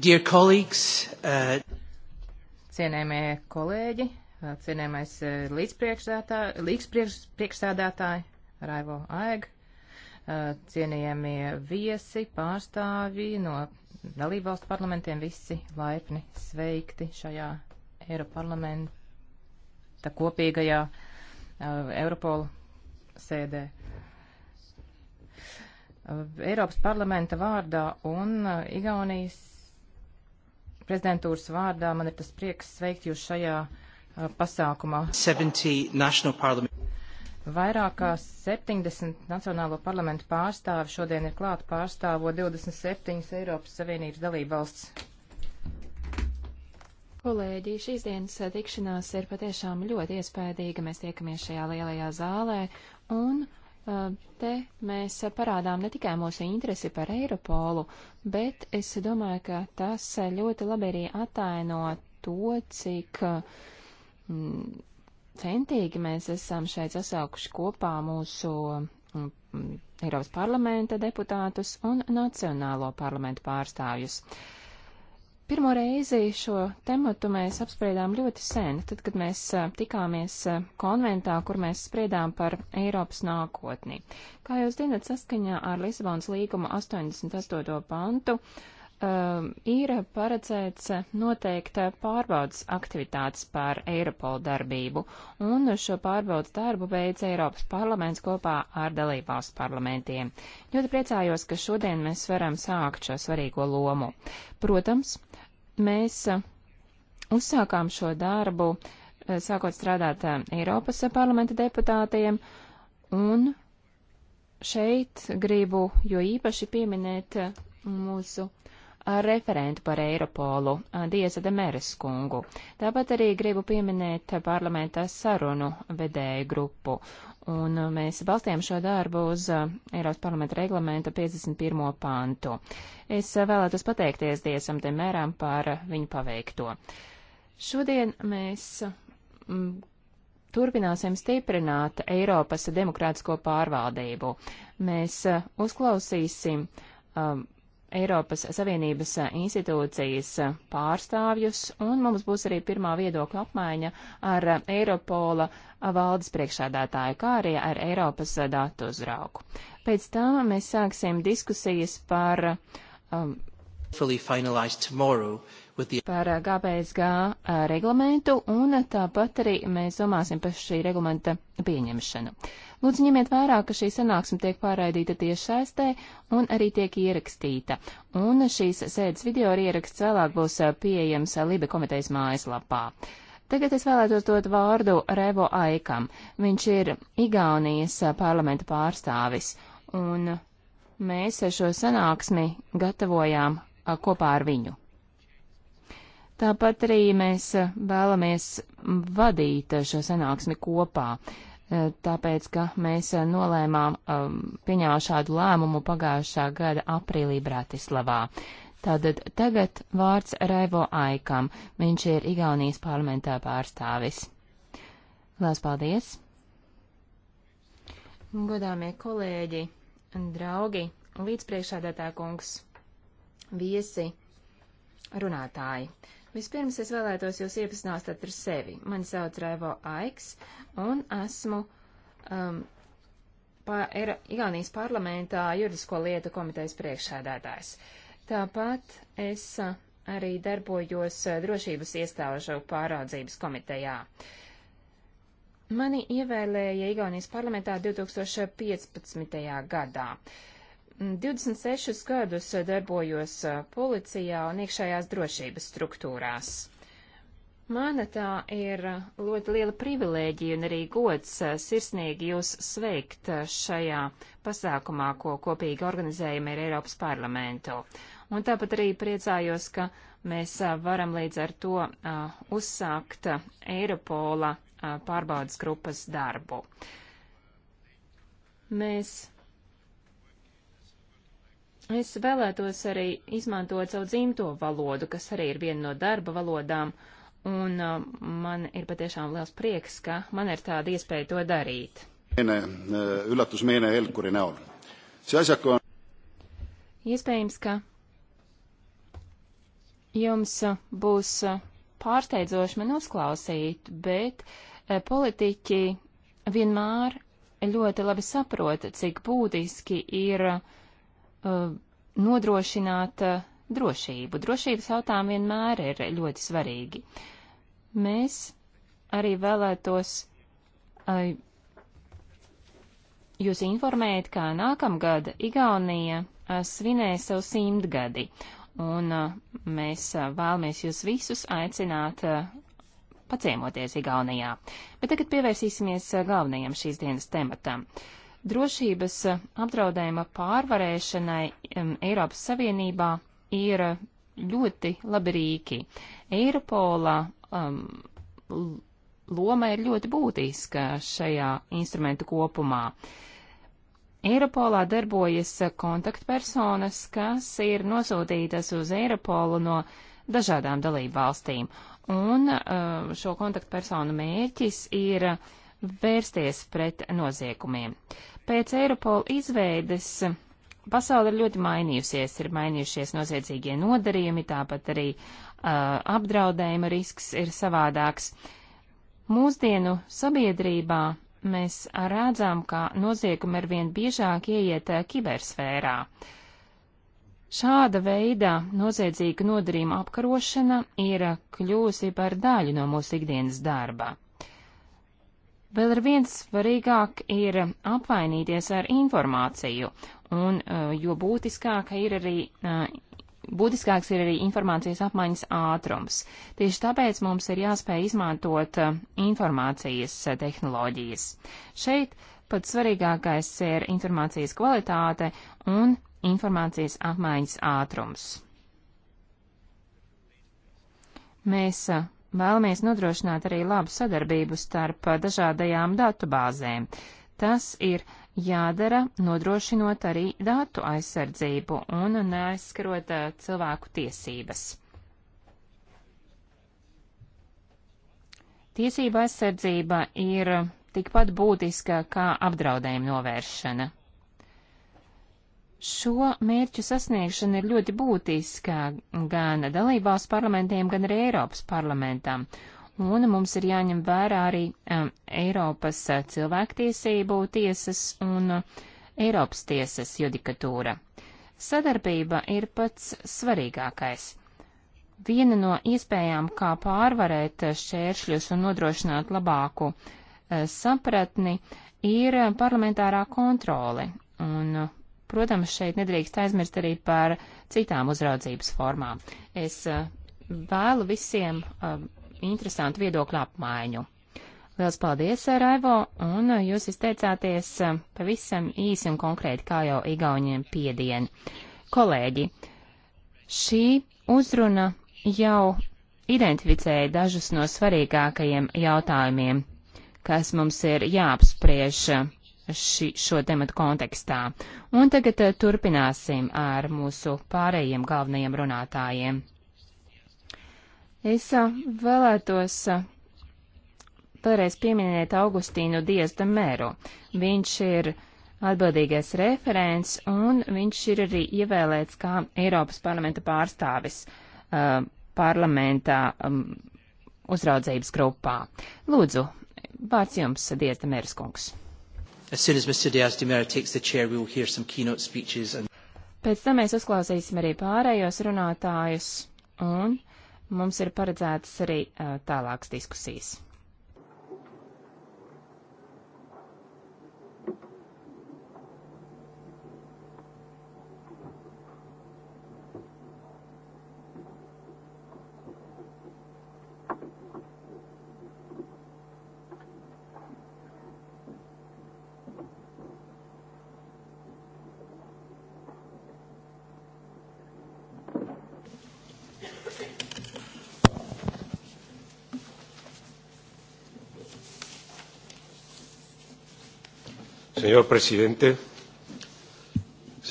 Dear colleagues, uh... cienējamie kolēģi, uh, cienējamais uh, līdzpriekšsēdētāji Raivo Aeg, uh, cienījamie viesi, pārstāvji no dalībvalstu parlamentiem, visi laipni sveikti šajā Eiroparlamenta kopīgajā uh, Europola sēdē. Eiropas parlamenta vārdā un Igaunijas Prezidentūras vārdā man ir tas prieks sveikt jūs šajā pasākumā. 70 Vairāk kā 70 nacionālo parlamentu pārstāvi šodien ir klāt pārstāvo 27 Eiropas Savienības dalībvalsts. Kolēģi, šīs dienas tikšanās ir patiešām ļoti iespaidīga. Mēs tiekamies šajā lielajā zālē un Te mēs parādām ne tikai mūsu interesi par Eiropolu, bet es domāju, ka tas ļoti labi arī ataino to, cik mm, centīgi mēs esam šeit sasaukuši kopā mūsu mm, mm, Eiropas parlamenta deputātus un Nacionālo parlamentu pārstāvjus. Uh, Pirmo reizi šo tematu mēs apspriedām ļoti sen, tad, kad mēs tikāmies konventā, kur mēs spriedām par Eiropas nākotni. Kā jūs zinat, saskaņā ar Lisabonas līguma 88. pantu um, ir paredzēts noteikta pārbaudas aktivitātes par Eiropolu darbību, un šo pārbaudas darbu veids Eiropas parlaments kopā ar dalībvalstu parlamentiem. Ļoti priecājos, ka šodien mēs varam sākt šo svarīgo lomu. Protams, Mēs uh, uzsākām šo darbu, uh, sākot strādāt uh, Eiropas parlamenta deputātiem, un šeit gribu jo īpaši pieminēt mūsu uh, referentu par Eiropolu, Dieza Demeres kungu. Tāpat arī gribu pieminēt parlamentā sarunu vedēju grupu. Un mēs balstījām šo darbu uz Eiropas parlamenta reglamenta 51. pantu. Es vēlētos pateikties Diezam Demeram par viņu paveikto. Šodien mēs turpināsim stiprināt Eiropas demokrātisko pārvaldību. Mēs uzklausīsim um, Eiropas Savienības eh, institūcijas eh, pārstāvjus, un mums būs arī pirmā viedokļa apmaiņa ar eh, Eiropola valdes priekšādātāju, kā arī ar Eiropas datu uzrauku. Pēc tam mēs sāksim diskusijas par um, par GBSG eh, eh, reglamentu, un tāpat arī mēs domāsim par šī reglamenta pieņemšanu. Lūdzu, ņemiet vērā, ka šī sanāksme tiek pārraidīta tieši saistē un arī tiek ierakstīta. Un šīs sēdes video arī ieraksts vēlāk būs eh, pieejams Libe komitejas mājaslapā. Tagad es vēlētos dot vārdu Revo Aikam. Viņš ir Igaunijas parlamenta pārstāvis, un mēs šo sanāksmi gatavojām kopā ar viņu. Tāpat arī mēs eh, vēlamies vadīt eh, šo sanāksmi kopā, eh, tāpēc, ka mēs nolēmām um, pieņēmām šādu lēmumu pagājušā gada aprīlī Bratislavā. Tātad tagad vārds Raivo Aikam, viņš ir Igaunijas parlamentā pārstāvis. Lās paldies! Godāmie kolēģi, draugi, līdzpriekšādātā kungs, viesi, runātāji! Vispirms es vēlētos jūs iepazināt ar sevi. Mani sauc Raivo Aiks, un esmu um, pa, er, Igaunijas parlamentā juridisko lietu komitejas priekšsēdētājs. Tāpat es arī darbojos drošības iestāžu pāraudzības komitejā. Mani ievēlēja Igaunijas parlamentā 2015. gadā. 26 gadus darbojos policijā un iekšējās drošības struktūrās. Mana tā ir ļoti liela privilēģija un arī gods sirsnīgi jūs sveikt šajā pasākumā, ko kopīgi organizējam ar Eiropas parlamentu. Un tāpat arī priecājos, ka mēs varam līdz ar to uh, uzsākt Eiropola uh, pārbaudas grupas darbu. Mēs Es vēlētos arī izmantot savu dzimto valodu, kas arī ir viena no darba valodām, un uh, man ir patiešām liels prieks, ka man ir tāda iespēja to darīt. Uh, üllatusmeene Elkuri näol. See asjaku on... Iespējams, ka jums uh, būs uh, pārsteidzoši man uzklausīt, bet politiķi vienmēr ļoti labi saprot, cik būtiski ir uh, uh, nodrošināt uh, drošību. Drošības jautājumi vienmēr ir ļoti svarīgi. Mēs arī vēlētos uh, jūs informēt, kā nākamgad Igaunija uh, svinē savu simtgadi, un uh, mēs uh, vēlamies jūs visus aicināt paciemoties Igaunijā. Bet tagad pievērsīsimies galvenajam šīs dienas tematam. Uh, Drošības eh, apdraudējuma pārvarēšanai um, Eiropas Savienībā ir ļoti labi rīki. Eiropola um, loma ir ļoti būtiska šajā instrumentu kopumā. Eiropolā darbojas eh, kontaktpersonas, kas ir nosūtītas uz Eiropolu no dažādām dalību valstīm, un um, šo kontaktpersonu mērķis ir uh, vērsties pret noziegumiem. Pēc Eiropola izveides pasaule ir ļoti mainījusies, ir mainījušies noziedzīgie nodarījumi, tāpat arī uh, apdraudējuma risks ir savādāks. Mūsdienu sabiedrībā mēs redzam, ka noziegumi ar vien biežāk ieiet uh, kibersfērā. Šāda veida noziedzīga nodarījuma apkarošana ir kļūsi par daļu no mūsu ikdienas darba. Vēl ar viens svarīgāk ir apvainīties ar informāciju, un eh, jo būtiskāka ir arī. Eh, būtiskāks ir arī informācijas apmaiņas ātrums. Tieši tāpēc mums ir jāspēj izmantot eh, informācijas tehnoloģijas. Šeit pats svarīgākais ir informācijas kvalitāte un informācijas apmaiņas ātrums. Mēs Vēlamies nodrošināt arī labu sadarbību starp eh, dažādajām datubāzēm. Tas ir jādara, nodrošinot arī datu aizsardzību un neaizskarot eh, cilvēku tiesības. Tiesība aizsardzība ir tikpat būtiska kā apdraudējuma novēršana. Šo mērķu sasniegšana ir ļoti būtiska gan dalībās parlamentiem, gan arī Eiropas parlamentam. Un mums ir jāņem vērā arī um, Eiropas uh, cilvēktiesību tiesas un uh, Eiropas tiesas judikatūra. Sadarbība ir pats svarīgākais. Viena no iespējām, kā pārvarēt uh, šķēršļus un nodrošināt labāku uh, sapratni, ir uh, parlamentārā kontrole un uh, Protams, šeit nedrīkst aizmirst arī par citām uzraudzības formām. Es eh, vēlu visiem eh, interesantu viedokļu apmaiņu. Liels paldies, eh, Raivo, un jūs izteicāties pavisam īsi un konkrēti, kā jau igauņiem piedien. Kolēģi, šī uzruna jau identificēja dažus no svarīgākajiem jautājumiem, kas mums ir jāapspriež ši, šo tematu kontekstā. Un tagad eh, turpināsim ar mūsu pārējiem galvenajiem runātājiem. Es eh, vēlētos eh, vēlreiz pieminēt Augustīnu Diezda Mēru. Viņš ir atbildīgais referents un viņš ir arī ievēlēts kā Eiropas parlamenta pārstāvis uh, parlamentā um, uzraudzības grupā. Lūdzu, vārds jums, Diezda Mērs kungs. As soon as Mr. Diaz de Mera takes the chair, we will hear some keynote speeches. And... Pēc tam mēs uzklausīsim arī pārējos runātājus, un mums ir paredzētas arī uh, tālākas diskusijas. Senjor prezidente,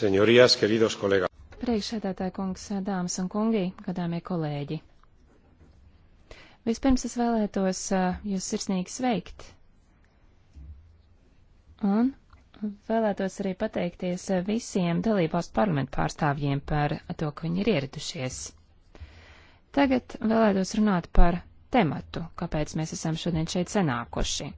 senjorijas, queridos kolēgas. Priekšsēdētāja kungs, dāmas un kungi, gadāmie kolēģi. Vispirms es vēlētos jūs sirsnīgi sveikt. Un vēlētos arī pateikties visiem dalībās parlamentu pārstāvjiem par to, ka viņi ir ieradušies. Tagad vēlētos runāt par tematu, kāpēc mēs esam šodien šeit sanākuši.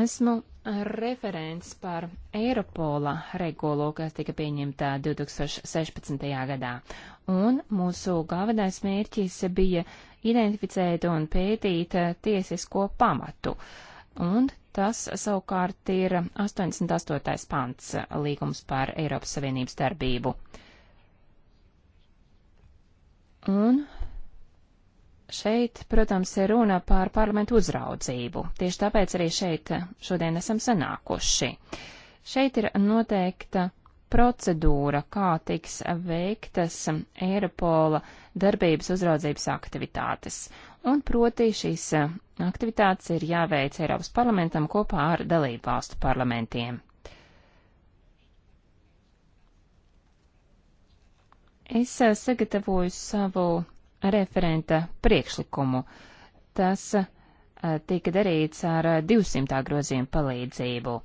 Esmu referents par Eiropola regulu, kas tika pieņemta 2016. gadā, un mūsu galvenais mērķis bija identificēt un pētīt tiesisko pamatu, un tas savukārt ir 88. pants līgums par Eiropas Savienības darbību. Un Šeit, protams, ir runa par parlamentu uzraudzību. Tieši tāpēc arī šeit šodien esam sanākuši. Šeit ir noteikta procedūra, kā tiks veiktas Eiropola darbības uzraudzības aktivitātes. Un proti šīs aktivitātes ir jāveic Eiropas parlamentam kopā ar dalību valstu parlamentiem. Es sagatavoju savu referenta priekšlikumu. Tas eh, tika darīts ar 200 grozījumu palīdzību.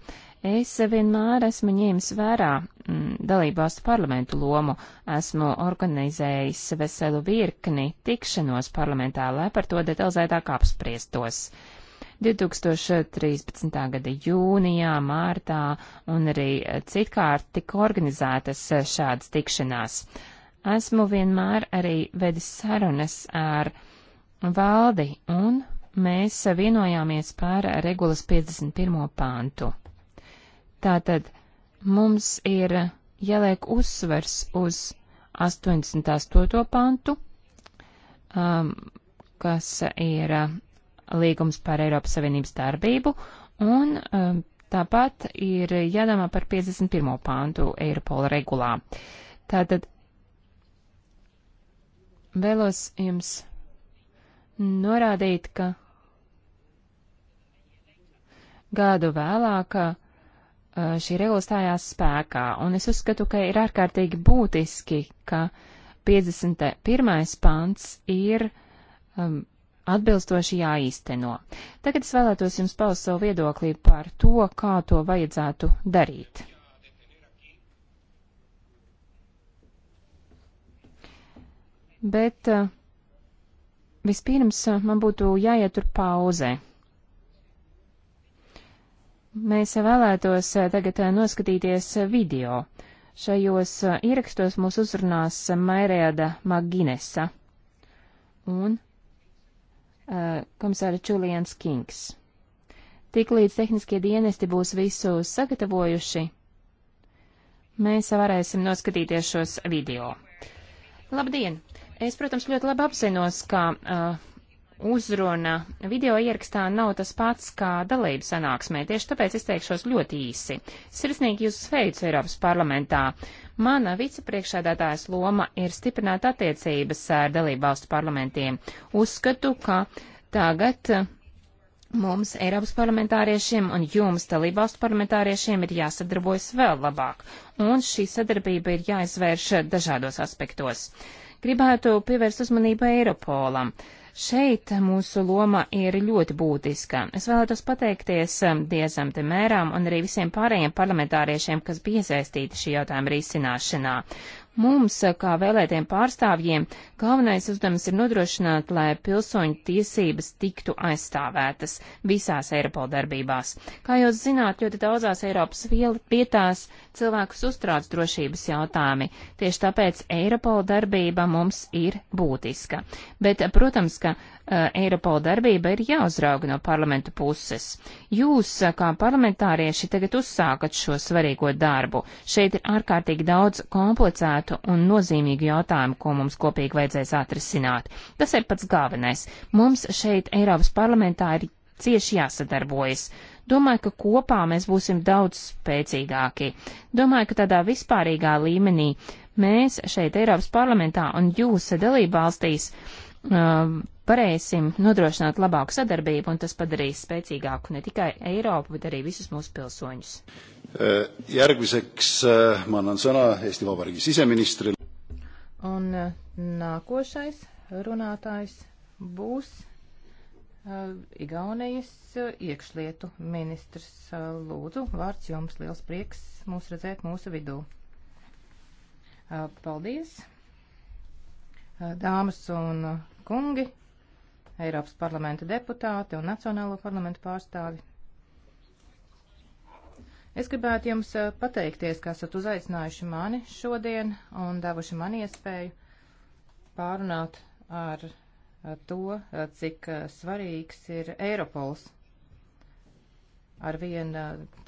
Es vienmēr esmu ņēmis vērā mm, dalībvalstu parlamentu lomu, esmu organizējis veselu virkni tikšanos parlamentā, lai par to detalizētāk apspriestos. 2013. gada jūnijā, mārtā un arī citkārt tika organizētas šādas tikšanās. Esmu vienmēr arī vedis sarunas ar valdi, un mēs vienojāmies par regulas 51. pāntu. Tātad mums ir jāliek uzsvers uz 88. pantu, um, kas ir uh, līgums par Eiropas Savienības darbību, un um, tāpat ir jādomā par 51. pantu Eiropola regulā. Tātad vēlos jums norādīt, ka gadu vēlāk uh, šī regula stājās spēkā, un es uzskatu, ka ir ārkārtīgi būtiski, ka 51. pants ir um, atbilstoši jāīsteno. Tagad es vēlētos jums paust savu viedoklī par to, kā to vajadzētu darīt. bet eh, vispirms eh, man būtu jāietur pauzē. Mēs vēlētos eh, tagad noskatīties video. Šajos ierakstos mūs uzrunās Mairēda Maginesa un uh, komisāra Čulians Kings. Tiklīdz tehniskie dienesti būs visu sagatavojuši, mēs varēsim noskatīties šos video. Labdien! Es, protams, ļoti labi apzinos, ka uh, uzruna video ierakstā nav tas pats kā dalība sanāksmē, tieši tāpēc es teikšos ļoti īsi. Sirsnīgi jūs sveicu Eiropas parlamentā. Mana vicepriekšādātājas loma ir stiprināt attiecības ar dalību valstu parlamentiem. Uzskatu, ka tagad uh, mums, Eiropas parlamentāriešiem un jums, dalībvalstu parlamentāriešiem, ir jāsadarbojas vēl labāk, un šī sadarbība ir jāizvērš dažādos aspektos. Gribētu pievērst uzmanību Eiropolam. Šeit mūsu loma ir ļoti būtiska. Es vēlētos pateikties um, Diezam Temēram un arī visiem pārējiem parlamentāriešiem, kas bija iesaistīti šī jautājuma risināšanā. Mums, eh, kā vēlētiem pārstāvjiem, galvenais uzdevums ir nodrošināt, lai pilsoņu tiesības tiktu aizstāvētas visās Eiropola darbībās. Kā jūs zināt, ļoti daudzās Eiropas vietās cilvēkus uztrauc drošības jautājumi. Tieši tāpēc Eiropola darbība mums ir būtiska. Bet, eh, protams, ka Eh, Eiropola darbība ir jāuzrauga no parlamenta puses. Jūs, eh, kā parlamentārieši, tagad uzsākat šo svarīgo darbu. Šeit ir ārkārtīgi daudz komplicētu un nozīmīgu jautājumu, ko mums kopīgi vajadzēs atrisināt. Tas ir pats galvenais. Mums šeit Eiropas parlamentā ir cieši jāsadarbojas. Domāju, ka kopā mēs būsim daudz spēcīgāki. Domāju, ka tādā vispārīgā līmenī mēs šeit Eiropas parlamentā un jūs dalībvalstīs valstīs Um, varēsim nodrošināt labāku sadarbību, un tas padarīs spēcīgāku ne tikai Eiropu, bet arī visus mūsu pilsoņus. Eh, järgmiseks eh, man on sõna Eesti Vabariigi siseministril. Un eh, nākošais runātājs būs Igaunijas iekšlietu ministrs. Lūdzu, vārds jums liels prieks mūs redzēt mūsu vidū. Paldies! Dāmas un kungi, Eiropas parlamenta deputāti un Nacionālo parlamentu pārstāvi. Es gribētu jums eh, pateikties, ka esat uzaicinājuši mani šodien un devuši man iespēju pārunāt ar eh, to, eh, cik svarīgs ir Eiropols ar vien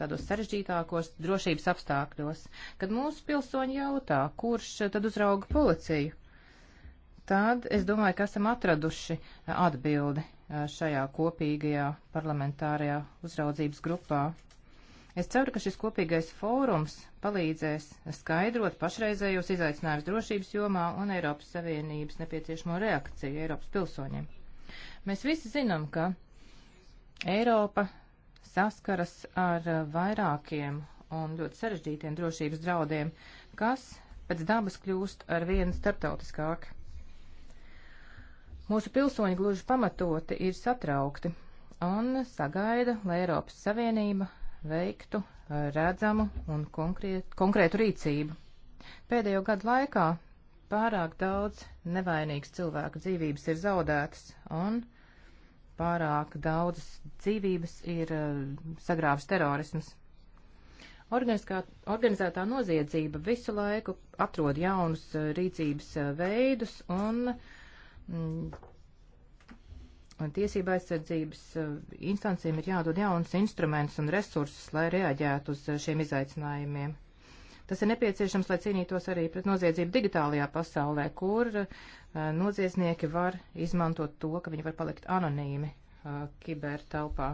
tādos sarežģītākos drošības apstākļos, kad mūsu pilsoņi jautā, kurš tad uzrauga policiju tad es domāju, ka esam atraduši eh, atbildi eh, šajā kopīgajā parlamentārajā uzraudzības grupā. Es ceru, ka šis kopīgais fórums palīdzēs skaidrot pašreizējos izaicinājumus drošības jomā un Eiropas Savienības nepieciešamo reakciju Eiropas pilsoņiem. Mēs visi zinām, ka Eiropa saskaras ar eh, vairākiem un ļoti sarežģītiem drošības draudiem, kas pēc dabas kļūst ar vienu starptautiskāk. Mūsu pilsoņi gluži pamatoti ir satraukti un sagaida, lai Eiropas Savienība veiktu redzamu un konkrēt, konkrētu rīcību. Pēdējo gadu laikā pārāk daudz nevainīgas cilvēku dzīvības ir zaudētas un pārāk daudzas dzīvības ir eh, sagrāvis terorisms. Organiskā, organizētā noziedzība visu laiku atrod jaunus eh, rīcības eh, veidus un uh, Mm. Un tiesība aizsardzības eh, instancijiem ir jādod jauns instruments un resursus, lai reaģētu uz eh, šiem izaicinājumiem. Tas ir nepieciešams, lai cīnītos arī pret noziedzību digitālajā pasaulē, kur eh, noziedznieki var izmantot to, ka viņi var palikt anonīmi kibertelpā.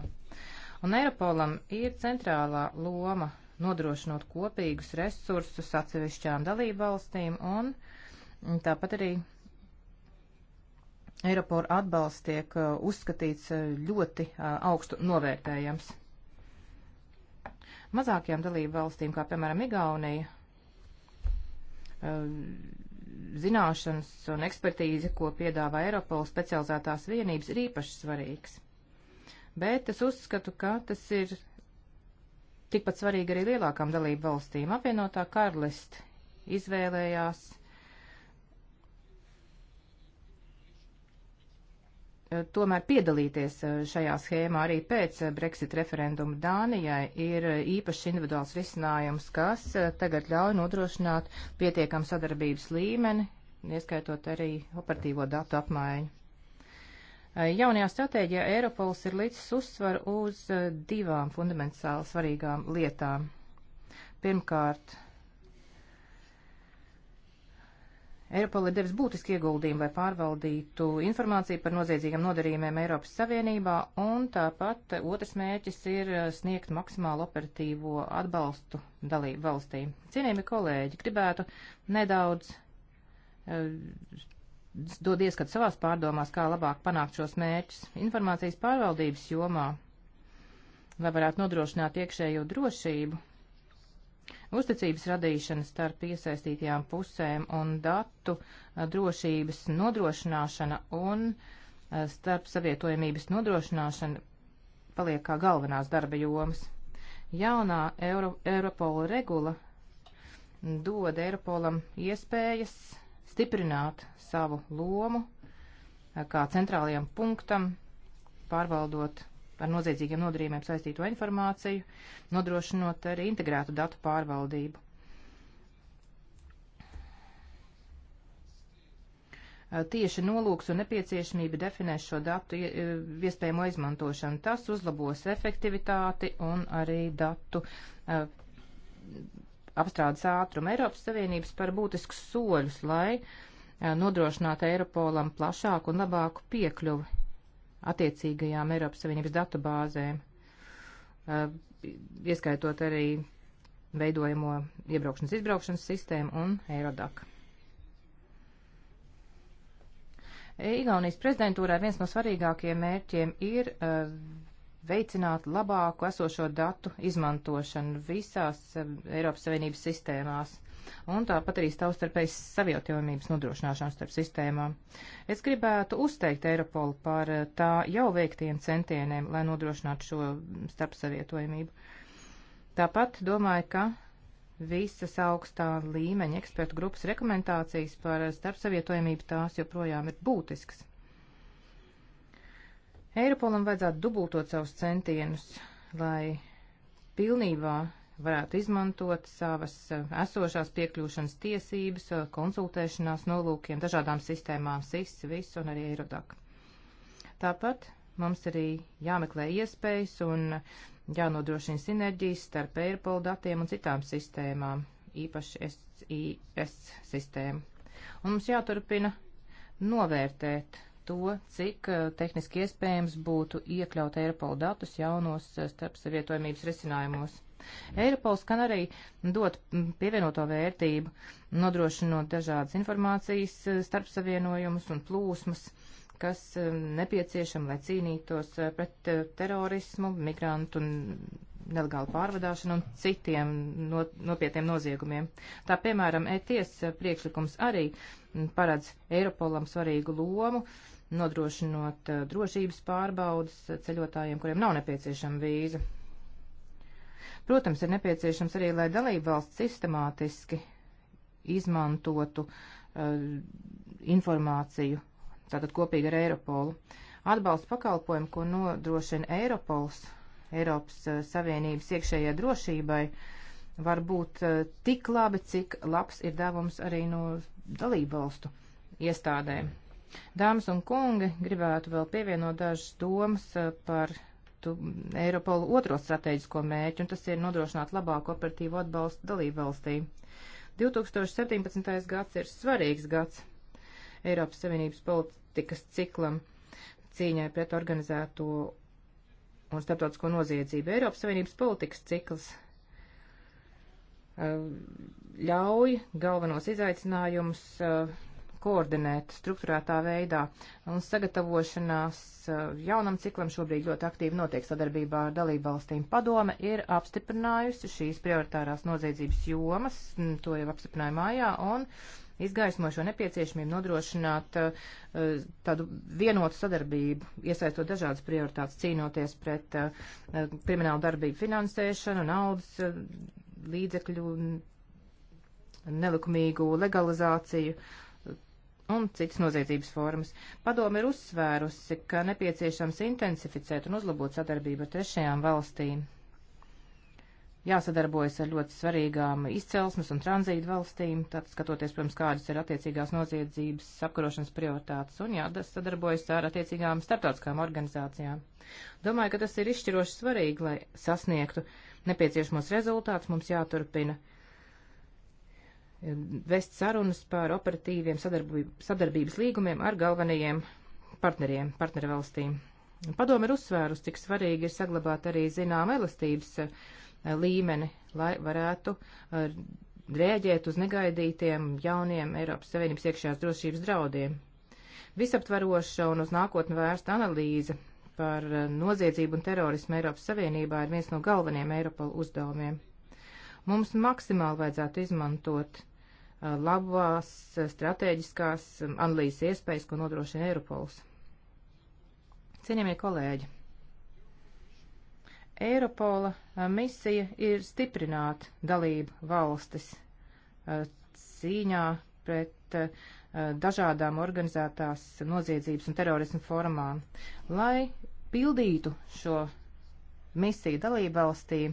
Un Eiropolam ir centrālā loma nodrošinot kopīgus resursus atsevišķām dalībvalstīm un mm, tāpat arī Eiropora atbalsts tiek uh, uzskatīts uh, ļoti uh, augstu novērtējams. Mazākajām dalību valstīm, kā piemēram Igaunija, zināšanas un ekspertīze, ko piedāvā Eiropola specializētās vienības, ir īpaši svarīgs. Bet es uzskatu, ka tas ir tikpat svarīgi arī lielākām dalību valstīm. Apvienotā karalist izvēlējās Eh, tomēr piedalīties eh, šajā schēmā arī pēc eh, Brexit referenduma Dānijai ir īpašs individuāls risinājums, kas tagad ļauj nodrošināt pietiekam sadarbības līmeni, ieskaitot arī operatīvo datu apmaiņu. Jaunajā stratēģijā Eiropols ir līdzs uzsvar uz divām fundamentāli svarīgām lietām. Pirmkārt, Eiropola devis būtiski ieguldījumu, lai pārvaldītu informāciju par noziedzīgiem nodarījumiem Eiropas Savienībā, un tāpat otrs mērķis ir eh, sniegt maksimālu operatīvo atbalstu dalību valstī. Cienījami kolēģi, gribētu nedaudz uh, eh, dod ieskatu savās pārdomās, kā labāk panākt šos mērķus informācijas pārvaldības jomā, lai varētu nodrošināt iekšējo drošību Uzticības radīšana starp iesaistītajām pusēm un datu drošības nodrošināšana un starp savietojamības nodrošināšana paliek kā galvenās darba jomas. Jaunā Euro, Europola regula dod Europolam iespējas stiprināt savu lomu kā centrālajam punktam, pārvaldot ar noziedzīgiem nodarījumiem saistīto informāciju, nodrošinot arī integrētu datu pārvaldību. Tieši nolūks un nepieciešamība definēs šo datu iespējamo izmantošanu. Tas uzlabos efektivitāti un arī datu apstrādes ātrumu. Eiropas Savienības par būtiskus soļus, lai nodrošinātu Eiropolam plašāku un labāku piekļuvi attiecīgajām Eiropas Savienības datubāzēm, eh, ieskaitot arī veidojamo iebraukšanas izbraukšanas sistēmu un Eirodak. E, Igaunijas prezidentūrā viens no svarīgākajiem mērķiem ir eh, veicināt labāku esošo datu izmantošanu visās eh, Eiropas Savienības sistēmās un tāpat arī savstarpējas savietojumības nodrošināšanu starp sistēmām. Es gribētu uzteikt Eiropolu par eh, tā jau veiktiem centieniem, lai nodrošinātu šo starpsavietojumību. Tāpat domāju, ka visas augstā līmeņa ekspertu grupas rekomendācijas par eh, starpsavietojumību tās joprojām ir būtisks. Eiropolam vajadzētu dubultot savus centienus, lai pilnībā varētu izmantot savas eh, esošās piekļūšanas tiesības, eh, konsultēšanās nolūkiem, dažādām sistēmām, SIS, VIS un arī Eirodak. Tāpat mums arī jāmeklē iespējas un jānodrošina sinerģijas starp Eiropolu datiem un citām sistēmām, īpaši SIS sistēmu. Un mums jāturpina novērtēt to, cik eh, tehniski iespējams būtu iekļaut Eiropola datus jaunos eh, starpsavietojamības risinājumos. Eiropols kan arī dot mm, pievienoto vērtību, nodrošinot dažādas informācijas eh, starpsavienojumus un plūsmas, kas nepieciešama, lai cīnītos pret terorismu, migrantu un nelegālu pārvadāšanu un citiem no, nopietniem noziegumiem. Tā piemēram, ETS priekšlikums arī mm, paredz Eiropolam svarīgu lomu, nodrošinot eh, drošības pārbaudas ceļotājiem, kuriem nav nepieciešama vīza. Protams, ir nepieciešams arī, lai dalībvalsts sistemātiski izmantotu uh, informāciju, tātad kopīgi ar Eiropolu. Atbalsta pakalpojumu, ko nodrošina Eiropols, Eiropas uh, Savienības iekšējai drošībai, var būt uh, tik labi, cik labs ir devums arī no dalībvalstu iestādēm. Mm. Dāmas un kungi, gribētu vēl pievienot dažas domas eh, par Eiropolu otro strateģisko mērķu, un tas ir nodrošināt labāku operatīvu atbalstu dalību valstī. 2017. gads ir svarīgs gads Eiropas Savienības politikas ciklam cīņai pret organizēto un starptautisko noziedzību. Eiropas Savienības politikas cikls eh, ļauj galvenos izaicinājumus eh, koordinēt struktūrētā veidā. Un sagatavošanās eh, jaunam ciklam šobrīd ļoti aktīvi notiek sadarbībā ar dalību valstīm. Padome ir apstiprinājusi šīs prioritārās noziedzības jomas, mm, to jau apstiprināja mājā, un izgaismo šo nepieciešamību nodrošināt uh, tādu vienotu sadarbību, iesaistot dažādas prioritātes, cīnoties pret uh, kriminālu darbību finansēšanu, naudas uh, līdzekļu mm, nelikumīgu legalizāciju un citas noziedzības formas. Padome ir uzsvērusi, ka nepieciešams intensificēt un uzlabot sadarbību ar trešajām valstīm. Jāsadarbojas ar ļoti svarīgām izcelsmes un tranzītu valstīm, tad skatoties, protams, kādas ir attiecīgās noziedzības apkarošanas prioritātes, un jāsadarbojas ar attiecīgām starptautiskām organizācijām. Domāju, ka tas ir izšķiroši svarīgi, lai sasniegtu nepieciešamos rezultātus, mums jāturpina uh, Um, vest sarunas par operatīviem sadarbības līgumiem ar galvenajiem partneriem, partneru valstīm. Padomi ir uzsvērus, cik svarīgi ir saglabāt arī zinām elastības uh, līmeni, lai varētu uh, rēģēt uz negaidītiem jauniem Eiropas Savienības iekšējās drošības draudiem. Visaptvaroša un uz nākotni vērsta analīze par uh, noziedzību un terorismu Eiropas Savienībā ir viens no galvenajiem Eiropa uzdevumiem. Mums maksimāli vajadzētu izmantot Uh, labās uh, strateģiskās um, analīzes iespējas, ko nodrošina Eiropols. Cienījamie kolēģi, Eiropola uh, misija ir stiprināt dalību valstis cīņā pret dažādām organizētās noziedzības un terorismu formām, lai pildītu šo misiju dalībvalstīm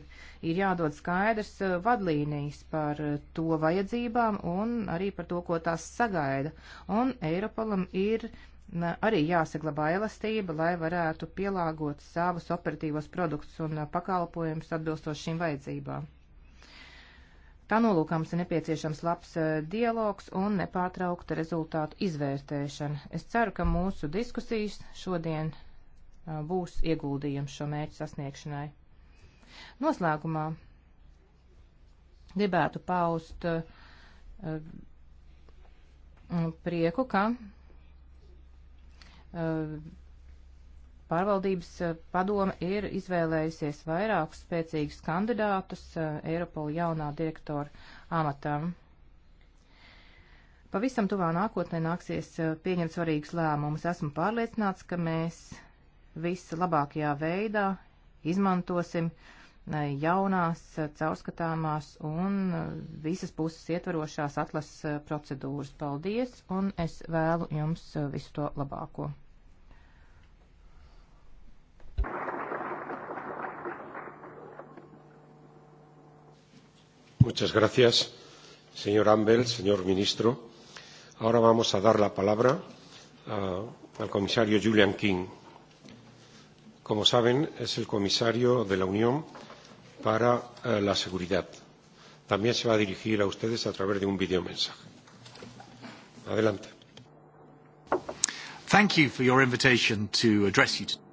ir jādod skaidrs eh, vadlīnijas par eh, to vajadzībām un arī par to, ko tās sagaida. Un Eiropolam ir arī jāsaglabā elastība, lai varētu pielāgot savus operatīvos produktus un eh, pakalpojumus atbilstoši šīm vajadzībām. Tā nolūkams ir nepieciešams labs dialogs un nepārtraukta rezultātu izvērtēšana. Es ceru, ka mūsu diskusijas šodien Uh, būs ieguldījums šo mērķu sasniegšanai. Noslēgumā gribētu paust uh, uh, prieku, ka pārvaldības padome ir izvēlējusies vairākus spēcīgus kandidātus Eiropola jaunā direktora amatam. Pavisam tuvā nākotnē nāksies pieņemt svarīgus lēmumus. Esmu pārliecināts, ka mēs vislabākajā veidā izmantosim eh, jaunās, eh, caurskatāmās un eh, visas puses ietvarošās atlases procedūras. Paldies, un es vēlu jums visu to labāko. Muchas gracias, señor Ambel, señor ministro. Ahora vamos a dar la palabra a, al comisario Julian King como saben, es el comisario de la Unión para eh, la Seguridad. También se va a dirigir a ustedes a través de un videomensaje. Adelante. Thank you for your invitation to address you today.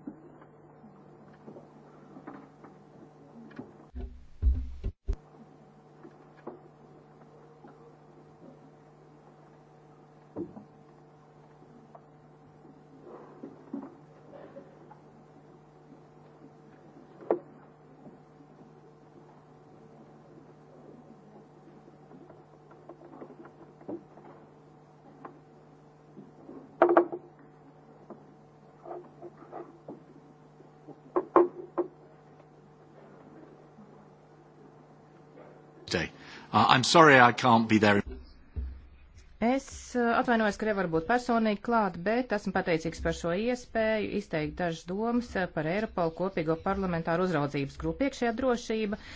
Uh, I'm sorry I can't be there. Es uh, atvainojos, ka nevaru būt personīgi klāt, bet esmu pateicīgs par šo iespēju izteikt dažas domas uh, par Eiropolu kopīgo parlamentāru uzraudzības grupu. Iekšējā drošība uh,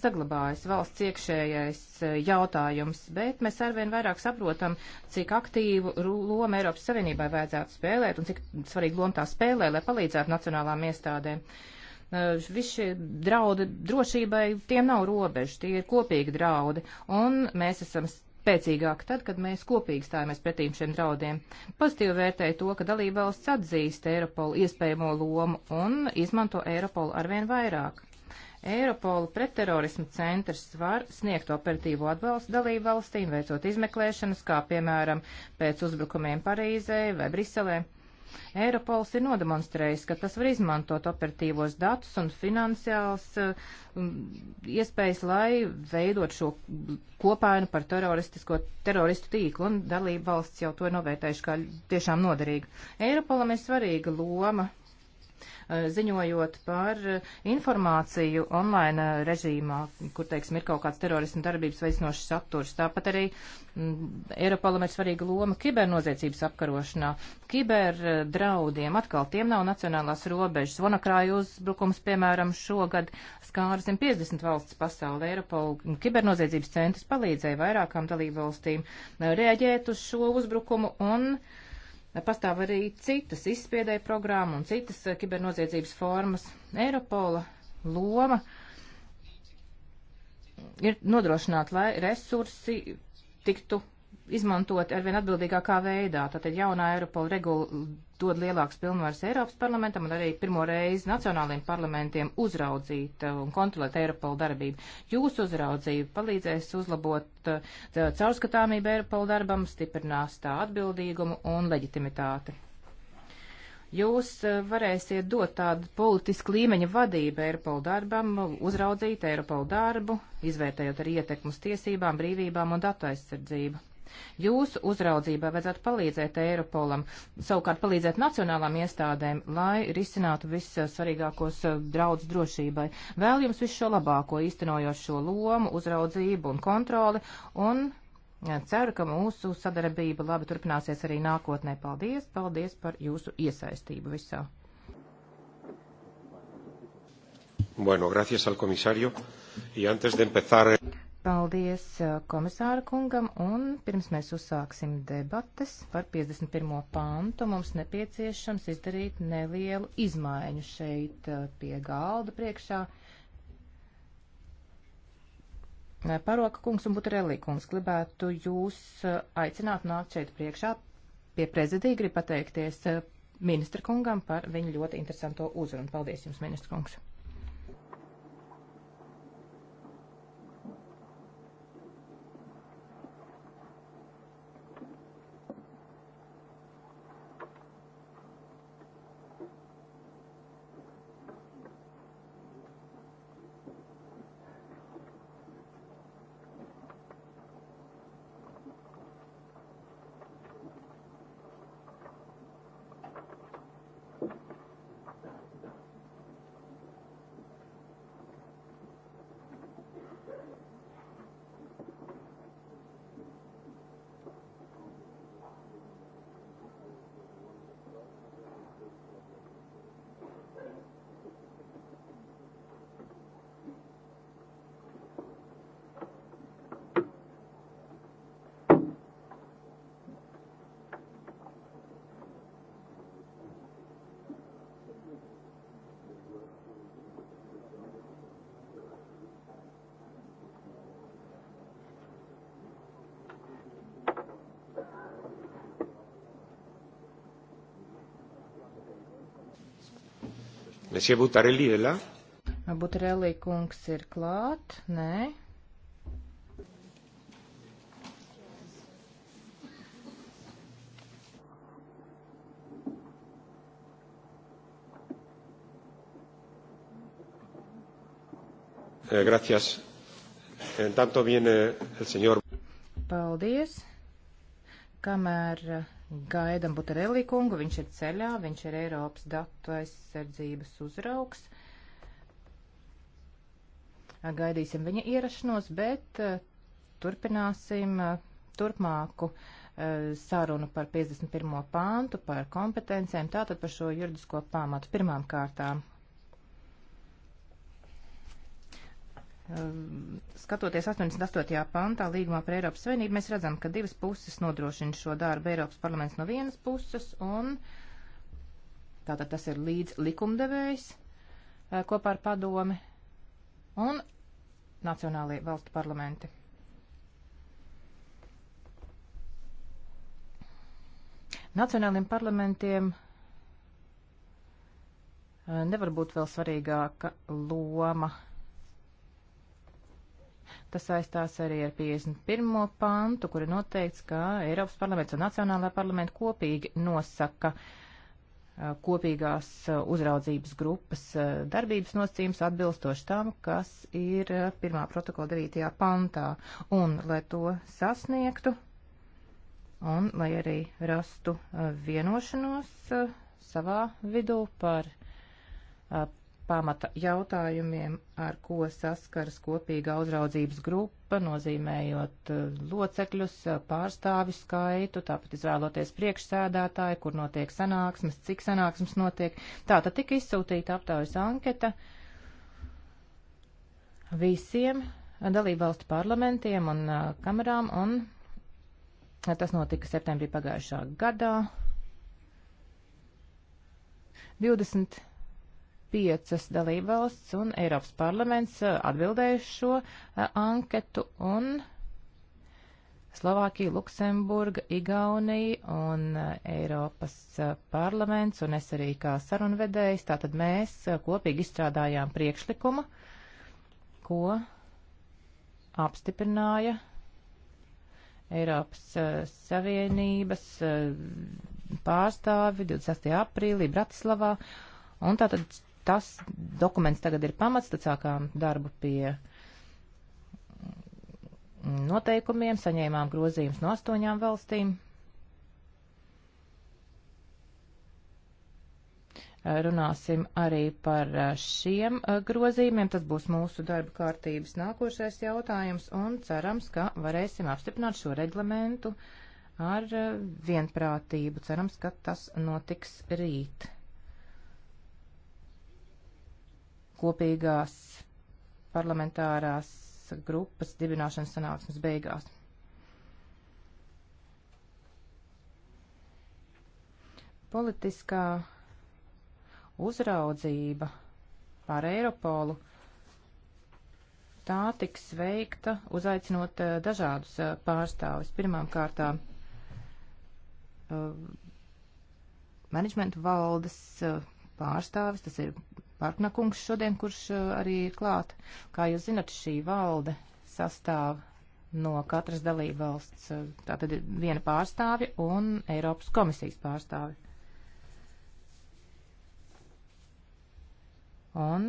saglabājas valsts iekšējais jautājums, bet mēs arvien vairāk saprotam, cik aktīvu lomu Eiropas Savienībai vajadzētu spēlēt un cik svarīgu lomu tā spēlē, lai palīdzētu nacionālām iestādēm. Uh, Eh, visi šie draudi drošībai, tiem nav robežu, tie ir kopīgi draudi, un mēs esam spēcīgāki tad, kad mēs kopīgi stājamies pretīm šiem draudiem. Pozitīvi vērtēja to, ka dalībvalsts atzīst Eiropolu iespējamo lomu un izmanto Eiropolu arvien vairāk. Eiropola pretterorismu centrs var sniegt operatīvo atbalstu dalībvalstīm, veicot izmeklēšanas, kā piemēram pēc uzbrukumiem Parīzē vai Briselē. Eiropols ir nodemonstrējis, ka tas var izmantot operatīvos datus un finansiāls uh, um, iespējas, lai veidot šo kopainu par teroristisko teroristu tīklu, un dalība valsts jau to ir novērtējuši kā tiešām noderīgu. Eiropolam ir svarīga loma Eh, ziņojot par eh, informāciju online eh, režīmā, kur, teiksim, ir kaut kāds terorismu darbības veicinošs saturs. Tāpat arī mm, Eiropalam ir svarīga loma kibernoziedzības apkarošanā. Kiberdraudiem atkal tiem nav nacionālās robežas. Vonakrāju uzbrukums, piemēram, šogad skāra 150 valsts pasaulē. Eiropalu mm, kibernoziedzības centrs palīdzēja vairākām dalībvalstīm reaģēt uz šo uzbrukumu un uh, Pastāv arī citas izspiedēja programma un citas eh, kibernoziedzības formas. Eiropola loma ir nodrošināt, lai resursi tiktu izmantot arvien atbildīgākā veidā. Tātad jaunā Eiropola regula dod lielāks pilnvaras Eiropas parlamentam un arī pirmo reizi nacionāliem parlamentiem uzraudzīt uh, un kontrolēt Eiropola darbību. Jūsu uzraudzība palīdzēs uzlabot uh, caurskatāmību Eiropola darbam, stiprinās tā atbildīgumu un leģitimitāti jūs uh, varēsiet dot tādu politisku līmeņa vadību Eiropolu darbam, uzraudzīt Eiropolu darbu, izvērtējot arī ietekmus tiesībām, brīvībām un datu aizsardzību. Jūsu uzraudzībā vajadzētu palīdzēt Eiropolam, savukārt palīdzēt nacionālām iestādēm, lai risinātu vissvarīgākos eh, eh, draudz drošībai. Vēl jums visu šo labāko īstenojot šo lomu, uzraudzību un kontroli, un ceru, ka mūsu sadarbība labi turpināsies arī nākotnē. Paldies, paldies par jūsu iesaistību visā. Bueno, gracias al comisario. Y antes de empezar. Paldies eh, komisāra kungam, un pirms mēs uzsāksim debates par 51. pantu, mums nepieciešams izdarīt nelielu izmaiņu šeit eh, pie galda priekšā. Eh, Paroka kungs un Butarelī kungs, gribētu jūs aicināt nākt šeit priekšā pie prezidija, grib pateikties ministra kungam par viņu ļoti interesanto uzrunu. Paldies jums, ministra kungs! Monsieur Butarelli ir là? Butarelli kungs ir klāt? Nē. Eh, gracias. En tanto viene el señor. Paldies. Kamēr eh, gaidam Butarelli kungu, viņš ir ceļā, viņš ir Eiropas datu aizsardzības uzraugs. Eh, gaidīsim viņa ierašanos, bet eh, turpināsim turpmāku sarunu par 51. pāntu, par kompetencijām, tātad par šo juridisko pamatu pirmām kārtām. Um, skatoties 88. pantā līgumā par Eiropas Savienību, mēs redzam, ka divas puses nodrošina šo darbu Eiropas parlaments no vienas puses, un tātad tas ir līdz likumdevējs uh, kopā ar padomi un nacionālajie valstu parlamenti. Nacionāliem parlamentiem uh, nevar būt vēl svarīgāka loma Tas saistās arī ar 51. pantu, kur ir noteikts, ka Eiropas parlaments un Nacionālā parlamenta kopīgi nosaka kopīgās uzraudzības grupas darbības nosacījums atbilstoši tam, kas ir pirmā protokola 9. pantā. Un, lai to sasniegtu, un lai arī rastu vienošanos savā vidū par pamata jautājumiem, ar ko saskaras kopīga uzraudzības grupa, nozīmējot eh, locekļus, eh, pārstāvi skaitu, tāpat izvēloties priekšsēdētāju, kur notiek sanāksmes, cik sanāksmes notiek. Tā tad tika izsūtīta aptaujas anketa visiem dalībvalstu parlamentiem un eh, kamerām, un tas notika septembrī pagājušā gadā. 20 piecas dalībvalsts un Eiropas parlaments eh, atbildējuši šo eh, anketu un Slovākija, Luksemburga, Igaunija un eh, Eiropas parlaments un es arī kā sarunvedējs, tātad mēs kopīgi izstrādājām priekšlikumu, ko apstiprināja Eiropas Savienības pārstāvi 28. aprīlī Bratislavā. Un tātad tas dokuments tagad ir pamats, tad sākām darbu pie noteikumiem, saņēmām grozījumus no astoņām valstīm. Runāsim arī par šiem grozījumiem. Tas būs mūsu darba kārtības nākošais jautājums un cerams, ka varēsim apstiprināt šo reglamentu ar vienprātību. Cerams, ka tas notiks rīt. kopīgās parlamentārās grupas dibināšanas sanāksmes beigās. Politiskā uzraudzība pār Eiropolu tā tiks veikta uzaicinot eh, dažādus eh, pārstāvis. Pirmām kārtām eh, menedžmentu valdes pārstāvis, tas ir Marknakungs šodien, kurš eh, arī ir klāt. Kā jūs zinat, šī valde sastāv no katras dalība valsts, eh, tātad viena pārstāvi un Eiropas komisijas pārstāvi. Un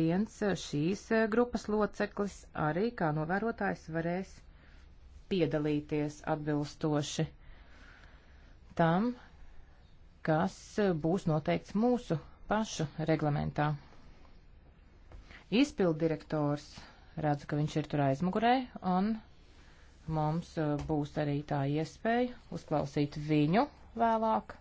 viens eh, šīs grupas loceklis arī kā novērotājs varēs piedalīties atbilstoši tam, kas būs noteikts mūsu pašu reglamentā. Izpildirektors redz, ka viņš ir tur aizmugurē, un mums uh, būs arī tā iespēja uzklausīt viņu vēlāk.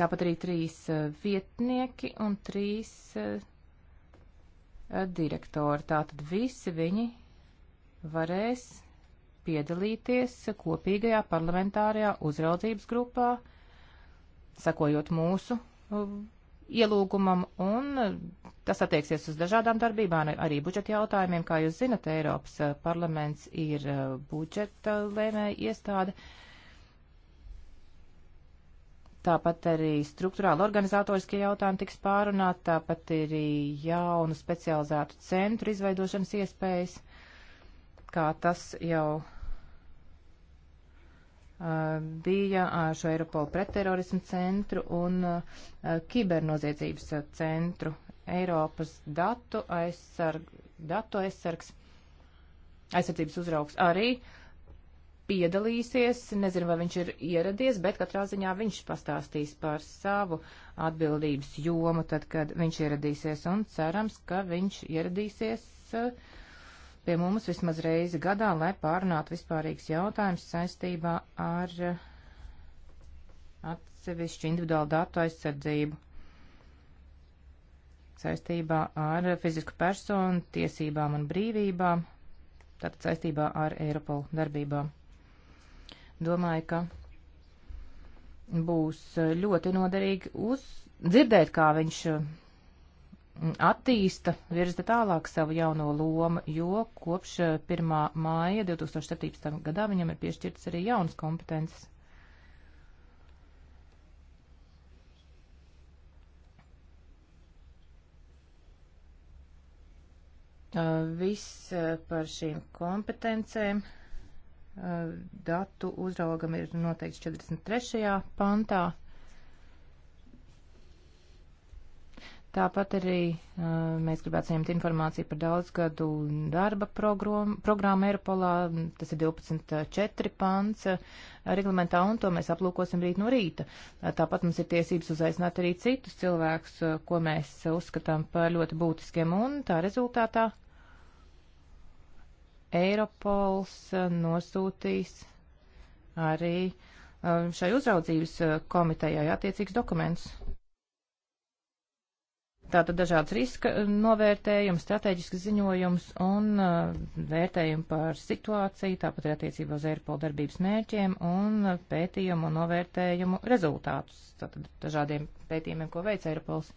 Tāpat arī trīs uh, vietnieki un trīs uh, direktori. Tātad visi viņi varēs piedalīties kopīgajā parlamentārajā uzraudzības grupā, sakojot mūsu ielūgumam, un e, tas attieksies uz dažādām darbībām, arī budžeta jautājumiem. Kā jūs zinat, Eiropas e, parlaments ir e, budžeta lēmēja iestāde. Tāpat arī struktūrāli organizatoriskie jautājumi tiks pārunāti, tāpat ir jaunu specializētu centru izveidošanas iespējas, kā tas jau bija šo Eiropolu pretterorismu centru un kibernoziedzības centru Eiropas datu, aizsarg, datu aizsargs, aizsardzības uzraugs arī piedalīsies. Nezinu, vai viņš ir ieradies, bet katrā ziņā viņš pastāstīs par savu atbildības jomu, tad, kad viņš ieradīsies, un cerams, ka viņš ieradīsies uh, pie mums vismaz reizi gadā, lai pārunātu vispārīgs jautājums saistībā ar eh, atsevišķu individuālu datu aizsardzību saistībā ar fizisku personu tiesībām un brīvībām, tātad saistībā ar Eiropolu darbībām. Domāju, ka būs eh, ļoti noderīgi uz dzirdēt, kā viņš eh, attīsta, virza tālāk savu jauno lomu, jo kopš 1. Eh, māja 2017. gadā viņam ir piešķirtas arī jaunas kompetences. Eh, viss eh, par šīm kompetencēm datu uzraugam ir noteikts 43. pantā. Tāpat arī uh, mēs gribētu saņemt informāciju par daudzgadu darba programmu, programmu Eiropolā. Tas ir 12.4 pants uh, reglamentā, un to mēs aplūkosim rīt no rīta. Uh, tāpat mums ir tiesības uzaicināt arī citus cilvēkus, uh, ko mēs uh, uzskatām par ļoti būtiskiem, un tā rezultātā Eiropols uh, nosūtīs arī uh, šai uzraudzības uh, komitejai attiecīgs dokuments. Tātad dažādas riska eh, novērtējums, strateģisks ziņojums un uh, eh, vērtējumi par situāciju, tāpat arī attiecībā uz Eiropola darbības mērķiem un eh, pētījumu un novērtējumu rezultātus. Tātad dažādiem pētījumiem, ko veic Eiropols.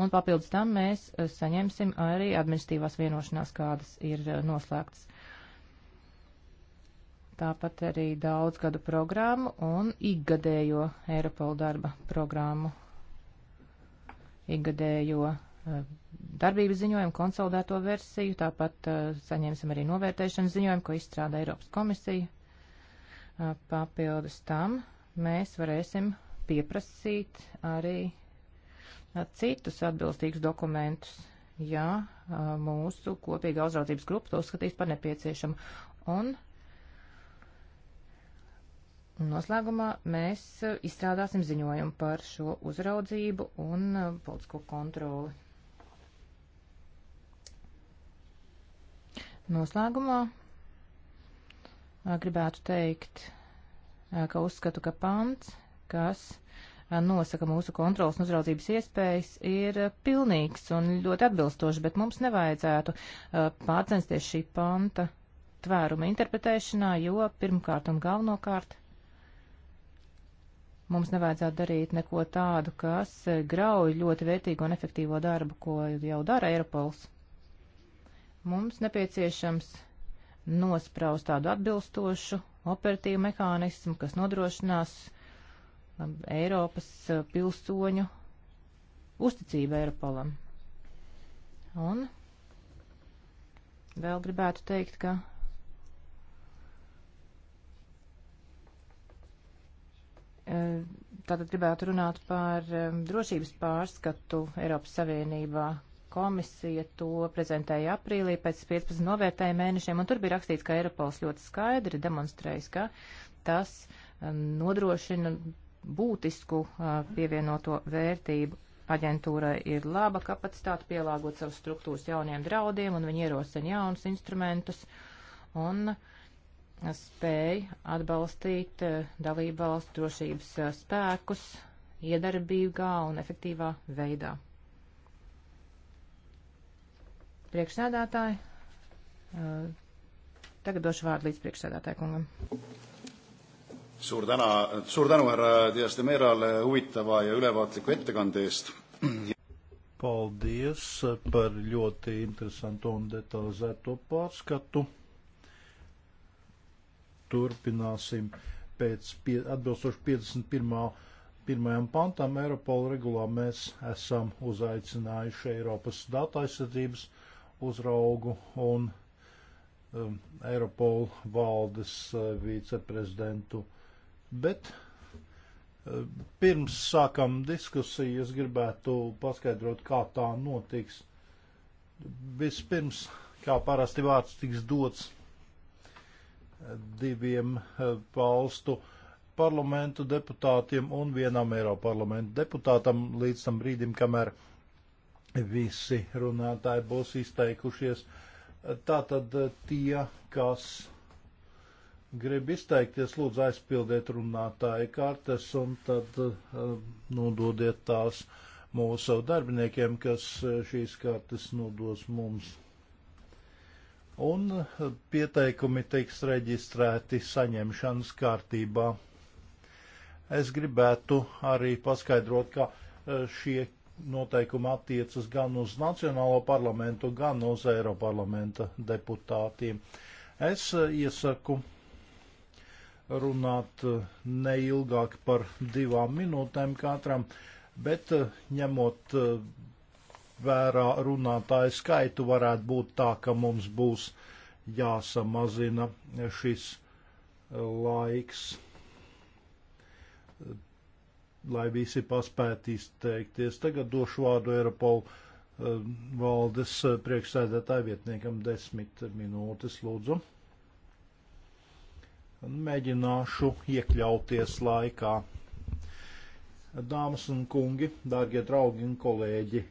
Un papildus tam mēs saņemsim arī administratīvās vienošanās, kādas ir noslēgtas. Tāpat arī daudz gadu programmu un ikgadējo Eiropola darba programmu ikgadējo eh, darbības ziņojumu, konsolidēto versiju, tāpat eh, saņemsim arī novērtēšanas ziņojumu, ko izstrāda Eiropas komisija. Eh, papildus tam mēs varēsim pieprasīt arī citus atbilstīgus dokumentus, ja mūsu kopīga uzraudzības grupa to uzskatīs par nepieciešamu. Un Noslēgumā mēs eh, izstrādāsim ziņojumu par šo uzraudzību un eh, politisko kontroli. Noslēgumā eh, gribētu teikt, ka uzskatu, ka pants, kas nosaka mūsu kontrolas un uzraudzības iespējas, ir pilnīgs un ļoti atbilstošs, bet mums nevajadzētu pārcensties šī panta tvēruma interpretēšanā, jo pirmkārt un galvenokārt Mums nevajadzētu darīt neko tādu, kas grauj ļoti vērtīgo un efektīvo darbu, ko jau dara Eiropols. Mums nepieciešams nospraust tādu atbilstošu operatīvu mehānismu, kas nodrošinās um, Eiropas uh, pilsoņu uzticību Eiropolam. Un vēl gribētu teikt, ka Eh, tātad gribētu runāt par drošības pārskatu Eiropas Savienībā. Komisija to prezentēja aprīlī pēc 15 novērtējuma mēnešiem, un tur bija rakstīts, ka Eiropols ļoti skaidri demonstrējas, ka tas nodrošina būtisku eh, pievienoto vērtību. Aģentūrai ir laba kapacitāte pielāgot savus struktūras jauniem draudiem, un viņi ierosina jaunus instrumentus. Un uh, spēja atbalstīt eh, dalību valstu drošības eh, spēkus iedarbīgā un efektīvā veidā. Priekšsēdētāji, eh, tagad došu vārdu līdz priekšsēdētāju kungam. Suur täna, suur tänu härra Dias de Merale huvitava ja ülevaatliku ettekande eest. Paldies par ļoti interesantu un detalizēto pārskatu turpināsim pēc pie, atbilstoši 51. Pirmajam pantam Eiropola regulā mēs esam uzaicinājuši Eiropas datu aizsardzības uzraugu un um, Eiropola valdes uh, viceprezidentu. Bet uh, pirms sākam diskusiju, es gribētu paskaidrot, kā tā notiks. Vispirms, kā parasti vārds tiks dots diviem eh, valstu parlamentu deputātiem un vienam Eiroparlamentu deputātam līdz tam brīdim, kamēr visi runātāji būs izteikušies. Tātad eh, tie, kas grib izteikties, lūdzu aizpildiet runātāju kartes un tad eh, nododiet tās mūsu darbiniekiem, kas šīs kartes nodos mums un pieteikumi tiks reģistrēti saņemšanas kārtībā. Es gribētu arī paskaidrot, ka eh, šie noteikumi attiecas gan uz Nacionālo parlamentu, gan uz Eiroparlamenta deputātiem. Es eh, iesaku runāt eh, neilgāk par divām minūtēm katram, bet ņemot vērā runātāju skaitu, varētu būt tā, ka mums būs jāsamazina šis e, laiks, lai visi paspētu izteikties. Tagad došu vārdu Eiropolu e, valdes e, priekšsēdētāju vietniekam desmit minūtes, lūdzu. Mēģināšu iekļauties laikā. Dāmas un kungi, dārgie draugi un kolēģi,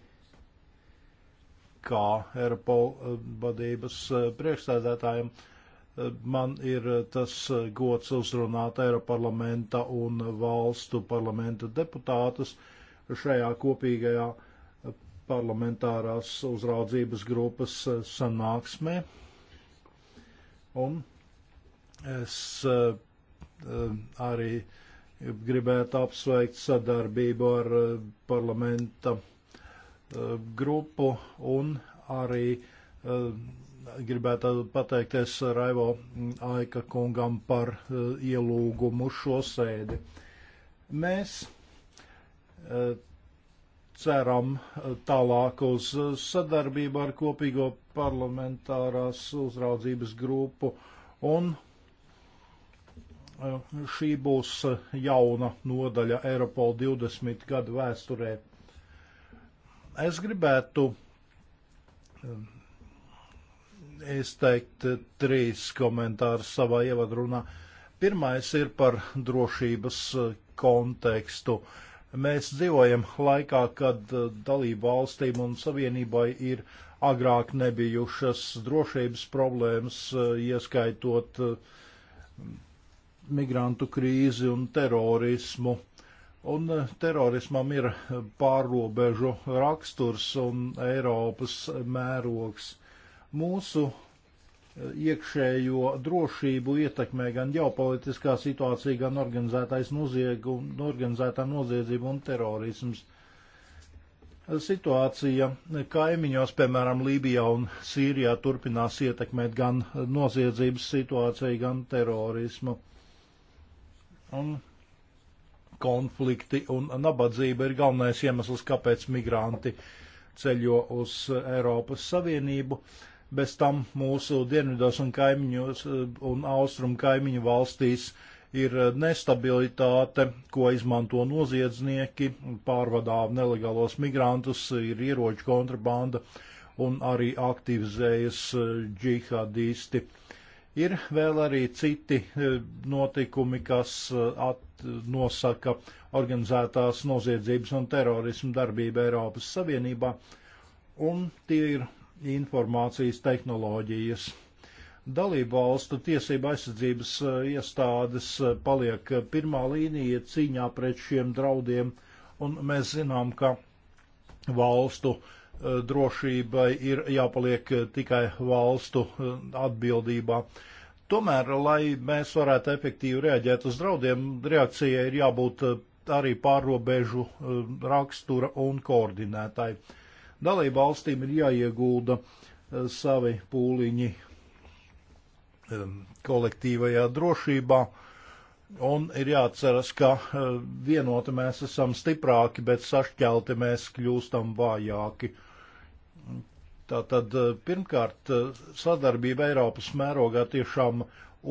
kā Eiropola eh, vadības eh, priekšsēdētājiem. Eh, man ir tas gods uzrunāt Eiroparlamenta un valstu parlamenta deputātus šajā kopīgajā parlamentārās uzraudzības grupas sanāksmē. Un es arī gribētu apsveikt sadarbību ar parlamenta Eh, grupu un arī eh, gribētu pateikties Raivo Aika kungam par eh, ielūgumu šo sēdi. Mēs ceram tālāk uz sadarbību ar kopīgo parlamentārās uzraudzības grupu, un šī būs jauna nodaļa Eiropola 20 gadu vēsturē. Es gribētu izteikt um, trīs komentārus savā ievadrunā. Pirmais ir par drošības uh, kontekstu. Mēs dzīvojam laikā, kad uh, dalību valstīm un savienībai ir agrāk nebijušas drošības problēmas, uh, ieskaitot migrantu krīzi un terorismu. Un eh, terorismam ir eh, pārobežu raksturs un Eiropas mērogs. Mūsu eh, iekšējo drošību ietekmē gan ģeopolitiskā situācija, gan organizētais noziegu, organizētā noziedzība un terorisms. Situācija kaimiņos, piemēram, Lībijā un Sīrijā turpinās ietekmēt gan noziedzības situāciju, gan terorismu. Un konflikti un nabadzība ir galvenais iemesls, kāpēc migranti ceļo uz Eiropas Savienību. Bez tam mūsu dienvidos un kaimiņos un austrumu kaimiņu valstīs ir nestabilitāte, ko izmanto noziedznieki, pārvadā nelegālos migrantus, ir ieroču kontrabanda un arī aktivizējas džihadisti. Uh, Ir vēl arī citi e, notikumi, kas e, at, nosaka organizētās noziedzības un terorismu darbību Eiropas Savienībā, un tie ir informācijas tehnoloģijas. Dalību valstu tiesība aizsardzības e, iestādes paliek pirmā līnija cīņā pret šiem draudiem, un mēs zinām, ka valstu uh, drošībai ir jāpaliek tikai valstu eh, atbildībā. Tomēr, lai mēs varētu efektīvi reaģēt uz draudiem, reakcijai ir jābūt eh, arī pārobežu eh, rakstura un koordinētai. Dalība valstīm ir jāiegulda savi pūliņi kolektīvajā drošībā. Un ir jāatceras, ka vienoti mēs esam stiprāki, bet sašķelti mēs kļūstam vājāki. Tātad eh, pirmkārt eh, sadarbība Eiropas mērogā tiešām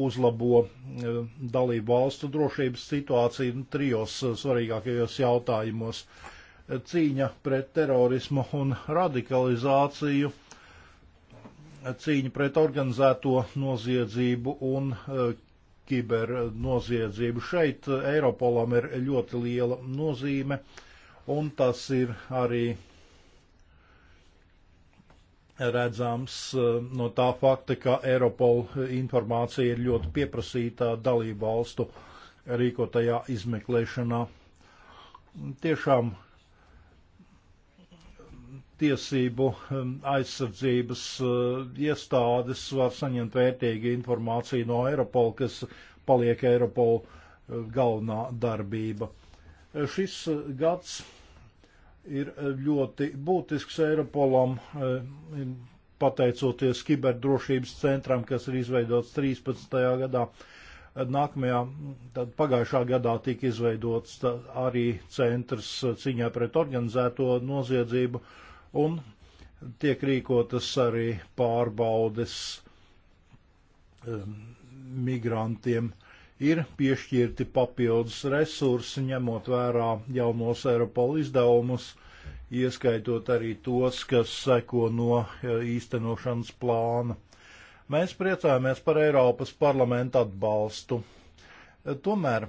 uzlabo eh, dalību valstu drošības situāciju trijos svarīgākajos jautājumos - cīņa pret terorismu un radikalizāciju, cīņa pret organizēto noziedzību un kibernoziedzību. Šeit Eiropolam ir ļoti liela nozīme, un tas ir arī redzams eh, no tā fakta, ka Eiropola informācija ir ļoti pieprasītā dalību valstu rīkotajā izmeklēšanā. Tiešām tiesību eh, aizsardzības eh, iestādes var saņemt vērtīgu informāciju no Eiropola, kas paliek Eiropola galvenā darbība. Šis gads ir eh, ļoti būtisks Eiropolam, eh, pateicoties kiberdrošības centram, kas ir izveidots 13. gadā. Eh, nākamajā, tad pagājušā gadā tika izveidots arī centrs ciņā pret organizēto noziedzību un tiek rīkotas arī pārbaudes migrantiem. Um, ir piešķirti papildus resursi, ņemot vērā jaunos Eiropola izdevumus, ieskaitot arī tos, kas seko no e, īstenošanas plāna. Mēs priecājamies par Eiropas parlamentu atbalstu. E, tomēr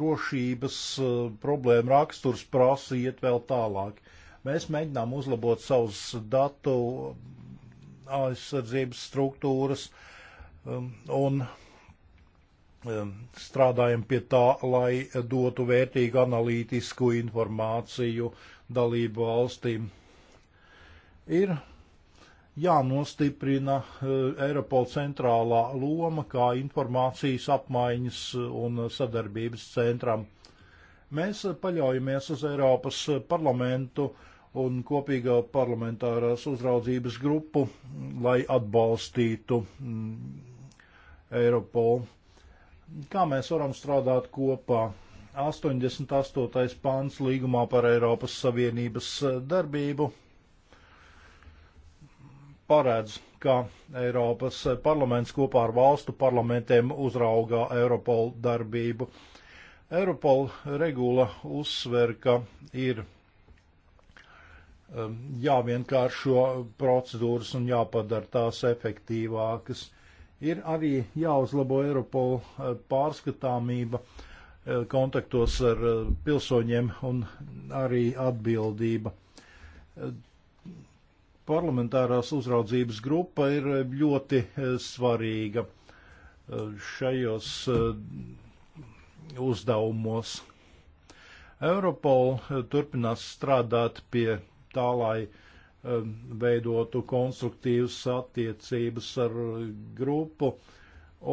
drošības e, problēma raksturs prasa iet vēl tālāk. Mēs mēģinām uzlabot savus datu aizsardzības struktūras um, un strādājam pie tā, lai dotu vērtīgu analītisku informāciju dalību valstīm. Ir jānostiprina e, Eiropola centrālā loma kā informācijas apmaiņas un sadarbības centram. Mēs paļaujamies uz Eiropas parlamentu un kopīgā parlamentārās uzraudzības grupu, lai atbalstītu Eiropolu kā mēs varam strādāt kopā. 88. pāns līgumā par Eiropas Savienības eh, darbību paredz, ka Eiropas parlaments kopā ar valstu parlamentiem uzraugā Eiropolu darbību. Eiropola regula uzsver, ka ir eh, jāvienkāršo procedūras un jāpadara tās efektīvākas. Ir arī jāuzlabo Eiropola eh, pārskatāmība eh, kontaktos ar eh, pilsoņiem un arī atbildība. Parlamentārās uzraudzības grupa ir ļoti svarīga šajos uzdevumos. Europol turpinās strādāt pie tā, lai Um, veidotu konstruktīvas attiecības ar grupu.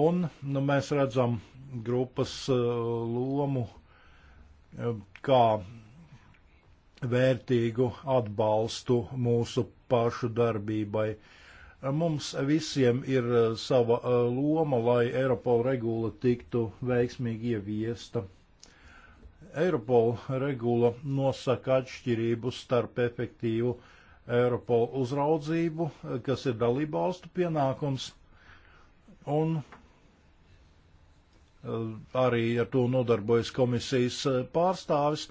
Un nu, mēs redzam grupas uh, lomu um, kā vērtīgu atbalstu mūsu pašu darbībai. Mums visiem ir uh, sava uh, loma, lai Eiropola regula tiktu veiksmīgi ieviesta. Eiropola regula nosaka atšķirību starp efektīvu uh, Eiropola uzraudzību, kas ir dalībvalstu pienākums, un eh, arī ar to nodarbojas komisijas eh, pārstāvis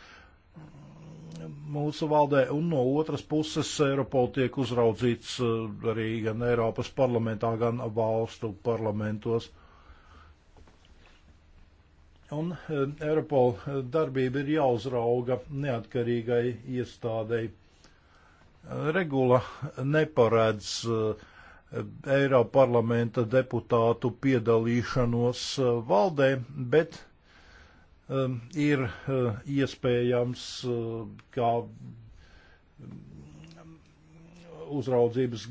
mūsu valdē, un no otras puses Eiropola tiek uzraudzīts eh, arī gan Eiropas parlamentā, gan valstu parlamentos. Un Eiropola darbība ir jāuzrauga neatkarīgai iestādēji Regula neparedz eh, Eiroparlamenta deputātu piedalīšanos eh, valdē, bet eh, ir iespējams, kā mm, uzraudzības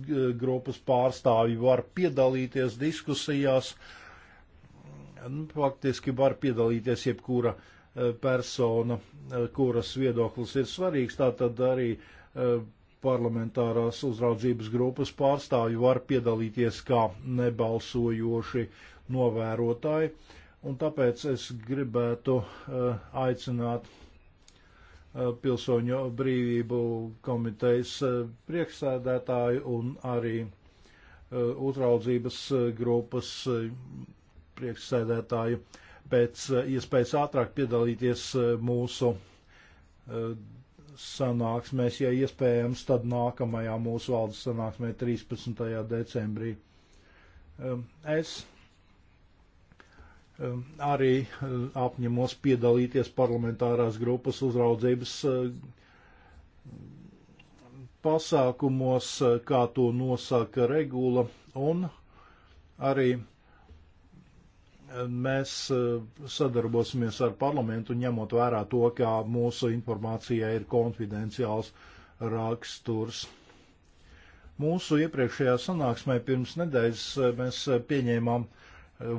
grupas pārstāvji var piedalīties diskusijās. Nu, faktiski var piedalīties jebkura persona, kuras viedoklis ir svarīgs. Tātad arī parlamentārās uzraudzības grupas pārstāvji var piedalīties kā nebalsojoši novērotāji, un tāpēc es gribētu eh, aicināt eh, Pilsoņu brīvību komitejas eh, priekšsēdētāju un arī uzraudzības grupas priekšsēdētāju pēc iespējas ātrāk piedalīties mūsu sanāksmēs, ja iespējams, tad nākamajā mūsu valdes sanāksmē 13. decembrī. Um, es um, arī uh, apņemos piedalīties parlamentārās grupas uzraudzības uh, pasākumos, uh, kā to nosaka regula, un arī Mēs eh, sadarbosimies ar parlamentu, ņemot vērā to, ka mūsu informācijai ir konfidenciāls raksturs. Mūsu iepriekšējā sanāksmē pirms nedēļas eh, mēs eh, pieņēmām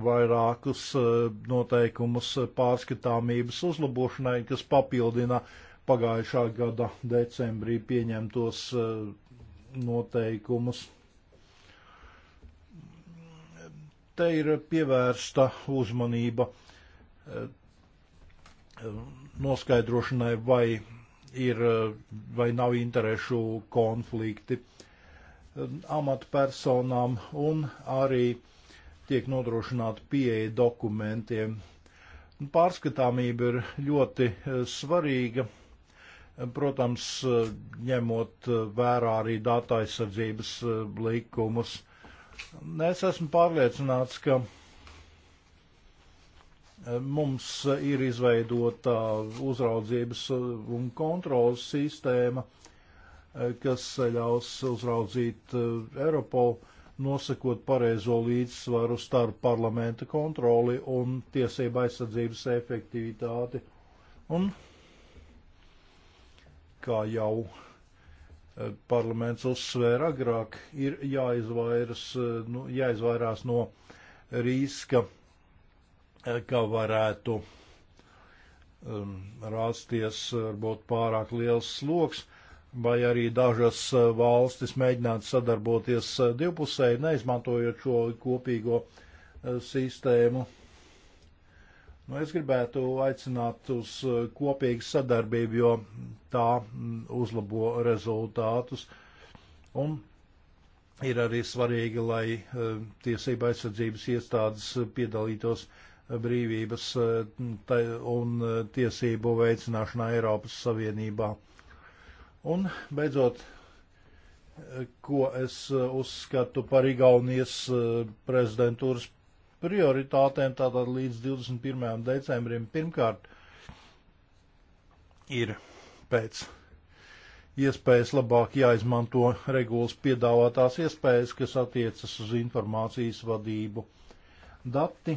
vairākus noteikumus pārskatāmības uzlabošanai, kas papildina pagājušā gada decembrī pieņemtos noteikumus. te ir pievērsta uzmanība eh, noskaidrošanai, vai ir vai nav interešu konflikti eh, amatpersonām un arī tiek nodrošināta pieeja dokumentiem. Pārskatāmība ir ļoti eh, svarīga, protams, ņemot vērā arī dāta aizsardzības likumus Nu, es esmu pārliecināts, ka e, mums ir izveidota uzraudzības un kontrolas sistēma, e, kas ļaus uzraudzīt e, Eiropolu, nosakot pareizo līdzsvaru starp parlamenta kontroli un tiesība aizsardzības efektivitāti. Un kā jau parlaments uzsvēra agrāk, ir jāizvairas, eh, nu, jāizvairās no riska, eh, ka varētu um, rāsties varbūt pārāk liels sloks, vai arī dažas eh, valstis mēģinātu sadarboties divpusēji, neizmantojot šo kopīgo sistēmu Nu, es gribētu aicināt uz uh, kopīgu sadarbību, jo tā mm, uzlabo rezultātus. Un ir arī svarīgi, lai uh, tiesība aizsardzības iestādes piedalītos uh, brīvības un tiesību veicināšanā Eiropas Savienībā. Un beidzot, ko es uzskatu par Igaunijas prezidentūras prioritātēm, tātad līdz 21. decembrim pirmkārt ir pēc iespējas labāk jāizmanto regulas piedāvātās iespējas, kas attiecas uz informācijas vadību. Dati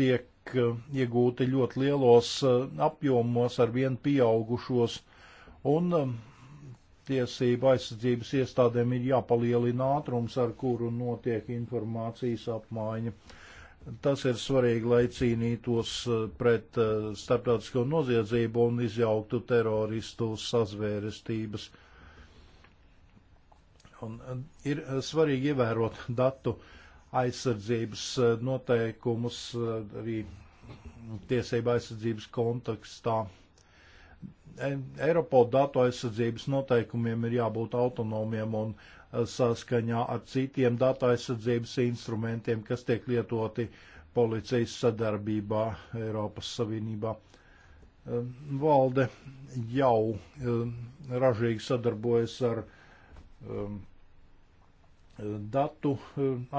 tiek uh, iegūti ļoti lielos uh, apjomos ar vien pieaugušos, un um, tiesība aizsardzības iestādēm ir jāpalielina ātrums, ar kuru notiek informācijas apmaiņa. Tas ir svarīgi, lai cīnītos uh, pret uh, starptautisko noziedzību un izjauktu teroristu sazvērestības. Un uh, ir svarīgi ievērot datu aizsardzības noteikumus arī tiesība aizsardzības kontekstā. Eiropola datu aizsardzības noteikumiem ir jābūt autonomiem un eh, saskaņā ar citiem datu aizsardzības instrumentiem, kas tiek lietoti policijas sadarbībā Eiropas Savienībā. Eh, valde jau eh, ražīgi sadarbojas ar datu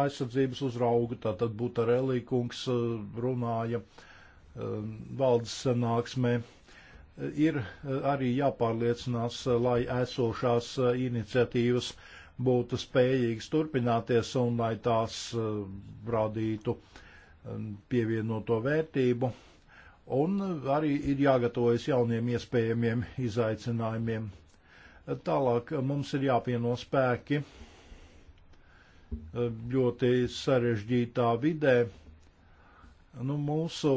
aizsardzības uzraugu, tātad būtu ar Elīkungs runāja valdes sanāksmē ir eh, arī jāpārliecinās, eh, lai esošās eh, iniciatīvas būtu spējīgas turpināties un lai tās radītu pievienoto vērtību. Un arī ir jāgatavojas jauniem iespējamiem izaicinājumiem. Tālāk mums ir jāpieno spēki ļoti sarežģītā vidē, Nu, mūsu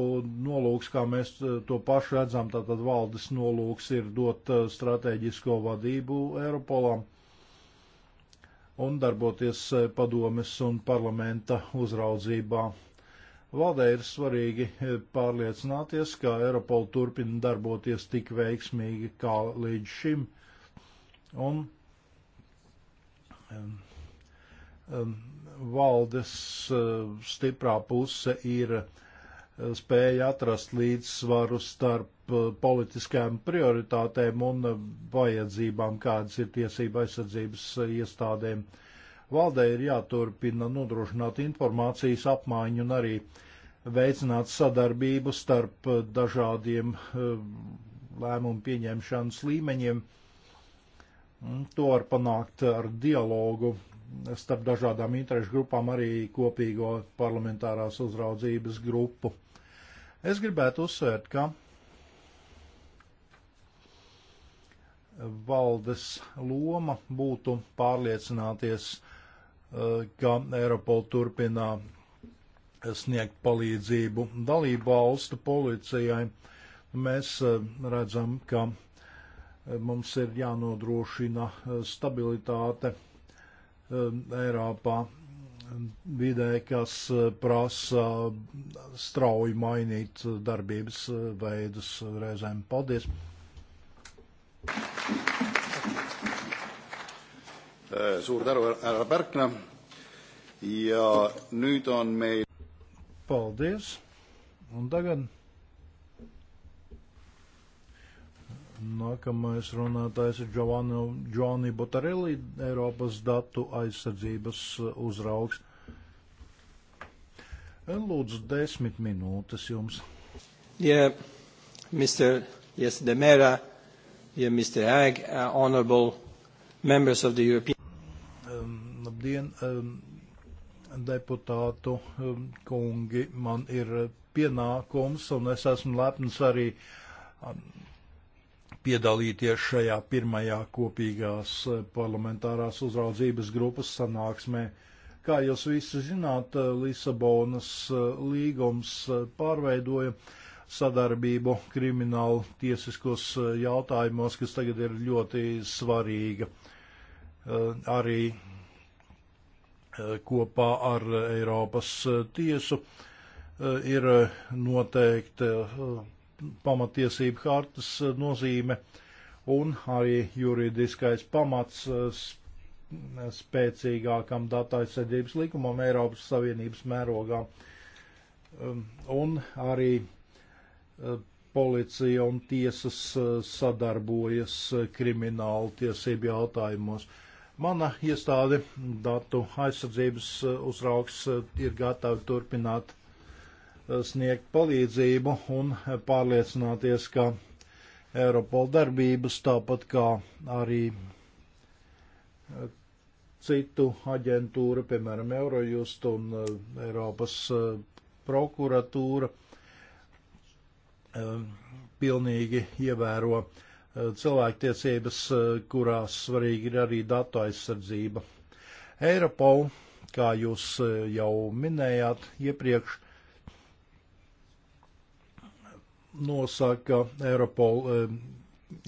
nolūks, kā mēs eh, to pašu redzam, tātad valdes nolūks ir dot eh, strateģisko vadību Eiropolam un darboties eh, padomes un parlamenta uzraudzībā. Valdē ir svarīgi pārliecināties, ka Eiropola turpina darboties tik veiksmīgi kā līdz šim. Un, um, um, valdes uh, stiprā puse ir uh, spēja atrast līdzsvaru starp uh, politiskajām prioritātēm un uh, vajadzībām, kādas ir tiesība aizsardzības uh, iestādēm. Valdē ir jāturpina nodrošināt informācijas apmaiņu un arī veicināt sadarbību starp dažādiem lēmumu pieņemšanas līmeņiem. To var panākt ar dialogu starp dažādām interešu grupām, arī kopīgo parlamentārās uzraudzības grupu. Es gribētu uzsvērt, ka valdes loma būtu pārliecināties, eh, ka Eiropola turpinā sniegt palīdzību dalību valstu policijai. Mēs eh, redzam, ka eh, mums ir jānodrošina stabilitāte Eiropā vidē, kas eh, prasa strauji mainīt darbības eh, veidus reizēm. Paldies! Eh, suur tänu, härra Pärkna ja nüüd on meil. Paldies! Un tagad Nākamais runātājs ir Giovanni Botarelli, Eiropas datu aizsardzības uh, uzraugs. Eh, lūdzu, desmit minūtes jums. Yeah, Mr. Yes, Demera, yeah, Mr. Ag, uh, honorable members of the European. Um, labdien, um, deputātu um, kungi, man ir uh, pienākums, un es esmu lepns arī um, piedalīties šajā pirmajā kopīgās eh, parlamentārās uzraudzības grupas sanāksmē. Kā jūs visi zināt, eh, Lisabonas eh, līgums pārveidoja sadarbību kriminālu tiesiskos jautājumos, kas tagad ir ļoti svarīga. Arī kopā ar Eiropas tiesu ir noteikti pamatiesību hartas eh, nozīme un arī juridiskais pamats eh, spēcīgākam datu aizsardzības likumam Eiropas Savienības mērogā. Um, un arī eh, policija un tiesas sadarbojas krimināla tiesību jautājumos. Mana iestāde, datu aizsardzības uzraugs, ir gatava turpināt sniegt palīdzību un pārliecināties, ka Eiropola darbības, tāpat kā arī eh, citu aģentūru, piemēram, Eurojust un eh, Eiropas eh, prokuratūra, pilnīgi ievēro cilvēktiesības, kurās svarīgi ir arī datu aizsardzība. Eiropol, kā jūs jau minējāt iepriekš, nosaka Eiropol eh,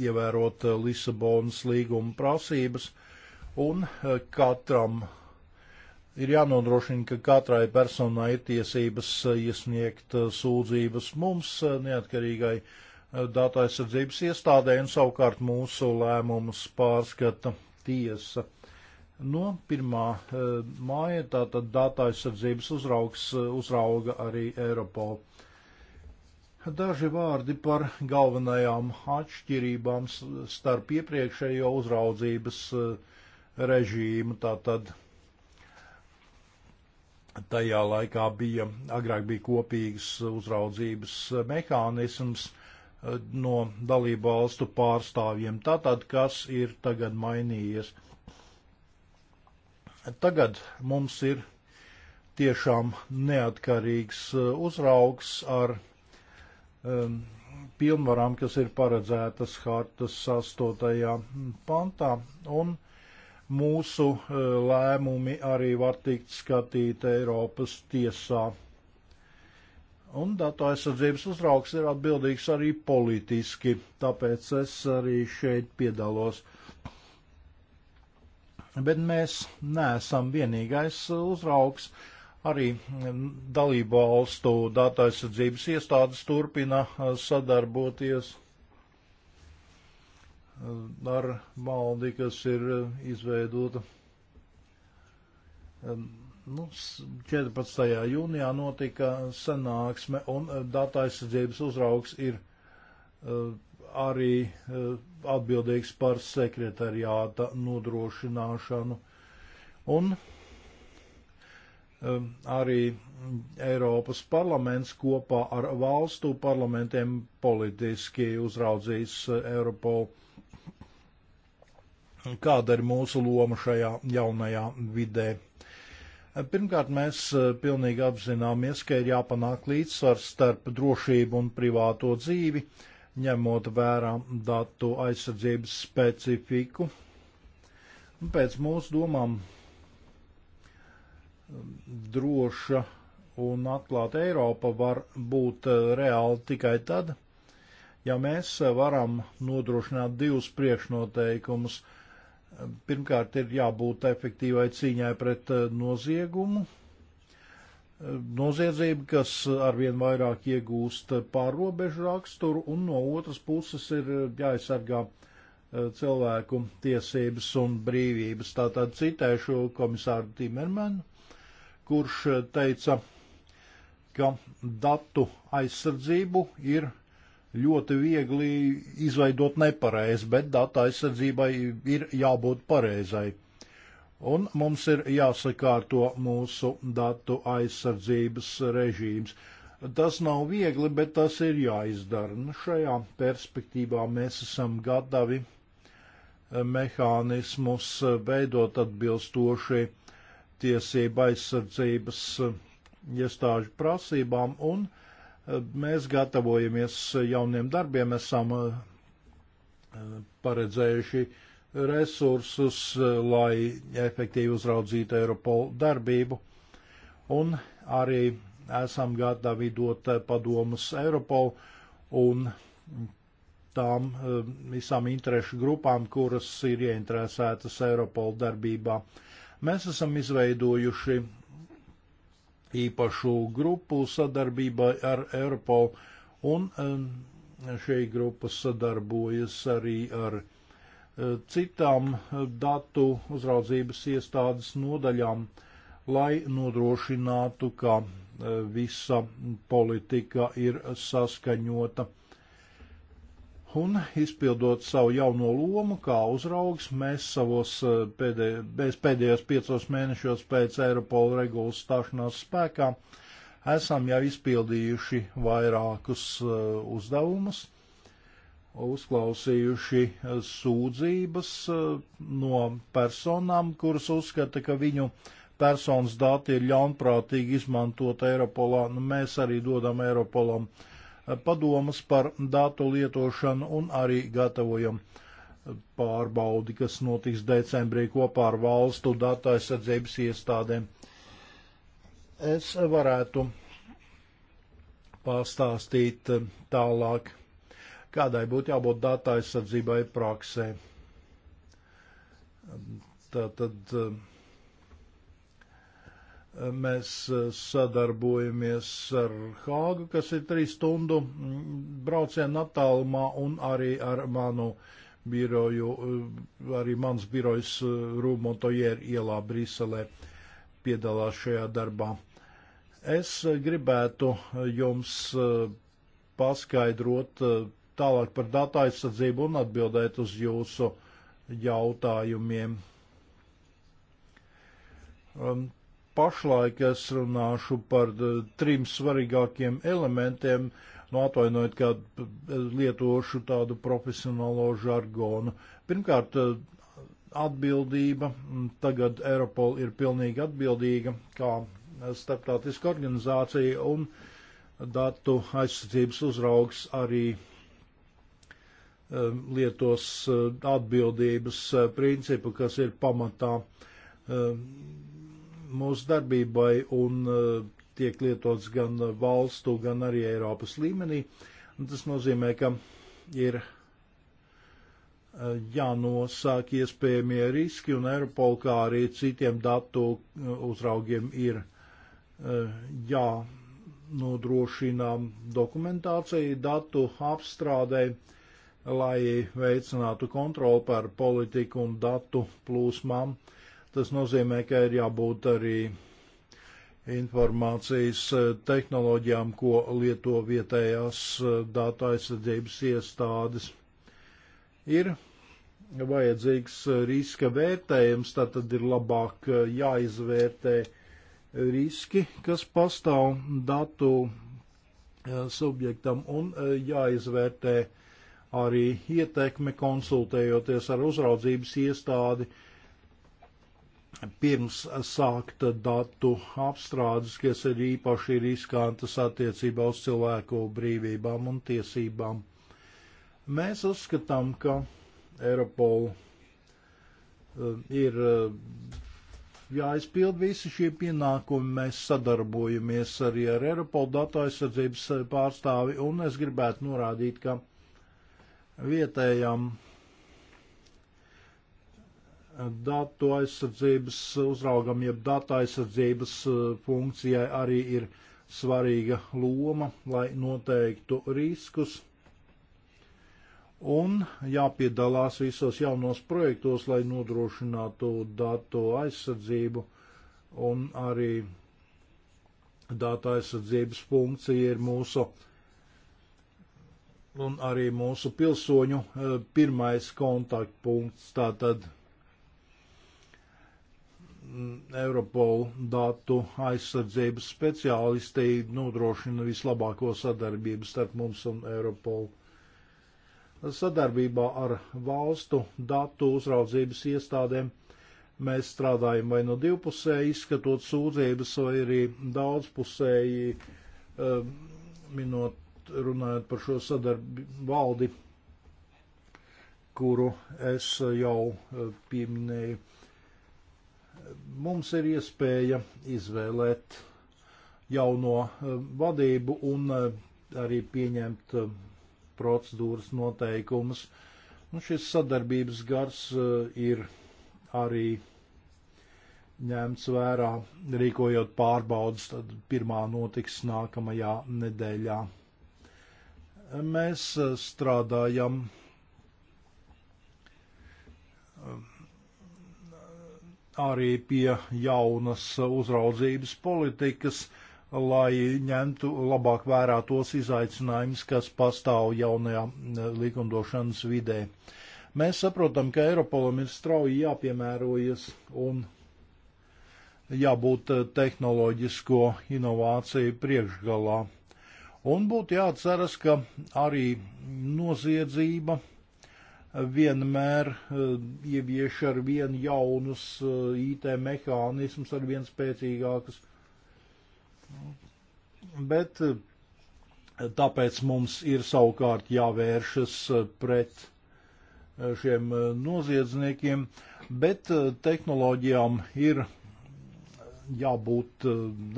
ievērot eh, Lisabonas līguma prasības, un eh, katram ir jānodrošina, ka katrai personai ir tiesības iesniegt sūdzības mums neatkarīgai datu aizsardzības iestādē, un savukārt mūsu lēmumus pārskata tiesa. No 1. māja tātad datu aizsardzības uzraugs uzrauga arī Eiropola. Daži vārdi par galvenajām atšķirībām starp iepriekšējo uzraudzības eh, režīmu. Tātad tajā laikā bija, agrāk bija kopīgs uzraudzības eh, mehānisms eh, no dalību valstu pārstāvjiem. Tātad, kas ir tagad mainījies? Tagad mums ir tiešām neatkarīgs uzraugs ar um, pilnvarām, kas ir paredzētas hartas 8. pantā, un mūsu uh, lēmumi arī var tikt skatīti Eiropas tiesā. Un datu aizsardzības uzraugs ir atbildīgs arī politiski, tāpēc es arī šeit piedalos. Bet mēs neesam vienīgais uzraugs. Uh, Arī mm, dalību valstu datu aizsardzības iestādes turpina sadarboties ar maldi, kas ir izveidota. Nu, 14. jūnijā notika sanāksme, un datu aizsardzības uzraugs ir uh, arī uh, atbildīgs par sekretariāta nodrošināšanu. Un Ehm, arī Eiropas parlaments kopā ar valstu parlamentiem politiski uzraudzīs Eiropolu. Eh, Kāda ir mūsu loma šajā jaunajā vidē? Eh, pirmkārt, mēs eh, pilnīgi apzināmies, ka ir jāpanāk līdzsvars starp drošību un privāto dzīvi, ņemot vērā datu aizsardzības specifiku. Pēc mūsu domām droša un atklāta Eiropa var būt eh, reāli tikai tad, ja mēs eh, varam nodrošināt divus priekšnoteikumus. Pirmkārt, ir jābūt efektīvai cīņai pret eh, noziegumu, noziedzību, kas arvien vairāk iegūst pārrobežu raksturu, un no otras puses ir jāaizsargā cilvēku tiesības un brīvības. Tātad citēšu komisāru Timermanu kurš eh, teica, ka datu aizsardzību ir ļoti viegli izveidot nepareizi, bet datu aizsardzībai ir jābūt pareizai. Un mums ir jāsakārto mūsu datu aizsardzības režīms. Tas nav viegli, bet tas ir jāizdara. Nu, šajā perspektīvā mēs esam gatavi eh, mehānismus eh, veidot atbilstoši uh, tiesība aizsardzības eh, iestāžu prasībām, un eh, mēs gatavojamies jauniem darbiem, esam eh, paredzējuši resursus, lai efektīvi uzraudzītu Eiropolu darbību, un arī esam gatavi dot padomus Eiropolu un tām visām interešu grupām, kuras ir ieinteresētas Eiropola darbībā. Uh, Mēs esam izveidojuši īpašu grupu sadarbībā ar Eiropolu, un eh, šī grupa sadarbojas arī ar eh, citām datu uzraudzības iestādes nodaļām, lai nodrošinātu, ka eh, visa politika ir saskaņota. Un izpildot savu jauno lomu kā uzraugs, mēs savos eh, pēdēj, pēdējos piecos mēnešos pēc Eiropola regulas stāšanās spēkā esam jau izpildījuši vairākus eh, uzdevumus, uzklausījuši eh, sūdzības no personām, kuras uzskata, ka viņu personas dati ir ļaunprātīgi izmantot Eiropolā. Nu, mēs arī dodam Eiropolam uh, padomas par datu lietošanu un arī gatavojam pārbaudi, kas notiks decembrī kopā ar valstu datu aizsardzības iestādēm. Es varētu pastāstīt eh, tālāk, kādai būtu jābūt datu aizsardzībai praksē. Tātad. Tā, eh, Mēs e, sadarbojamies ar Hāgu, kas ir trīs stundu brauciena attālumā, un arī ar manu biroju, e, arī mans birojs e, Rūmontojer ielā Briselē piedalās šajā darbā. Es gribētu jums paskaidrot tālāk par datu aizsardzību un atbildēt uz jūsu jautājumiem. Um, pašlaik es runāšu par eh, trim svarīgākiem elementiem, nu atvainojiet, kā eh, lietošu tādu profesionālo žargonu. Pirmkārt, eh, atbildība, mm, tagad Eiropola ir pilnīgi atbildīga kā starptautiska organizācija un datu aizsardzības uzraugs arī lietos atbildības principu, kas ir pamatā mūsu darbībai un eh, tiek lietots gan valstu, gan arī Eiropas līmenī. Un tas nozīmē, ka ir eh, jānosāk iespējamie riski un Eiropol, kā arī citiem datu eh, uzraugiem ir jānodrošina dokumentācija datu apstrādē, lai veicinātu kontroli par politiku un datu plūsmām. Uh, Tas nozīmē, ka ir jābūt arī informācijas eh, tehnoloģijām, ko lieto vietējās eh, datu aizsardzības iestādes. Ir vajadzīgs eh, riska vērtējums, tad ir labāk jāizvērtē riski, kas pastāv datu subjektam un jāizvērtē arī ietekme konsultējoties ar uzraudzības iestādi, uh, pirms sākt datu apstrādes, kas ir īpaši riskantas attiecībā uz cilvēku brīvībām un tiesībām. Mēs uzskatām, ka Eiropol e, ir e, jāizpild visi šie pienākumi. Mēs sadarbojamies arī ar Eiropol datu aizsardzības pārstāvi, un es gribētu norādīt, ka vietējām datu aizsardzības uzraugam, jeb datu aizsardzības eh, funkcijai arī ir svarīga loma, lai noteiktu riskus. Un jāpiedalās visos jaunos projektos, lai nodrošinātu datu aizsardzību. Un arī datu aizsardzības funkcija ir mūsu un arī mūsu pilsoņu eh, pirmais kontaktpunkts. Tātad Europol datu aizsardzības speciālistei nodrošina vislabāko sadarbību starp mums un Europolu. Sadarbībā ar valstu datu uzraudzības iestādēm mēs strādājam vai no divpusēji izskatot sūdzības, vai arī daudzpusēji um, minot, runājot par šo sadarbību valdi, kuru es jau uh, pieminēju mums ir iespēja izvēlēt jauno eh, vadību un eh, arī pieņemt eh, procedūras noteikumus. Nu, šis sadarbības gars ir arī ņemts vērā, rīkojot pārbaudas, tad pirmā notiks nākamajā nedēļā. Mēs strādājam arī pie jaunas uzraudzības politikas, lai ņemtu labāk vērā tos izaicinājumus, kas pastāv jaunajā likumdošanas vidē. Mēs saprotam, ka Eiropolam ir strauji jāpiemērojas un jābūt eh, tehnoloģisko inovāciju priekšgalā. Un būtu jāatceras, ka arī noziedzība vienmēr eh, ievieš ar vien jaunus eh, IT mehānismus, ar vien spēcīgākus. Bet eh, tāpēc mums ir savukārt jāvēršas pret šiem noziedzniekiem, bet tehnoloģijām ir jābūt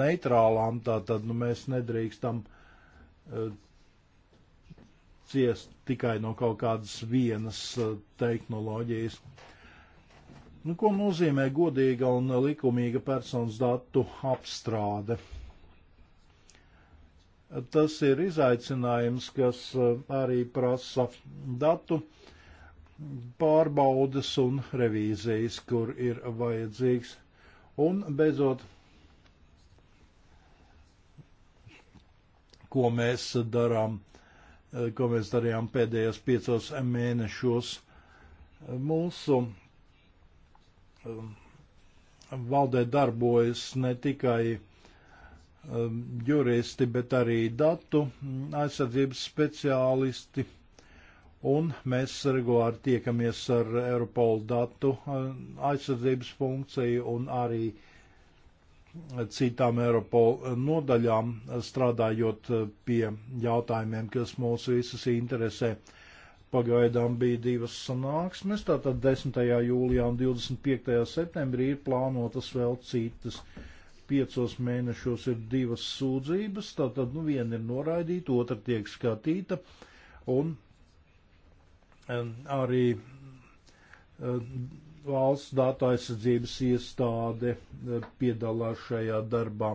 neitrālām, tātad nu, mēs nedrīkstam ciest tikai no kaut kādas vienas eh, tehnoloģijas. Nu, ko nozīmē godīga un likumīga personas datu apstrāde? Tas ir izaicinājums, kas eh, arī prasa datu pārbaudes un revīzijas, kur ir vajadzīgs. Un beidzot, ko mēs darām Eh, ko mēs darījām pēdējos piecos mēnešos. Eh, mūsu eh, valdē darbojas ne tikai juristi, bet arī datu mm, aizsardzības speciālisti, un mēs regulāri tiekamies ar Europol datu aizsardzības funkciju un arī uh, citām Eiropola nodaļām, strādājot eh, pie jautājumiem, kas mūs visus interesē. Pagaidām bija divas sanāksmes, tātad 10. jūlijā un 25. septembrī ir plānotas vēl citas. Piecos mēnešos ir divas sūdzības, tātad nu, viena ir noraidīta, otra tiek skatīta, un eh, arī eh, valsts datu aizsardzības iestāde eh, piedalās šajā darbā.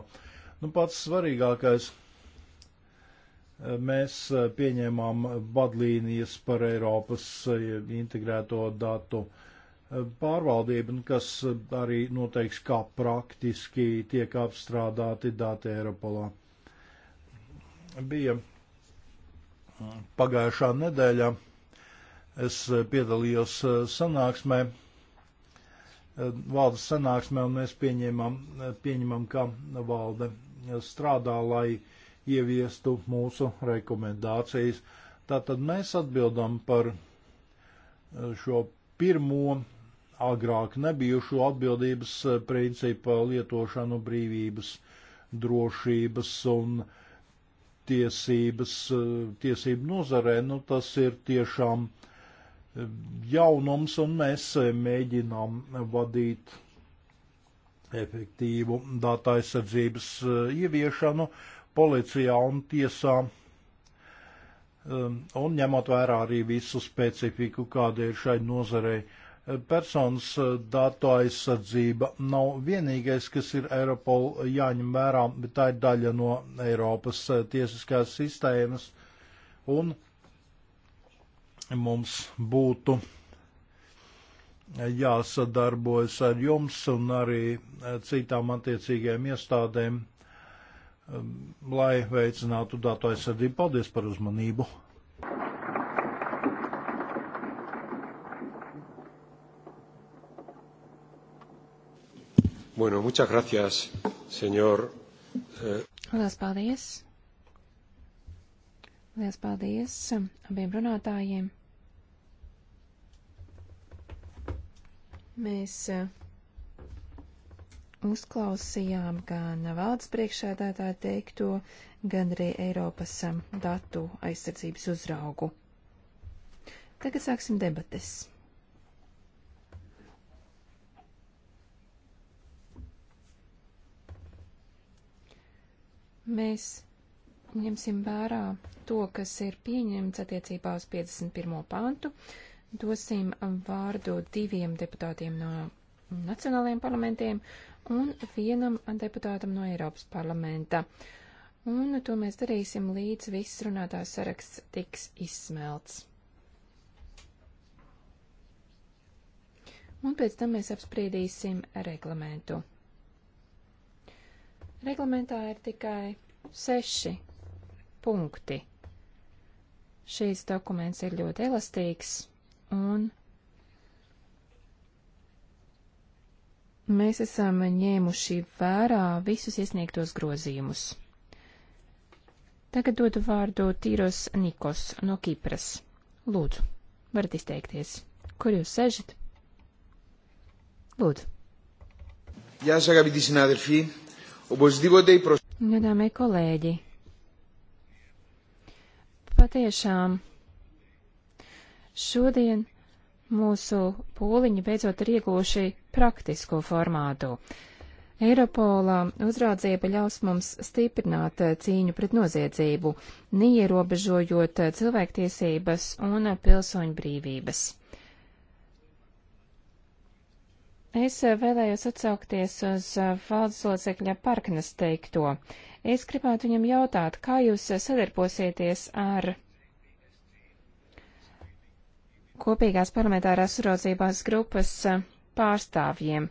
Nu, pats svarīgākais, eh, mēs eh, pieņēmām vadlīnijas par Eiropas integrēto datu pārvaldību, nu, kas arī noteiks, kā praktiski tiek apstrādāti dati Eiropolā. Bija pagājušā nedēļā es piedalījos sanāksmē Eh, valdes sanāksmē, un mēs pieņemam, eh, pieņemam ka valde eh, strādā, lai ieviestu mūsu rekomendācijas. Tātad mēs atbildam par šo pirmo agrāk nebijušo atbildības principa lietošanu brīvības, drošības un tiesības, tiesību nozarē, nu tas ir tiešām jaunums, un mēs eh, mēģinām vadīt efektīvu datu aizsardzības eh, ieviešanu policijā un tiesā, eh, un ņemot vērā arī visu specifiku, kāda ir šai nozarei. Personas datu aizsardzība nav vienīgais, kas ir Eiropol jāņem vērā, bet tā ir daļa no Eiropas tiesiskās sistēmas. Un mums būtu jāsadarbojas ar jums un arī citām attiecīgajām iestādēm, um, lai veicinātu datu aizsardzību. Paldies par uzmanību! Bueno, muchas gracias, señor. Eh, Lielas paldies! Lielas paldies abiem runātājiem! Mēs e, uzklausījām gan valdes priekšsēdētāju teikto, gan arī Eiropas e, datu aizsardzības uzraugu. Tagad sāksim debates. Mēs ņemsim vērā to, kas ir pieņemts attiecībā uz 51. pāntu, dosim vārdu diviem deputātiem no nacionālajiem parlamentiem un vienam deputātam no Eiropas parlamenta. Un to mēs darīsim līdz viss runātājs saraksts tiks izsmelts. Un pēc tam mēs apspriedīsim reglamentu. Reglamentā ir tikai seši punkti. Šīs dokuments ir ļoti elastīgs un mēs esam ņēmuši vērā visus iesniegtos grozījumus. Tagad dodu vārdu Tīros Nikos no Kipras. Lūdzu, varat izteikties. Kur jūs sežat? Lūdzu. Γεια σας αγαπητοί συνάδελφοι. Οπωσδήποτε η προσοχή... Gadāmie kolēģi, patiešām Šodien mūsu pūliņi beidzot ir iegūši praktisko formātu. Eiropola uzraudzība ļaus mums stiprināt eh, cīņu pret noziedzību, neierobežojot eh, cilvēktiesības un pilsoņu brīvības. Es eh, vēlējos atsaukties uz valdes locekļa Parknes teikto. Es gribētu viņam jautāt, kā jūs sadarbosieties ar kopīgās parlamentārās uzraudzībās grupas eh, pārstāvjiem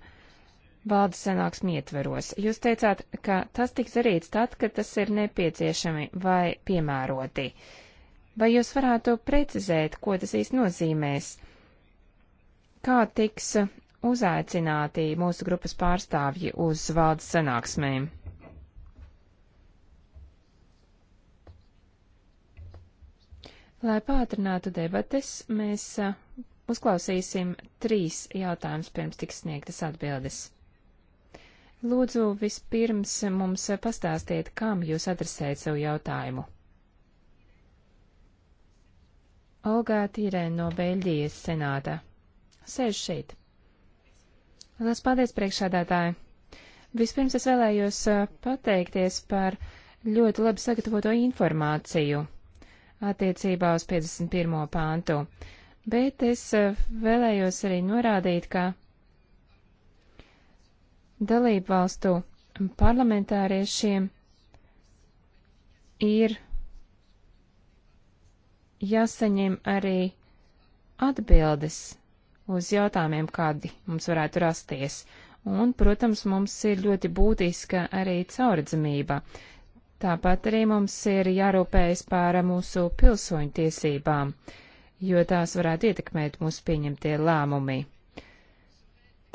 valdes sanāksmi ietveros. Jūs teicāt, ka tas tiks darīts tad, kad tas ir nepieciešami vai piemēroti. Vai jūs varētu precizēt, ko tas īsti nozīmēs? Kā tiks uzaicināti mūsu grupas pārstāvji uz valdes sanāksmēm? Lai pātrinātu debates, mēs a, uzklausīsim trīs jautājumus pirms tiks sniegtas atbildes. Lūdzu, vispirms mums pastāstiet, kam jūs adresējat savu jautājumu. Olgā Tīrē no Beļģijas senāta. Sēž šeit. Lielas paldies, priekšādātāji! Vispirms es vēlējos pateikties par ļoti labi sagatavoto informāciju attiecībā uz 51. pāntu. Bet es eh, vēlējos arī norādīt, ka dalību valstu parlamentāriešiem ir jāsaņem arī atbildes uz jautājumiem, kādi mums varētu rasties. Un, protams, mums ir ļoti būtiska arī caurdzamība. Tāpat arī mums ir jārūpējas par mūsu pilsoņu tiesībām, jo tās varētu ietekmēt mūsu pieņemtie lēmumi.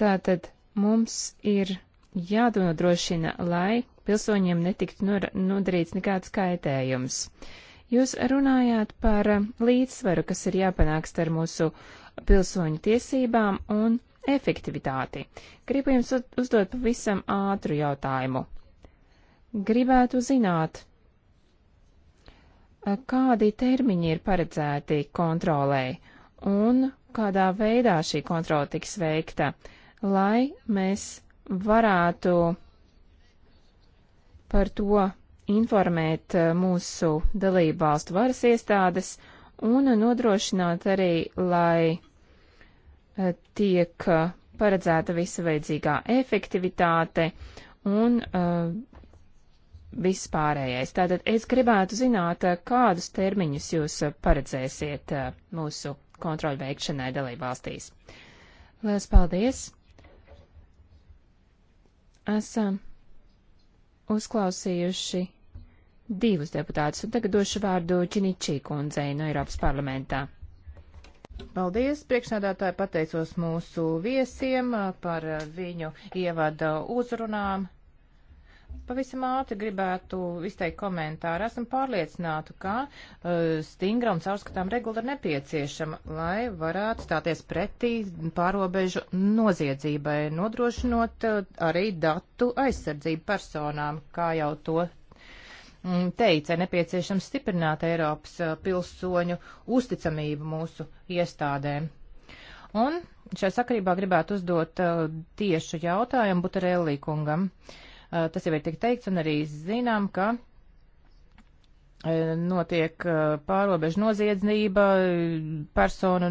Tātad mums ir jādodrošina, lai pilsoņiem netiktu nodarīts nekāds kaitējums. Jūs runājāt par līdzsvaru, kas ir jāpanāk starp mūsu pilsoņu tiesībām un efektivitāti. Gribu jums uzdot pavisam ātru jautājumu. Gribētu zināt, eh, kādi termiņi ir paredzēti kontrolei un kādā veidā šī kontrola tiks veikta, lai mēs varētu par to informēt eh, mūsu dalību valstu varas iestādes un nodrošināt arī, lai eh, tiek paredzēta visa vajadzīgā efektivitāte un uh, viss pārējais. Tātad es gribētu zināt, eh, kādus termiņus jūs eh, paredzēsiet eh, mūsu kontroļu veikšanai dalībvalstīs. Lielas paldies! Esam uzklausījuši divus deputātus, un tagad došu vārdu Činičī kundzei no Eiropas parlamentā. Paldies, priekšnādātāji, pateicos mūsu viesiem par viņu ievada uzrunām. Pavisam ātri gribētu izteikt komentāru. Esmu pārliecināta, ka uh, stingra un caurskatām regula ir nepieciešama, lai varētu stāties pretī pārobežu noziedzībai, nodrošinot uh, arī datu aizsardzību personām, kā jau to mm, teica, nepieciešams stiprināt Eiropas uh, pilsoņu uzticamību mūsu iestādēm. Un šai sakarībā gribētu uzdot uh, tiešu jautājumu Butarelli kungam. Uh, Eh, tas jau ir tik teikts un arī zinām, ka eh, notiek eh, pārobežu noziedznība, personu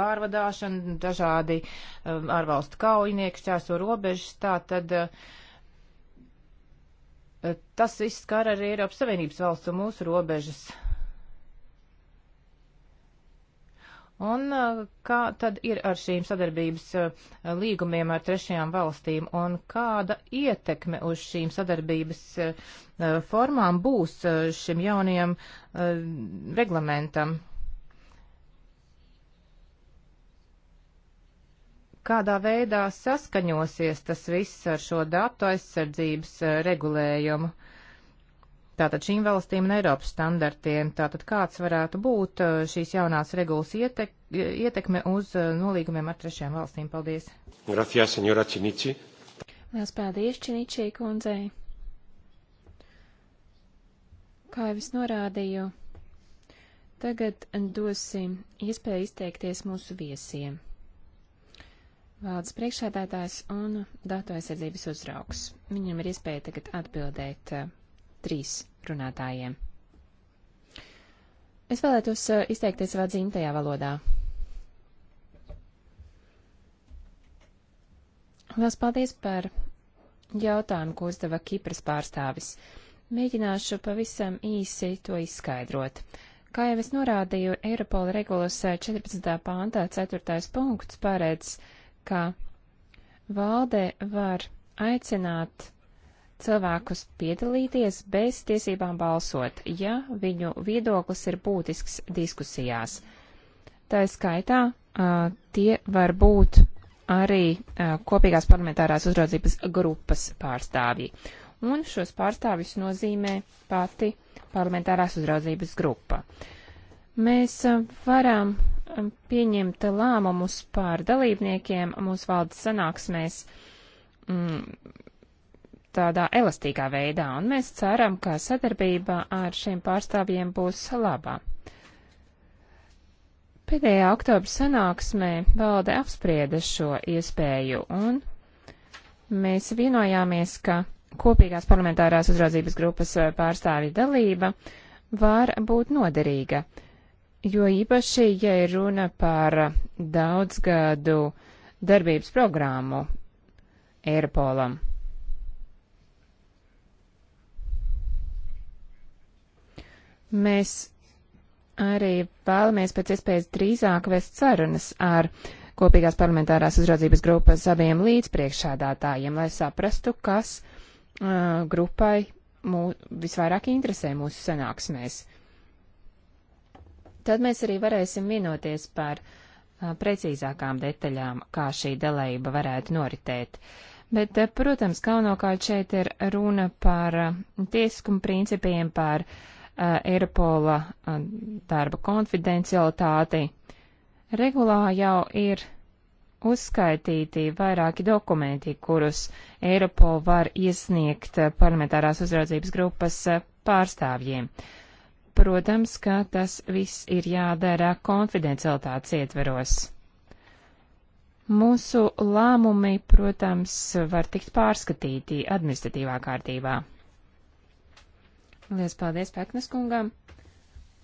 pārvadāšana, dažādi ārvalstu kaujinieki šķērso robežas, tā tad tas viss skar arī Eiropas Savienības valsts un mūsu robežas. Un uh, kā tad ir ar šīm sadarbības uh, līgumiem ar trešajām valstīm un kāda ietekme uz šīm sadarbības uh, formām būs šim jaunajam reglamentam? Kādā veidā saskaņosies tas viss ar šo datu aizsardzības regulējumu? tātad šīm valstīm un Eiropas standartiem. Tātad kāds varētu būt uh, šīs jaunās regulas ietek, ietekme uz uh, nolīgumiem ar trešajām valstīm? Paldies! Gracias, senora Činiči! Lielas paldies, Činičī kundzei! Kā jau es norādīju, tagad dosim iespēju izteikties mūsu viesiem. Valdes priekšādātājs un datu aizsardzības uzrauks. Viņam ir iespēja tagad atbildēt uh, trīs runātājiem. Es vēlētos eh, izteikties savā dzimtajā valodā. Lielas paldies par jautājumu, ko uzdeva Kipras pārstāvis. Mēģināšu pavisam īsi to izskaidrot. Kā jau es norādīju, Eiropola regulas 14. pāntā 4. punkts paredz, ka valde var aicināt cilvēkus piedalīties bez tiesībām balsot, ja viņu viedoklis ir būtisks diskusijās. Tā skaitā uh, tie var būt arī uh, kopīgās parlamentārās uzraudzības grupas pārstāvji. Un šos pārstāvjus nozīmē pati parlamentārās uzraudzības grupa. Mēs uh, varam pieņemt lēmumus par dalībniekiem mūsu valdes sanāksmēs, mm, tādā elastīgā veidā, un mēs ceram, ka sadarbība ar šiem pārstāvjiem būs labā. Pēdējā oktobra sanāksmē valde apsprieda šo iespēju, un mēs vienojāmies, ka kopīgās parlamentārās uzraudzības grupas pārstāvja dalība var būt noderīga, jo īpaši, ja ir runa par daudzgadu darbības programmu Eiropolam. Mēs arī vēlamies pēc iespējas drīzāk vest sarunas ar kopīgās parlamentārās uzraudzības grupas abiem līdzpriekšādātājiem, lai saprastu, kas uh, grupai mū, visvairāk interesē mūsu sanāksmēs. Tad mēs arī varēsim vienoties par uh, precīzākām detaļām, kā šī dalība varētu noritēt. Bet, uh, protams, galvenokārt šeit ir runa par uh, tiesiskumu principiem, par uh, Eh, Eiropola eh, darba konfidencialitāti. Regulā jau ir uzskaitīti vairāki dokumenti, kurus Eiropol var iesniegt eh, parlamentārās uzraudzības grupas pārstāvjiem. Protams, ka tas viss ir jādara konfidencialitātes ietveros. Mūsu lēmumi, protams, var tikt pārskatīti administratīvā kārtībā. Lielas paldies Peknes kungam.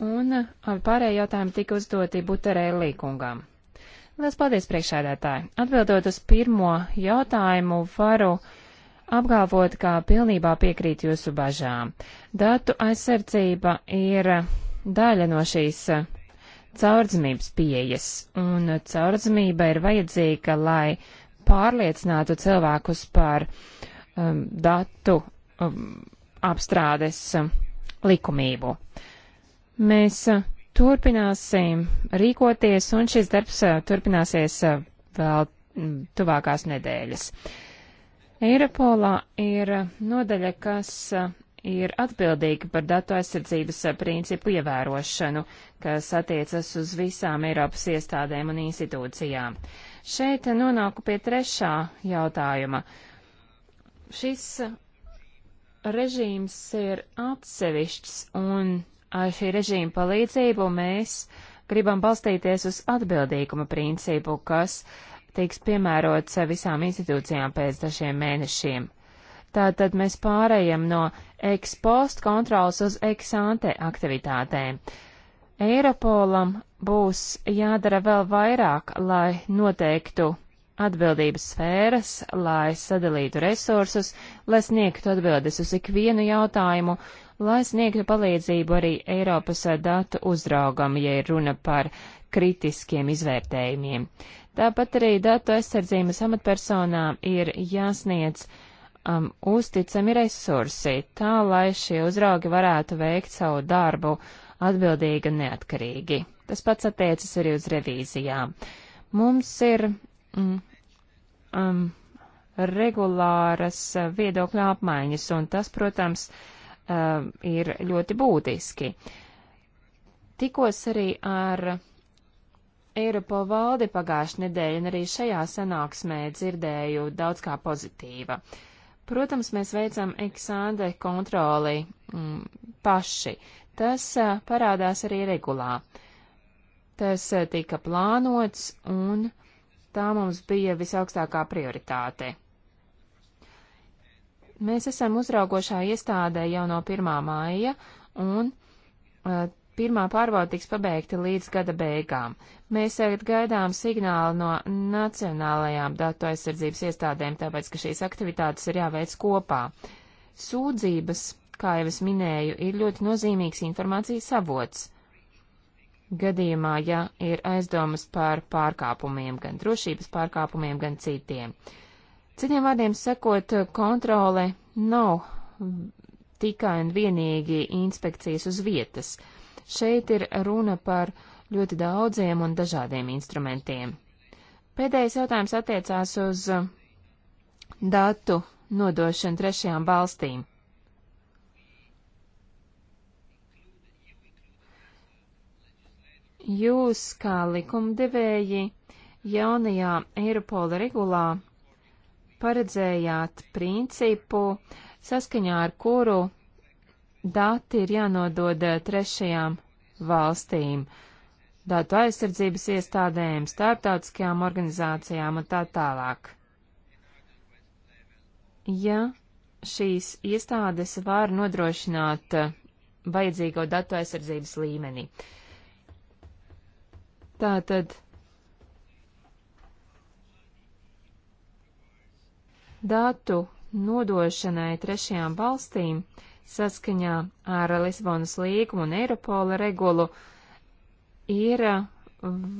Un eh, abi pārējie jautājumi tika uzdoti Buterēlī kungam. Lielas paldies priekšēdētāji. Atbildot uz pirmo jautājumu, varu apgalvot, ka pilnībā piekrīt jūsu bažām. Datu aizsardzība ir daļa no šīs eh, caurdzamības pieejas, un caurdzamība ir vajadzīga, lai pārliecinātu cilvēkus par um, datu um, apstrādes eh, likumību. Mēs eh, turpināsim rīkoties, un šis darbs eh, turpināsies vēl mm, tuvākās nedēļas. Eiropolā ir nodaļa, kas ir atbildīga par datu aizsardzības principu ievērošanu, kas attiecas uz visām Eiropas iestādēm un institūcijām. Šeit nonāku pie trešā jautājuma. Šis režīms ir atsevišķs, un ar šī režīma palīdzību mēs gribam balstīties uz atbildīguma principu, kas tiks piemērots visām institūcijām pēc dažiem mēnešiem. Tātad mēs pārējam no ekspost kontrols uz eksante aktivitātēm. Eiropolam būs jādara vēl vairāk, lai noteiktu atbildības sfēras, lai sadalītu resursus, lai sniegtu atbildes uz ikvienu jautājumu, lai sniegtu palīdzību arī Eiropas datu uzraugam, ja ir runa par kritiskiem izvērtējumiem. Tāpat arī datu aizsardzības amatpersonām ir jāsniedz um, uzticami resursi, tā lai šie uzraugi varētu veikt savu darbu atbildīgi un neatkarīgi. Tas pats attiecas arī uz revīzijām. Mums ir mm, um, regulāras viedokļa apmaiņas, un tas, protams, um, ir ļoti būtiski. Tikos arī ar Eiropa valdi pagājušajā nedēļā, un arī šajā sanāksmē dzirdēju daudz kā pozitīva. Protams, mēs veicam eksāndē kontroli mm, paši. Tas uh, parādās arī regulā. Tas uh, tika plānots un uh, tā mums bija visaugstākā prioritāte. Mēs esam uzraugošā iestādē jau no 1. māja, un uh, pirmā pārbauda tiks pabeigta līdz gada beigām. Mēs tagad gaidām signālu no nacionālajām datu aizsardzības iestādēm, tāpēc, ka šīs aktivitātes ir jāveic kopā. Sūdzības, kā jau es minēju, ir ļoti nozīmīgs informācijas avots gadījumā, ja ir aizdomas par pārkāpumiem, gan drošības pārkāpumiem, gan citiem. Citiem vārdiem sakot, kontrole nav tikai un vienīgi inspekcijas uz vietas. Šeit ir runa par ļoti daudziem un dažādiem instrumentiem. Pēdējais jautājums attiecās uz datu nodošanu trešajām valstīm. jūs, kā likumdevēji, jaunajā Eiropola regulā paredzējāt principu, saskaņā ar kuru dati ir jānodod eh, trešajām valstīm, datu aizsardzības iestādēm, starptautiskajām organizācijām un tā tālāk. Ja šīs iestādes var nodrošināt eh, vajadzīgo datu aizsardzības līmeni. Uh, Tātad datu nodošanai trešajām valstīm saskaņā ar Lisbonas līgumu un Eiropola regulu ir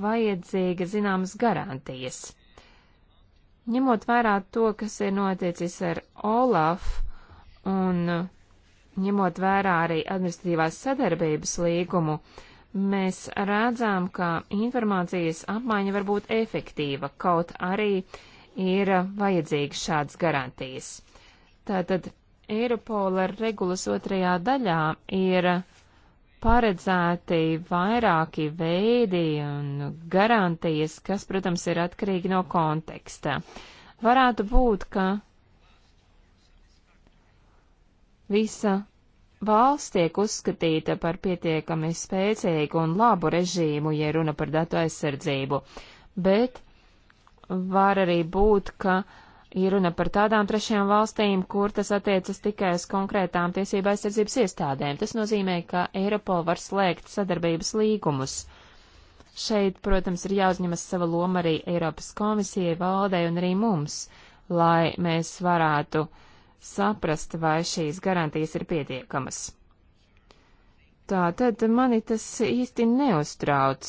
vajadzīga zināmas garantijas. Ņemot vērā to, kas ir noticis ar Olaf un ņemot vērā arī administratīvās sadarbības līgumu, uh, mēs redzam, ka informācijas apmaiņa var būt efektīva, kaut arī ir vajadzīgas šādas garantijas. Tātad Eiropola regulas otrajā daļā ir paredzēti vairāki veidi un garantijas, kas, protams, ir atkarīgi no konteksta. Varētu būt, ka visa valsts tiek uzskatīta par pietiekami spēcīgu un labu režīmu, ja runa par datu aizsardzību, bet var arī būt, ka ir runa par tādām trešajām valstīm, kur tas attiecas tikai uz konkrētām tiesība aizsardzības iestādēm. Tas nozīmē, ka Eiropol var slēgt sadarbības līgumus. Šeit, protams, ir jāuzņemas sava loma arī Eiropas komisijai, valdei un arī mums, lai mēs varētu uh, saprast, vai šīs garantijas ir pietiekamas. Tā tad mani tas īsti neuztrauc.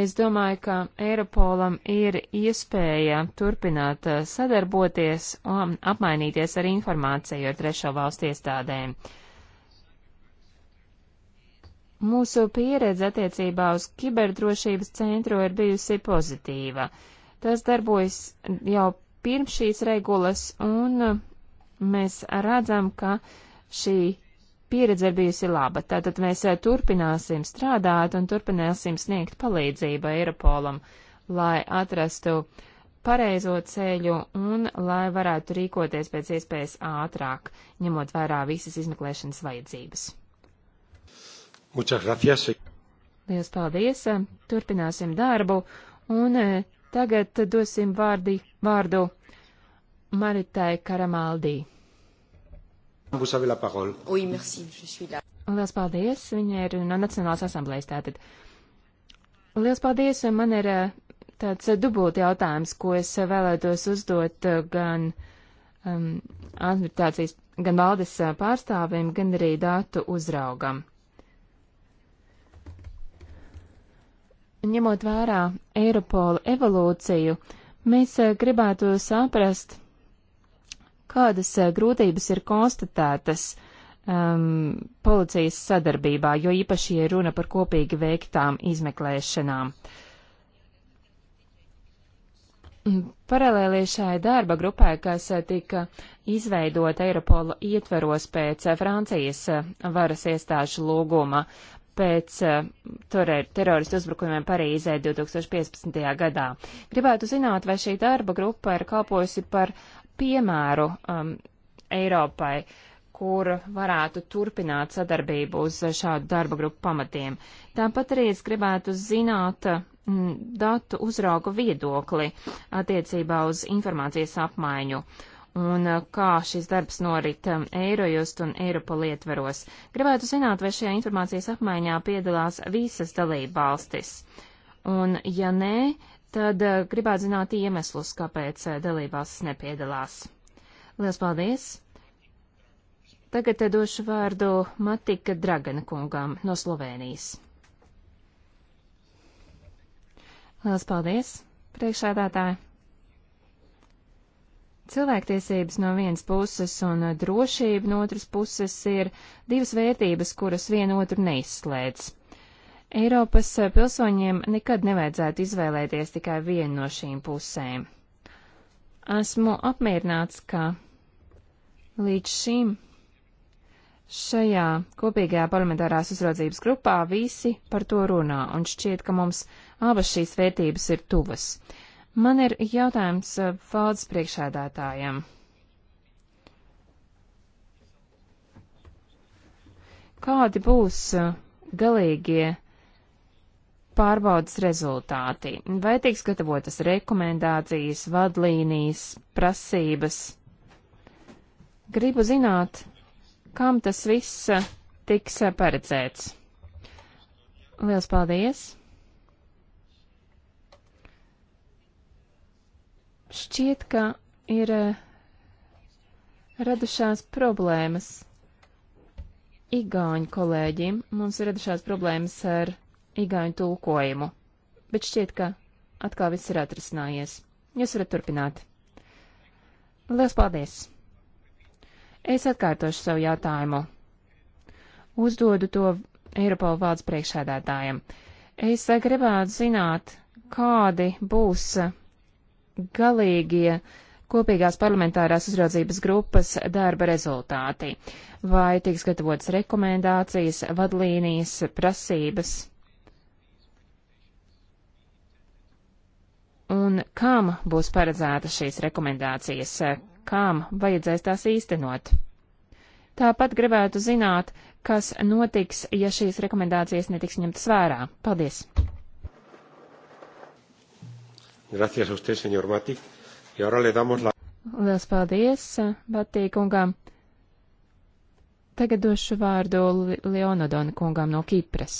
Es domāju, ka Eiropolam ir iespēja turpināt eh, sadarboties un apmainīties ar informāciju ar trešo valstu iestādēm. Mūsu pieredze attiecībā uz kiberdrošības centru ir bijusi pozitīva. Tas darbojas jau pirms šīs regulas, un mēs redzam, ka šī pieredze ir bijusi laba. Tātad mēs eh, turpināsim strādāt un turpināsim sniegt palīdzību Eiropolam, lai atrastu pareizo ceļu un lai varētu rīkoties pēc iespējas ātrāk, ņemot vērā visas izmeklēšanas vajadzības. Muchas gracias. Lielas paldies! Turpināsim darbu un eh, tagad dosim vārdi, vārdu Maritai Karamaldī. Vous avez la parole. Oui, merci, je suis là. Lielas paldies, viņa ir no Nacionālās asamblējas tātad. Lielas paldies, man ir eh, tāds eh, dubult jautājums, ko es eh, vēlētos uzdot gan um, administrācijas, gan valdes pārstāvim, gan arī datu uzraugam. Ņemot vērā Eiropola evolūciju, mēs gribētu saprast, kādas eh, grūtības ir konstatētas um, policijas sadarbībā, jo īpaši ir runa par kopīgi veiktām izmeklēšanām. Mm, paralēli šai darba grupai, kas eh, tika izveidota Eiropola ietveros pēc eh, Francijas varas iestāžu lūguma pēc teroristu uzbrukumiem Parīzē 2015. gadā. Gribētu zināt, vai šī darba grupa ir kalpojusi par piemēru um, Eiropai, kur varētu turpināt sadarbību uz šādu darba grupu pamatiem. Tāpat arī es gribētu zināt m, mm, datu uzrauga viedokli attiecībā uz informācijas apmaiņu un uh, kā šis darbs norit um, Eirojust un Eiropoli ietveros. Gribētu zināt, vai šajā informācijas apmaiņā piedalās visas dalība valstis. Un, ja nē, tad eh, gribētu zināt iemeslus, kāpēc eh, dalībās nepiedalās. Lielas paldies! Tagad te eh, došu vārdu Matika Dragana kungam no Slovēnijas. Lielas paldies, priekšādātāji! cilvēktiesības no vienas puses un drošība no otras puses ir divas vērtības, kuras vienu otru neizslēdz. Eiropas eh, pilsoņiem nekad nevajadzētu izvēlēties tikai vienu no šīm pusēm. Esmu apmierināts, ka līdz šim šajā kopīgajā parlamentārās uzraudzības grupā visi par to runā, un šķiet, ka mums abas šīs vērtības ir tuvas. Man ir jautājums eh, valdes priekšēdētājiem. Kādi būs eh, galīgie pārbaudas rezultāti? Vai tiek gatavotas rekomendācijas, vadlīnijas, prasības? Gribu zināt, kam tas viss eh, tiks eh, paredzēts. Liels paldies! Šķiet, ka ir eh, radušās problēmas. Igāņu kolēģim mums ir radušās problēmas ar igauņu tulkojumu, bet šķiet, ka atkal viss ir atrisinājies. Jūs varat turpināt. Lielas paldies! Es atkārtošu savu jautājumu. Uzdodu to Eiropola valdes priekšēdētājiem. Es gribētu zināt, kādi būs galīgie kopīgās parlamentārās uzraudzības grupas darba rezultāti, vai tiks gatavotas rekomendācijas, vadlīnijas, prasības. un kam būs paredzētas šīs rekomendācijas, kam vajadzēs tās īstenot. Tāpat gribētu zināt, kas notiks, ja šīs rekomendācijas netiks ņemtas vērā. Paldies! Gracias a usted, señor Mati. Y ahora le damos la... Lielas paldies, Batī kungam. Tagad došu vārdu Leonodona kungam no Kipras.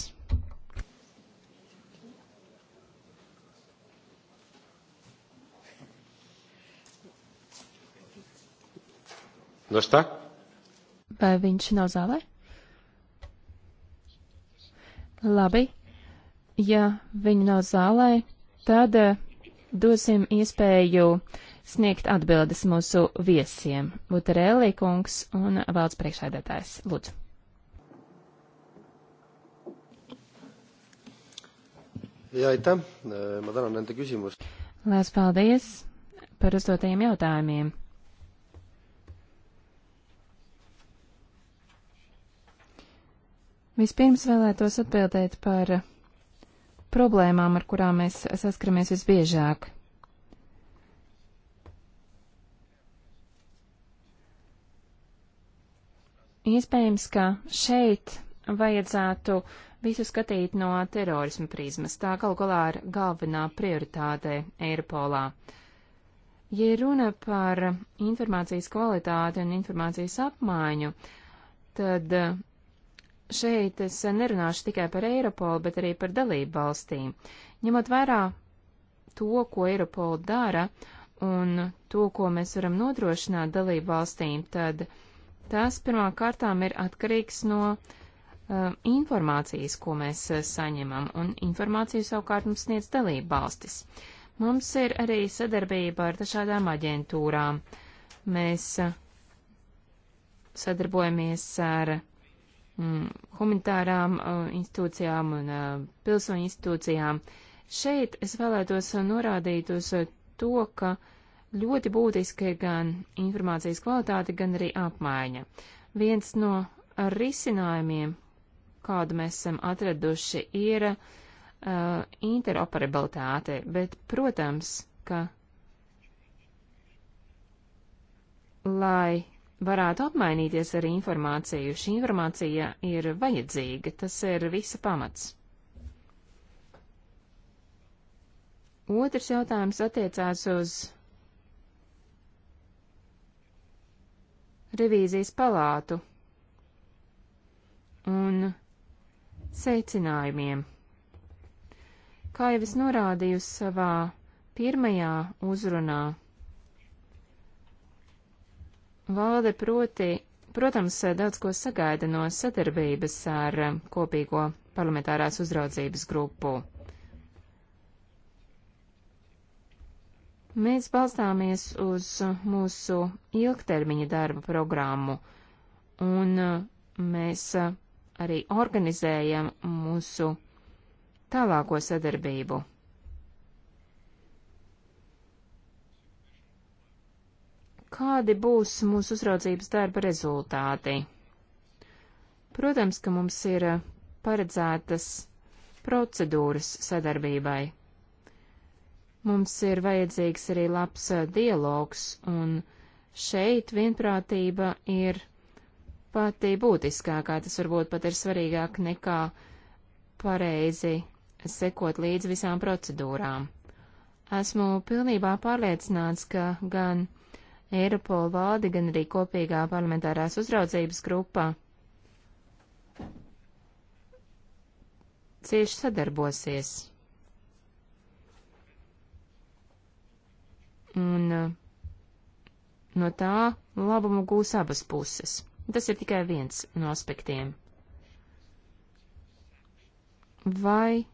No nu, šta? Vai viņš nav zālē? Labi. Ja viņi nav zālē, tad eh, dosim iespēju sniegt atbildes mūsu viesiem - Buterēlī kungs un valsts priekšēdētājs. Lūdzu. Jā, aitäh. Eh, Ma tänan nende küsimus. Lās paldies par uzdotajiem jautājumiem. Vispirms vēlētos atbildēt par problēmām, ar kurām mēs saskaramies visbiežāk. Iespējams, ka šeit vajadzētu visu skatīt no terorisma prizmas. Tā gal galā ir galvenā prioritāte Eiropolā. Ja runa par informācijas kvalitāti un informācijas apmaiņu, tad Šeit es nerunāšu tikai par Eiropolu, bet arī par dalību valstīm. Ņemot vērā to, ko Eiropola dara un to, ko mēs varam nodrošināt dalību valstīm, tad tas pirmā kārtām ir atkarīgs no uh, informācijas, ko mēs uh, saņemam, un informāciju savukārt mums sniedz dalību valstis. Mums ir arī sadarbība ar dažādām aģentūrām. Mēs uh, sadarbojamies ar Mm, humanitārām uh, institūcijām un uh, pilsoņu institūcijām. Šeit es vēlētos uh, norādīt uz to, ka ļoti būtiska ir gan informācijas kvalitāte, gan arī apmaiņa. Viens no risinājumiem, kādu mēs esam atraduši, ir uh, interoperabilitāte, bet, protams, ka, lai varētu apmainīties ar informāciju. Šī informācija ir vajadzīga, tas ir visa pamats. Otrs jautājums attiecās uz revīzijas palātu un secinājumiem. Kā jau es norādīju savā pirmajā uzrunā, Valde proti, protams, daudz ko sagaida no sadarbības ar um, kopīgo parlamentārās uzraudzības grupu. Mēs balstāmies uz mūsu ilgtermiņa darba programmu, un uh, mēs uh, arī organizējam mūsu tālāko sadarbību. kādi būs mūsu uzraudzības darba rezultāti. Protams, ka mums ir eh, paredzētas procedūras sadarbībai. Mums ir vajadzīgs arī labs eh, dialogs, un šeit vienprātība ir pati būtiskākā, tas varbūt pat ir svarīgāk nekā pareizi sekot līdz visām procedūrām. Esmu pilnībā pārliecināts, ka gan Eiropola valdi, gan arī kopīgā parlamentārās uzraudzības grupā cieši sadarbosies. Un eh, no tā labumu gūs abas puses. Tas ir tikai viens no aspektiem. Vai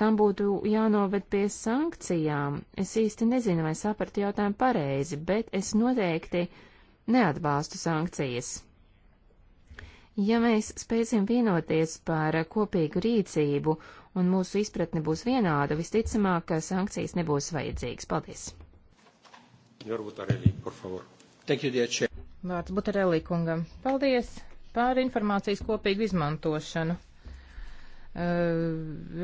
tam būtu jānoved pie sankcijām. Es īsti nezinu, vai sapratu jautājumu pareizi, bet es noteikti neatbalstu sankcijas. Ja mēs spēsim vienoties par kopīgu rīcību un mūsu izpratne būs vienāda, visticamāk, ka sankcijas nebūs vajadzīgas. Paldies! Vārds Butarelī kungam. Paldies par informācijas kopīgu izmantošanu. Eh,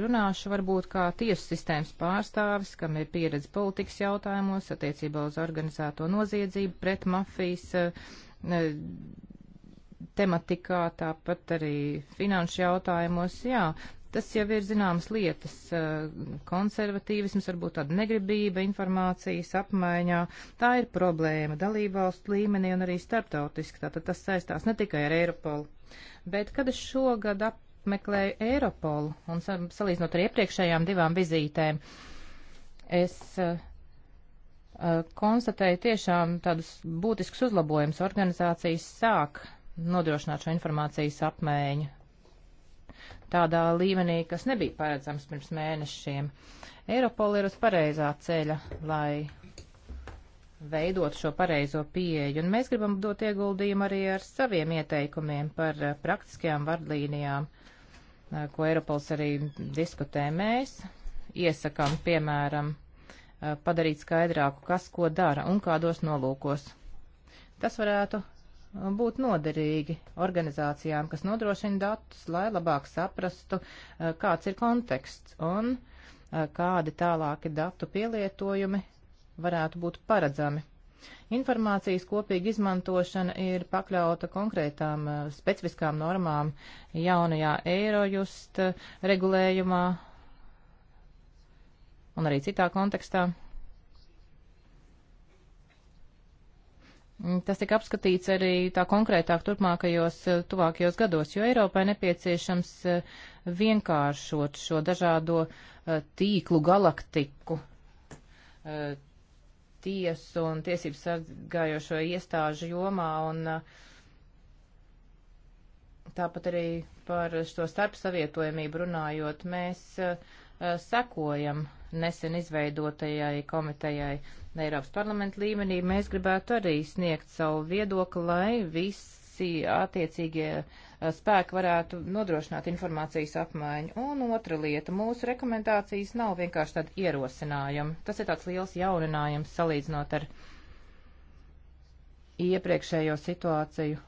runāšu varbūt kā tiesu sistēmas pārstāvis, kam ir pieredze politikas jautājumos attiecībā uz organizēto noziedzību pret mafijas eh, eh, tematikā, tāpat arī finanšu jautājumos. Jā, tas jau ir zināmas lietas - konservatīvisms, varbūt tāda negribība informācijas apmaiņā. Tā ir problēma dalībvalstu līmenī un arī starptautiski. Tātad tas saistās ne tikai ar Eiropolu. Bet kad es šogad ap, apmeklēju Eiropolu un salīdzinot ar iepriekšējām divām vizītēm, es uh, konstatēju tiešām tādus būtiskus uzlabojumus. Organizācijas sāk nodrošināt šo informācijas apmaiņu tādā līmenī, kas nebija paredzams pirms mēnešiem. Eiropola ir uz pareizā ceļa, lai veidot šo pareizo pieeju, un mēs gribam dot ieguldījumu arī ar saviem ieteikumiem par eh, praktiskajām vardlīnijām, ko Eiropols arī diskutē mēs, iesakām, piemēram, padarīt skaidrāku, kas ko dara un kādos nolūkos. Tas varētu būt noderīgi organizācijām, kas nodrošina datus, lai labāk saprastu, kāds ir konteksts un kādi tālāki datu pielietojumi varētu būt paredzami. Informācijas kopīga izmantošana ir pakļauta konkrētām eh, specifiskām normām jaunajā Eirojust eh, regulējumā un arī citā kontekstā. Tas tika apskatīts arī tā konkrētāk turpmākajos eh, tuvākajos gados, jo Eiropai nepieciešams vienkāršot šo dažādo tīklu galaktiku tiesu un tiesību sargājošo iestāžu jomā un uh, tāpat arī par šo starpsavietojamību runājot, mēs uh, sekojam nesen izveidotajai komitejai Eiropas parlamenta līmenī. Mēs gribētu arī sniegt savu viedokli, lai viss visi attiecīgie eh, spēki varētu nodrošināt informācijas apmaiņu. Un otra lieta - mūsu rekomendācijas nav vienkārši tāda ierosinājuma. Tas ir tāds liels jauninājums salīdzinot ar iepriekšējo situāciju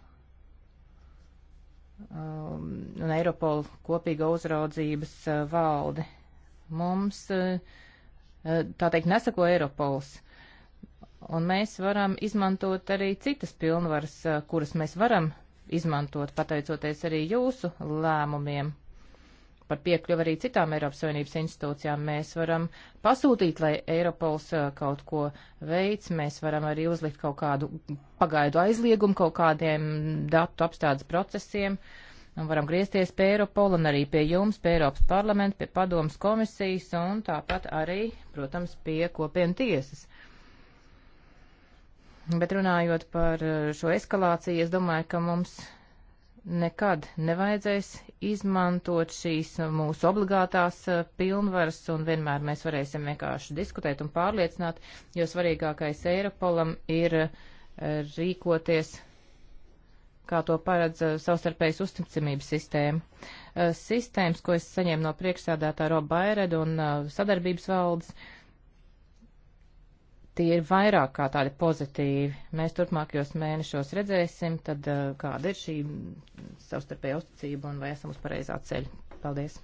um, un Eiropola kopīga uzraudzības uh, valdi. Mums, uh, tā teikt, nesako Eiropols. Un mēs varam izmantot arī citas pilnvaras, eh, kuras mēs varam izmantot, pateicoties arī jūsu lēmumiem par piekļuvu arī citām Eiropas Savienības institūcijām. Mēs varam pasūtīt, lai Eiropols eh, kaut ko veic, mēs varam arī uzlikt kaut kādu pagaidu aizliegumu kaut kādiem datu apstādes procesiem. Un varam griezties pie Eiropola un arī pie jums, pie Eiropas parlamenta, pie padomas komisijas un tāpat arī, protams, pie kopienu tiesas. Uh, Bet runājot par eh, šo eskalāciju, es domāju, ka mums nekad nevajadzēs izmantot šīs eh, mūsu obligātās eh, pilnvaras, un vienmēr mēs varēsim vienkārši diskutēt un pārliecināt, jo svarīgākais Eiropolam ir rīkoties, kā to paredz savstarpējas uzticamības sistēma. Sistēmas, ko es saņēmu no priekšsādātā Roba Bairedu un sadarbības valdes, uh, tie ir vairāk kā tādi pozitīvi. Mēs turpmākajos mēnešos redzēsim, tad eh, kāda ir šī savstarpēja uzticība un vai esam uz pareizā ceļa. Paldies!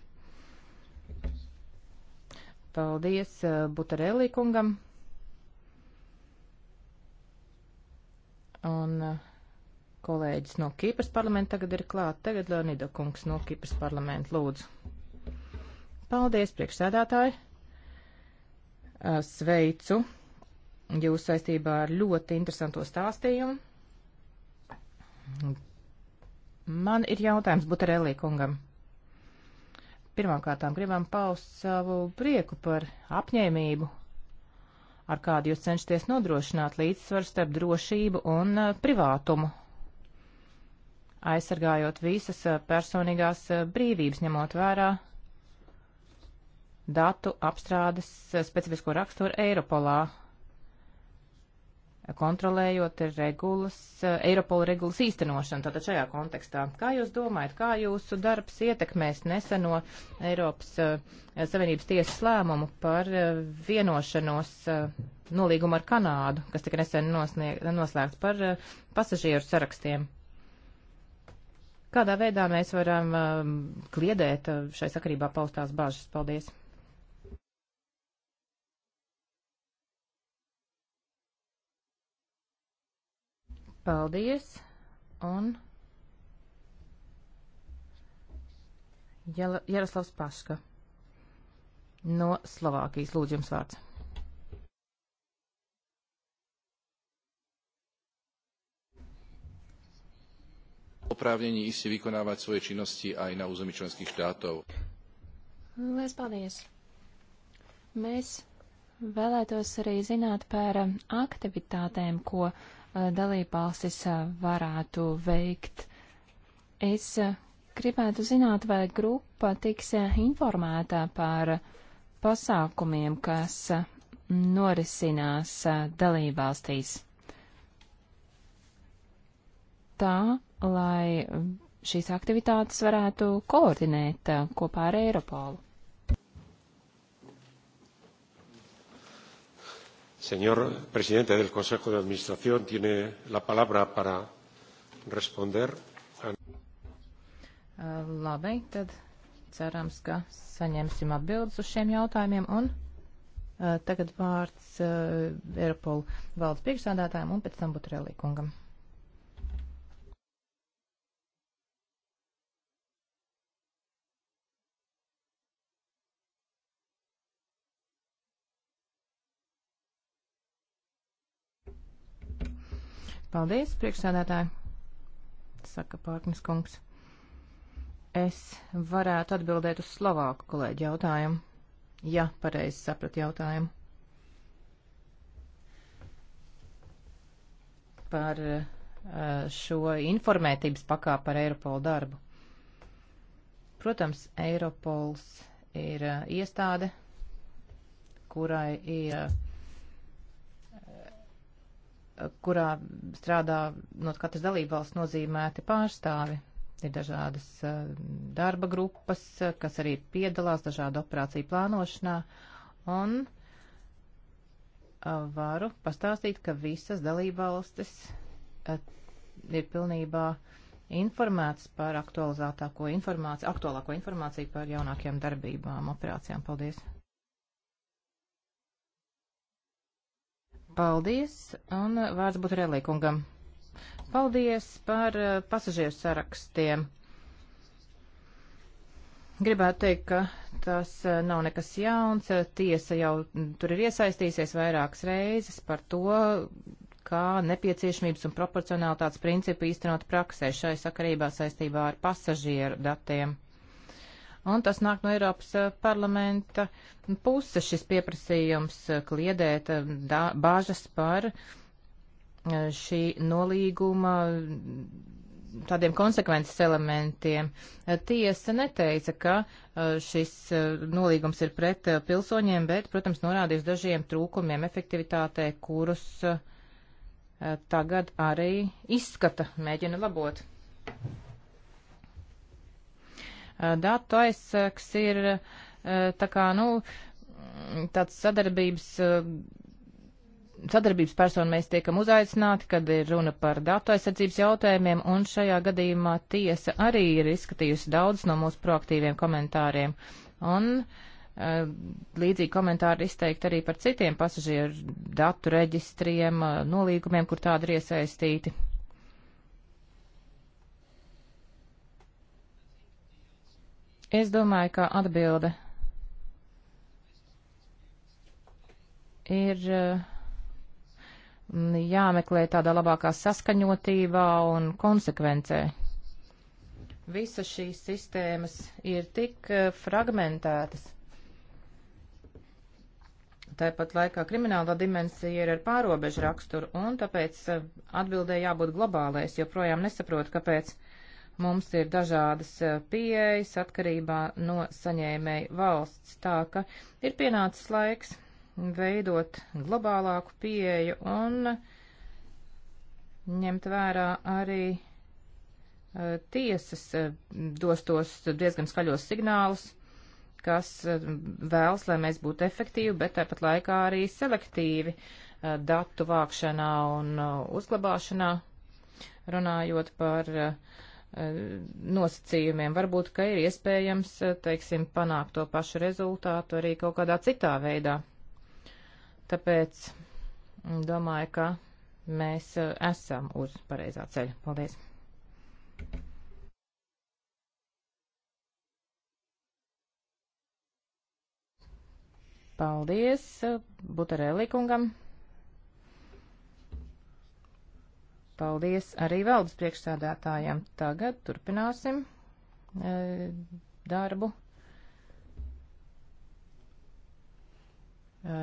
Paldies eh, Butarelī kungam! Un eh, kolēģis no Kīpras parlamenta tagad ir klāt. Tagad Leonida kungs no Kīpras parlamenta lūdzu. Paldies, priekšsēdētāji! Sveicu! jūs saistībā ar ļoti interesanto stāstījumu. Man ir jautājums Buterelī kungam. Pirmkārtām gribam paust savu prieku par apņēmību, ar kādu jūs cenšaties nodrošināt līdzsvaru starp drošību un eh, privātumu, aizsargājot visas eh, personīgās eh, brīvības, ņemot vērā datu apstrādes specifisko raksturu Eiropolā kontrolējot regulas, eh, Eiropola regulas īstenošanu, tātad šajā kontekstā. Kā jūs domājat, kā jūsu darbs ietekmēs neseno Eiropas uh, Savienības tiesas lēmumu par uh, vienošanos uh, nolīgumu ar Kanādu, kas tika nesen noslēgts par pasažieru sarakstiem? Kādā veidā mēs varam kliedēt šai sakarībā paustās bāžas? Paldies! Paldies! Un Jaroslavs Paška no Slovākijas. Lūdzu, jums vārds. oprávnení iste vykonávať svoje činnosti aj na území členských štátov. Lielas paldies! Mēs vēlētos arī zināt par aktivitātēm, ko dalībvalstis eh, varētu veikt. Es eh, gribētu zināt, vai grupa tiks eh, informētā par pasākumiem, kas norisinās dalībvalstīs. Tā, lai šīs aktivitātes varētu koordinēt kopā ar Eiropolu. Señor presidente del Consejo de Administración, tiene la palabra para responder. A... Ah, labi, tad cerams, ka saņemsim atbildes uz šiem jautājumiem. Un uh, tagad vārds uh, Eiropola valdes priekšsādātājiem un pēc tam Butrelī kungam. Paldies, priekšsēdētāji, saka Pārknis kungs. Es varētu atbildēt uz Slovāku kolēģi jautājumu, ja pareizi sapratu jautājumu. Par eh, šo informētības pakāpu par Eiropolu darbu. Protams, Eiropols ir eh, iestāde, kurai ir eh, kurā strādā no katras dalībvalsts nozīmēti pārstāvi. Ir dažādas eh, darba grupas, eh, kas arī piedalās dažādu operāciju plānošanā, un eh, varu pastāstīt, ka visas dalībvalstis ir pilnībā informētas par aktualizētāko informāciju, aktuālāko informāciju par jaunākajām darbībām, operācijām. Paldies! Paldies, un vārds būtu Relīkungam. Paldies par uh, pasažieru sarakstiem. Gribētu teikt, ka tas eh, nav nekas jauns. Tiesa jau tur ir iesaistīsies vairākas reizes par to, kā nepieciešamības un proporcionalitātes principu īstenot praksē šai sakarībā saistībā ar pasažieru datiem un tas nāk no Eiropas eh, parlamenta puses šis pieprasījums eh, kliedēt eh, dā, bāžas par šī nolīguma mm, tādiem konsekvences elementiem. Tiesa neteica, ka šis nolīgums ir pret pilsoņiem, bet, protams, norādīja uz dažiem trūkumiem efektivitātē, kurus tagad arī izskata, mēģina labot. Eh, datu aizsaks ir eh, tā kā, nu, tāds sadarbības eh, sadarbības personu mēs tiekam uzaicināti, kad ir runa par datu aizsardzības jautājumiem, un šajā gadījumā tiesa arī ir izskatījusi daudz no mūsu proaktīviem komentāriem. Un līdzīgi komentāri izteikti arī par citiem pasažieru datu reģistriem, nolīgumiem, kur tādi ir iesaistīti. Es domāju, ka atbilde ir mm, jāmeklē tādā labākā saskaņotībā un konsekvencē. Visas šīs sistēmas ir tik eh, fragmentētas. Tāpat laikā kriminālā dimensija ir ar pārobežu raksturu, un tāpēc eh, atbildē jābūt globālais, joprojām nesaprotu, kāpēc Mums ir dažādas e, pieejas atkarībā no saņēmēja valsts, tā ka ir pienācis laiks veidot globālāku pieeju un ņemt vērā arī e, tiesas e, dostos diezgan skaļos signālus, kas vēlas, lai mēs būtu efektīvi, bet tāpat laikā arī selektīvi datu vākšanā un uzglabāšanā, runājot par uh, nosacījumiem. Varbūt, ka ir iespējams, teiksim, panākt to pašu rezultātu arī kaut kādā citā veidā. Tāpēc domāju, ka mēs eh, esam uz pareizā ceļa. Paldies! Paldies eh, Butarēlī kungam! Paldies arī valdes priekšsādātājiem. Tagad turpināsim e, darbu. E,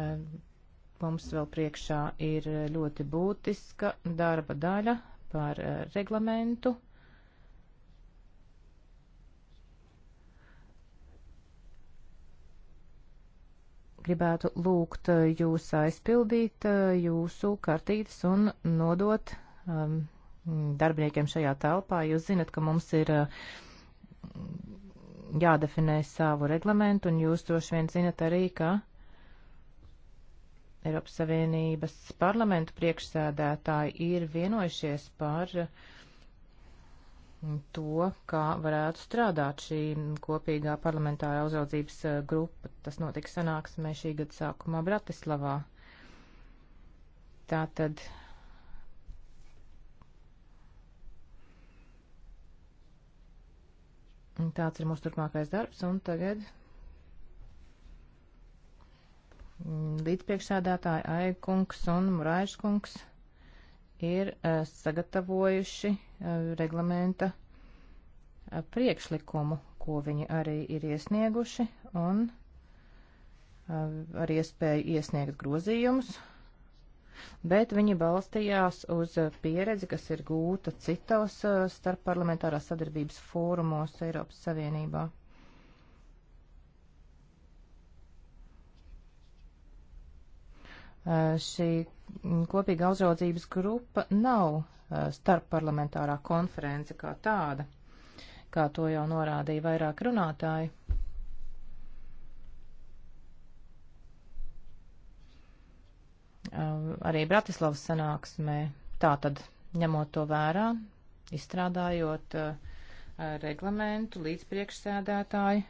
mums vēl priekšā ir ļoti būtiska darba daļa par e, reglamentu. Gribētu lūgt e, jūs aizpildīt e, jūsu kartītes un nodot um, darbiniekiem šajā telpā. Jūs zinat, ka mums ir uh, jādefinē savu reglamentu, un jūs droši vien zinat arī, ka Eiropas Savienības parlamentu priekšsēdētāji ir vienojušies par uh, to, kā varētu strādāt šī kopīgā parlamentārā uzraudzības uh, grupa. Tas notiks sanāksmē šī gada sākumā Bratislavā. Tātad Tāds ir mūsu turpmākais darbs, un tagad līdzpriekšsēdētāji Aikungs un Muraiškungs ir uh, sagatavojuši uh, reglamenta uh, priekšlikumu, ko viņi arī ir iesnieguši, un ar iespēju iesniegt grozījumus, bet viņi balstījās uz pieredzi, kas ir gūta citos uh, starpparlamentārās sadarbības fórumos Eiropas Savienībā. Uh, šī kopīga uzraudzības grupa nav uh, starpparlamentārā konference kā tāda, kā to jau norādīja vairāk runātāji. arī Bratislavas sanāksmē. Tātad, ņemot to vērā, izstrādājot reglamentu līdz priekšsēdētāju,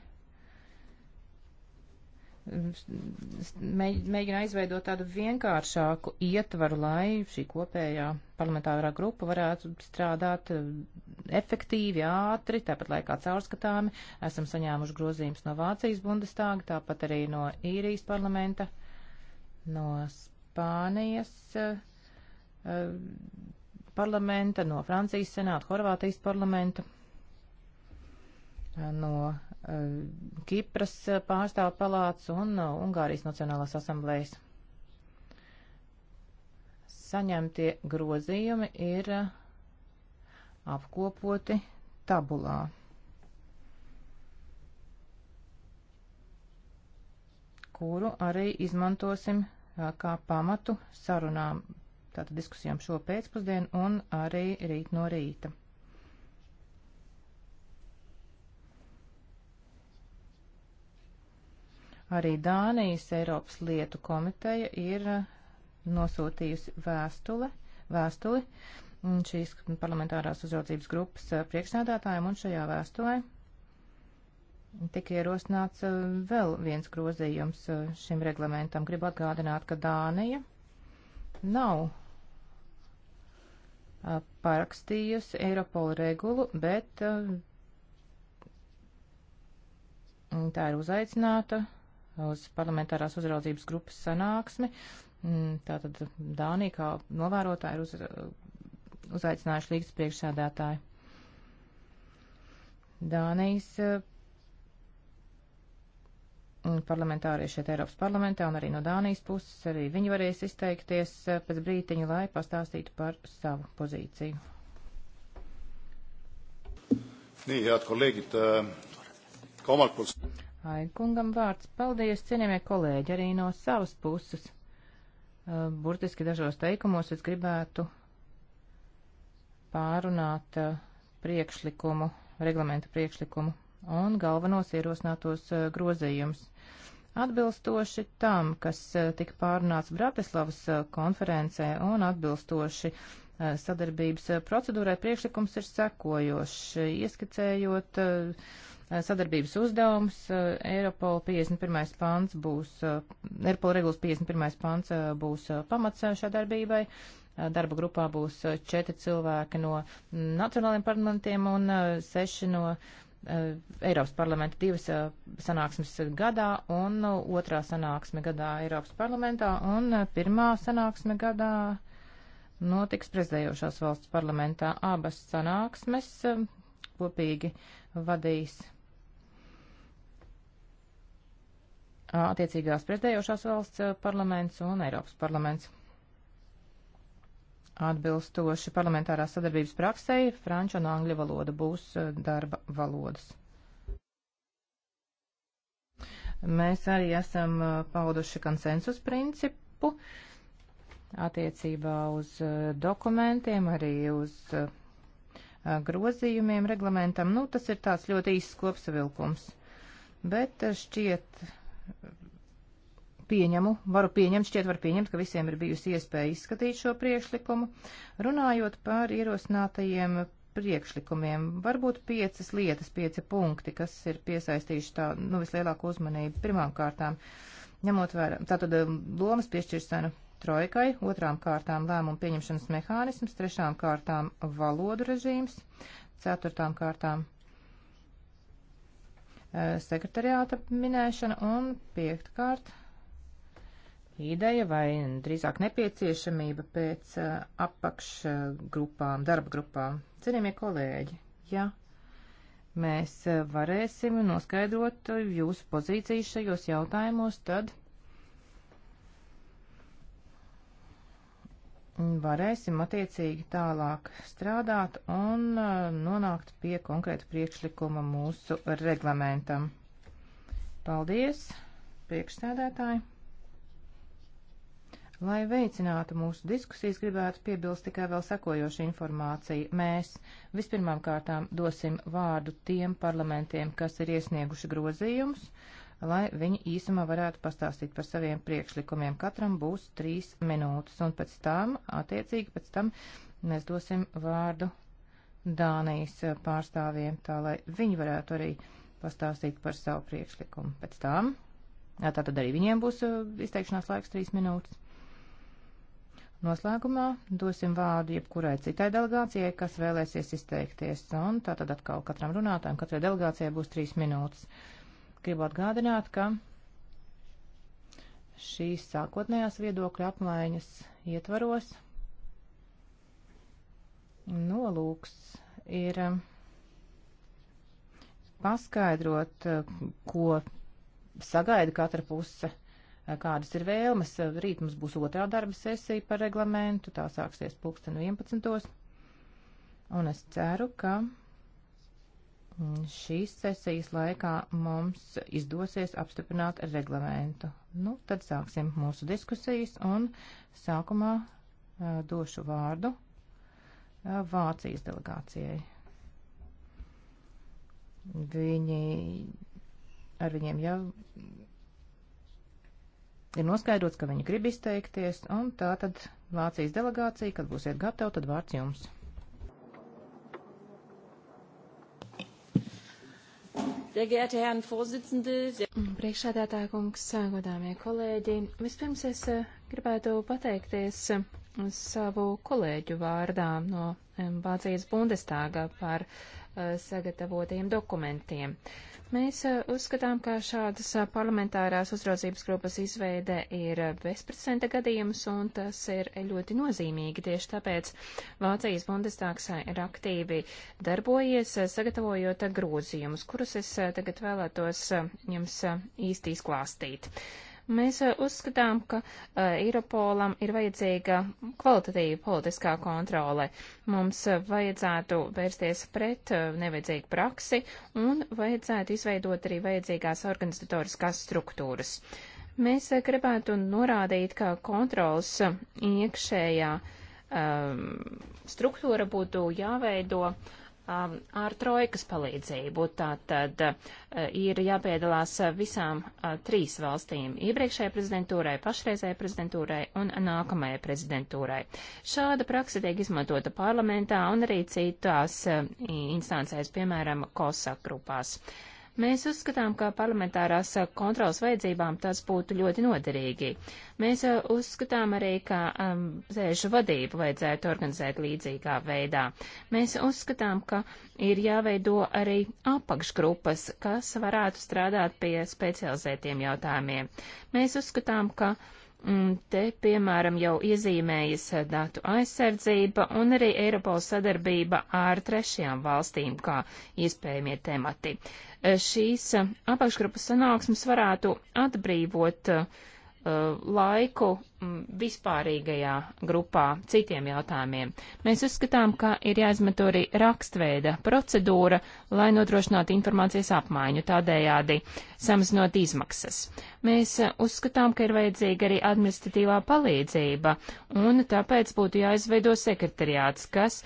mēģināja izveidot tādu vienkāršāku ietvaru, lai šī kopējā parlamentārā grupa varētu strādāt efektīvi, ātri, tāpat laikā caurskatāmi. Esam saņēmuši grozījumus no Vācijas Bundestāga, tāpat arī no īrijas parlamenta, no Spānijas eh, eh, parlamenta, no Francijas senāta, Horvātijas parlamenta, eh, no Kipras pārstāvu palāts un Ungārijas Nacionālās asamblējas. Saņemtie grozījumi ir apkopoti tabulā. kuru arī izmantosim kā pamatu sarunām, tātad diskusijām šo pēcpusdienu un arī rīt no rīta. Arī Dānijas Eiropas lietu komiteja ir nosūtījusi vēstule, vēstuli šīs parlamentārās uzraudzības grupas priekšsēdētājiem un šajā vēstulē Tika ierosināts eh, vēl viens grozījums eh, šim reglamentam. Gribu atgādināt, ka Dānija nav eh, parakstījusi Eiropola regulu, bet tā ir uzaicināta uz parlamentārās uzraudzības grupas sanāksmi. Mm, tātad Dānija kā novērotāja ir uz, uzaicinājuši līgas priekšsēdētāju. Dānijas parlamentārieši šeit Eiropas parlamentā un arī no Dānijas puses, arī viņi varēs izteikties eh, pēc brītiņa, lai pastāstītu par savu pozīciju. Nii, head kolēģit, eh, ka omalt poolt. Aikungam vārds. Paldies, cienījamie kolēģi, arī no savas puses. Eh, burtiski dažos teikumos es gribētu pārunāt priekšlikumu, reglamentu priekšlikumu un galvenos ierosinātos eh, grozījumus. Atbilstoši tam, kas eh, tika pārunāts Bratislavas eh, konferencē un atbilstoši sadarbības procedūrai, priekšlikums ir sekojošs, ieskicējot sadarbības uzdevums. Eiropola 51. pants būs, Eiropola regulas 51. pants būs pamats šai darbībai. Darba grupā būs četri cilvēki no nacionāliem parlamentiem un seši no Eh, Eiropas parlamenta divas eh, sanāksmes gadā un eh, otrā sanāksme gadā Eiropas parlamentā un pirmā sanāksme gadā notiks prezidējošās valsts parlamentā. Abas sanāksmes kopīgi vadīs attiecīgās prezidējošās valsts parlaments un Eiropas parlaments. Atbilstoši parlamentārās sadarbības praksei, franču un angļu valoda būs eh, darba valodas. Mēs arī esam eh, pauduši konsensus principu attiecībā uz eh, dokumentiem, arī uz grozījumiem reglamentam. Nu, tas ir tāds ļoti īsts kopsavilkums. Bet šķiet pieņemu, varu pieņemt, šķiet var pieņemt, ka visiem ir bijusi iespēja izskatīt šo priekšlikumu. Runājot par ierosinātajiem priekšlikumiem, varbūt piecas lietas, pieci punkti, kas ir piesaistījuši tā, nu, vislielāko uzmanību pirmām kārtām, ņemot vērā, tātad um, lomas piešķirsana trojkai, otrām kārtām lēmumu pieņemšanas mehānisms, trešām kārtām valodu režīms, ceturtām kārtām uh, sekretariāta minēšana un piektkārt ideja vai drīzāk nepieciešamība pēc apakšgrupām, darba grupām. Cienījamie kolēģi, ja mēs varēsim noskaidrot jūsu pozīciju šajos jautājumos, tad varēsim attiecīgi tālāk strādāt un nonākt pie konkrēta priekšlikuma mūsu reglamentam. Paldies, priekšstādētāji! Lai veicinātu mūsu diskusijas, gribētu piebilst tikai vēl sekojošu informāciju. Mēs vispirmām kārtām dosim vārdu tiem parlamentiem, kas ir iesnieguši grozījumus, lai viņi īsumā varētu pastāstīt par saviem priekšlikumiem. Katram būs trīs minūtes, un pēc tam, attiecīgi pēc tam, mēs dosim vārdu Dānijas pārstāvjiem, tā lai viņi varētu arī pastāstīt par savu priekšlikumu. Pēc tam, tātad arī viņiem būs uh, izteikšanās laiks trīs minūtes. Noslēgumā dosim vārdu jebkurai citai delegācijai, kas vēlēsies izteikties, un tātad atkal katram runātājam, katrai delegācijai būs trīs minūtes. Gribu atgādināt, ka šīs sākotnējās viedokļa apmaiņas ietvaros nolūks ir um, paskaidrot, uh, ko sagaida katra puse Eh, kādas ir vēlmes. Eh, rīt mums būs otrā darba sesija par reglamentu, tā sāksies pulksten 11. Un es ceru, ka mm, šīs sesijas laikā mums izdosies apstiprināt reglamentu. Nu, tad sāksim mūsu diskusijas un sākumā uh, došu vārdu uh, Vācijas delegācijai. Viņi, ar viņiem jau ir noskaidrots, ka viņi grib izteikties, un tā tad Vācijas delegācija, kad būsiet gatavi, tad vārds jums. Priekšsēdētāja kungs, godāmie kolēģi, vispirms es eh, gribētu pateikties eh, savu kolēģu vārdā no Vācijas Bundestāga par eh, sagatavotajiem dokumentiem. Uh, Mēs uzskatām, ka šādas parlamentārās uzraudzības grupas izveide ir bezprecedenta gadījums, un tas ir ļoti nozīmīgi. Tieši tāpēc Vācijas Bundestāgs ir aktīvi darbojies, sagatavojot grozījumus, kurus es tagad vēlētos jums īsti izklāstīt. Uh, Mēs eh, uzskatām, ka eh, Eiropolam ir vajadzīga kvalitatīva politiskā kontrole. Mums eh, vajadzētu vērsties pret nevajadzīgu praksi un vajadzētu izveidot arī vajadzīgās organizatoriskās struktūras. Mēs gribētu norādīt, ka kontrols iekšējā um, struktūra būtu jāveido uh, um, ar trojkas palīdzību. Tātad uh, ir jāpiedalās visām uh, trīs valstīm - iepriekšējai prezidentūrai, pašreizējai prezidentūrai un nākamajai prezidentūrai. Šāda praksa tiek izmantota parlamentā un arī citās uh, instancēs, piemēram, COSAC grupās. Uh, Mēs uzskatām, ka parlamentārās kontrolas vajadzībām tas būtu ļoti noderīgi. Mēs uh, uzskatām arī, ka um, sēžu vadību vajadzētu organizēt līdzīgā veidā. Mēs uzskatām, ka ir jāveido arī apakšgrupas, kas varētu strādāt pie specializētiem jautājumiem. Mēs uzskatām, ka uh, Mm, te, piemēram, jau iezīmējas datu aizsardzība un arī Eiropas sadarbība ar trešajām valstīm kā iespējamie temati. Šīs apakšgrupas sanāksmes varētu atbrīvot uh, Uh, laiku mm, vispārīgajā grupā citiem jautājumiem. Mēs uzskatām, ka ir jāizmanto arī rakstveida procedūra, lai nodrošinātu informācijas apmaiņu, tādējādi samazinot izmaksas. Mēs uh, uzskatām, ka ir vajadzīga arī administratīvā palīdzība, un tāpēc būtu jāizveido sekretariāts, kas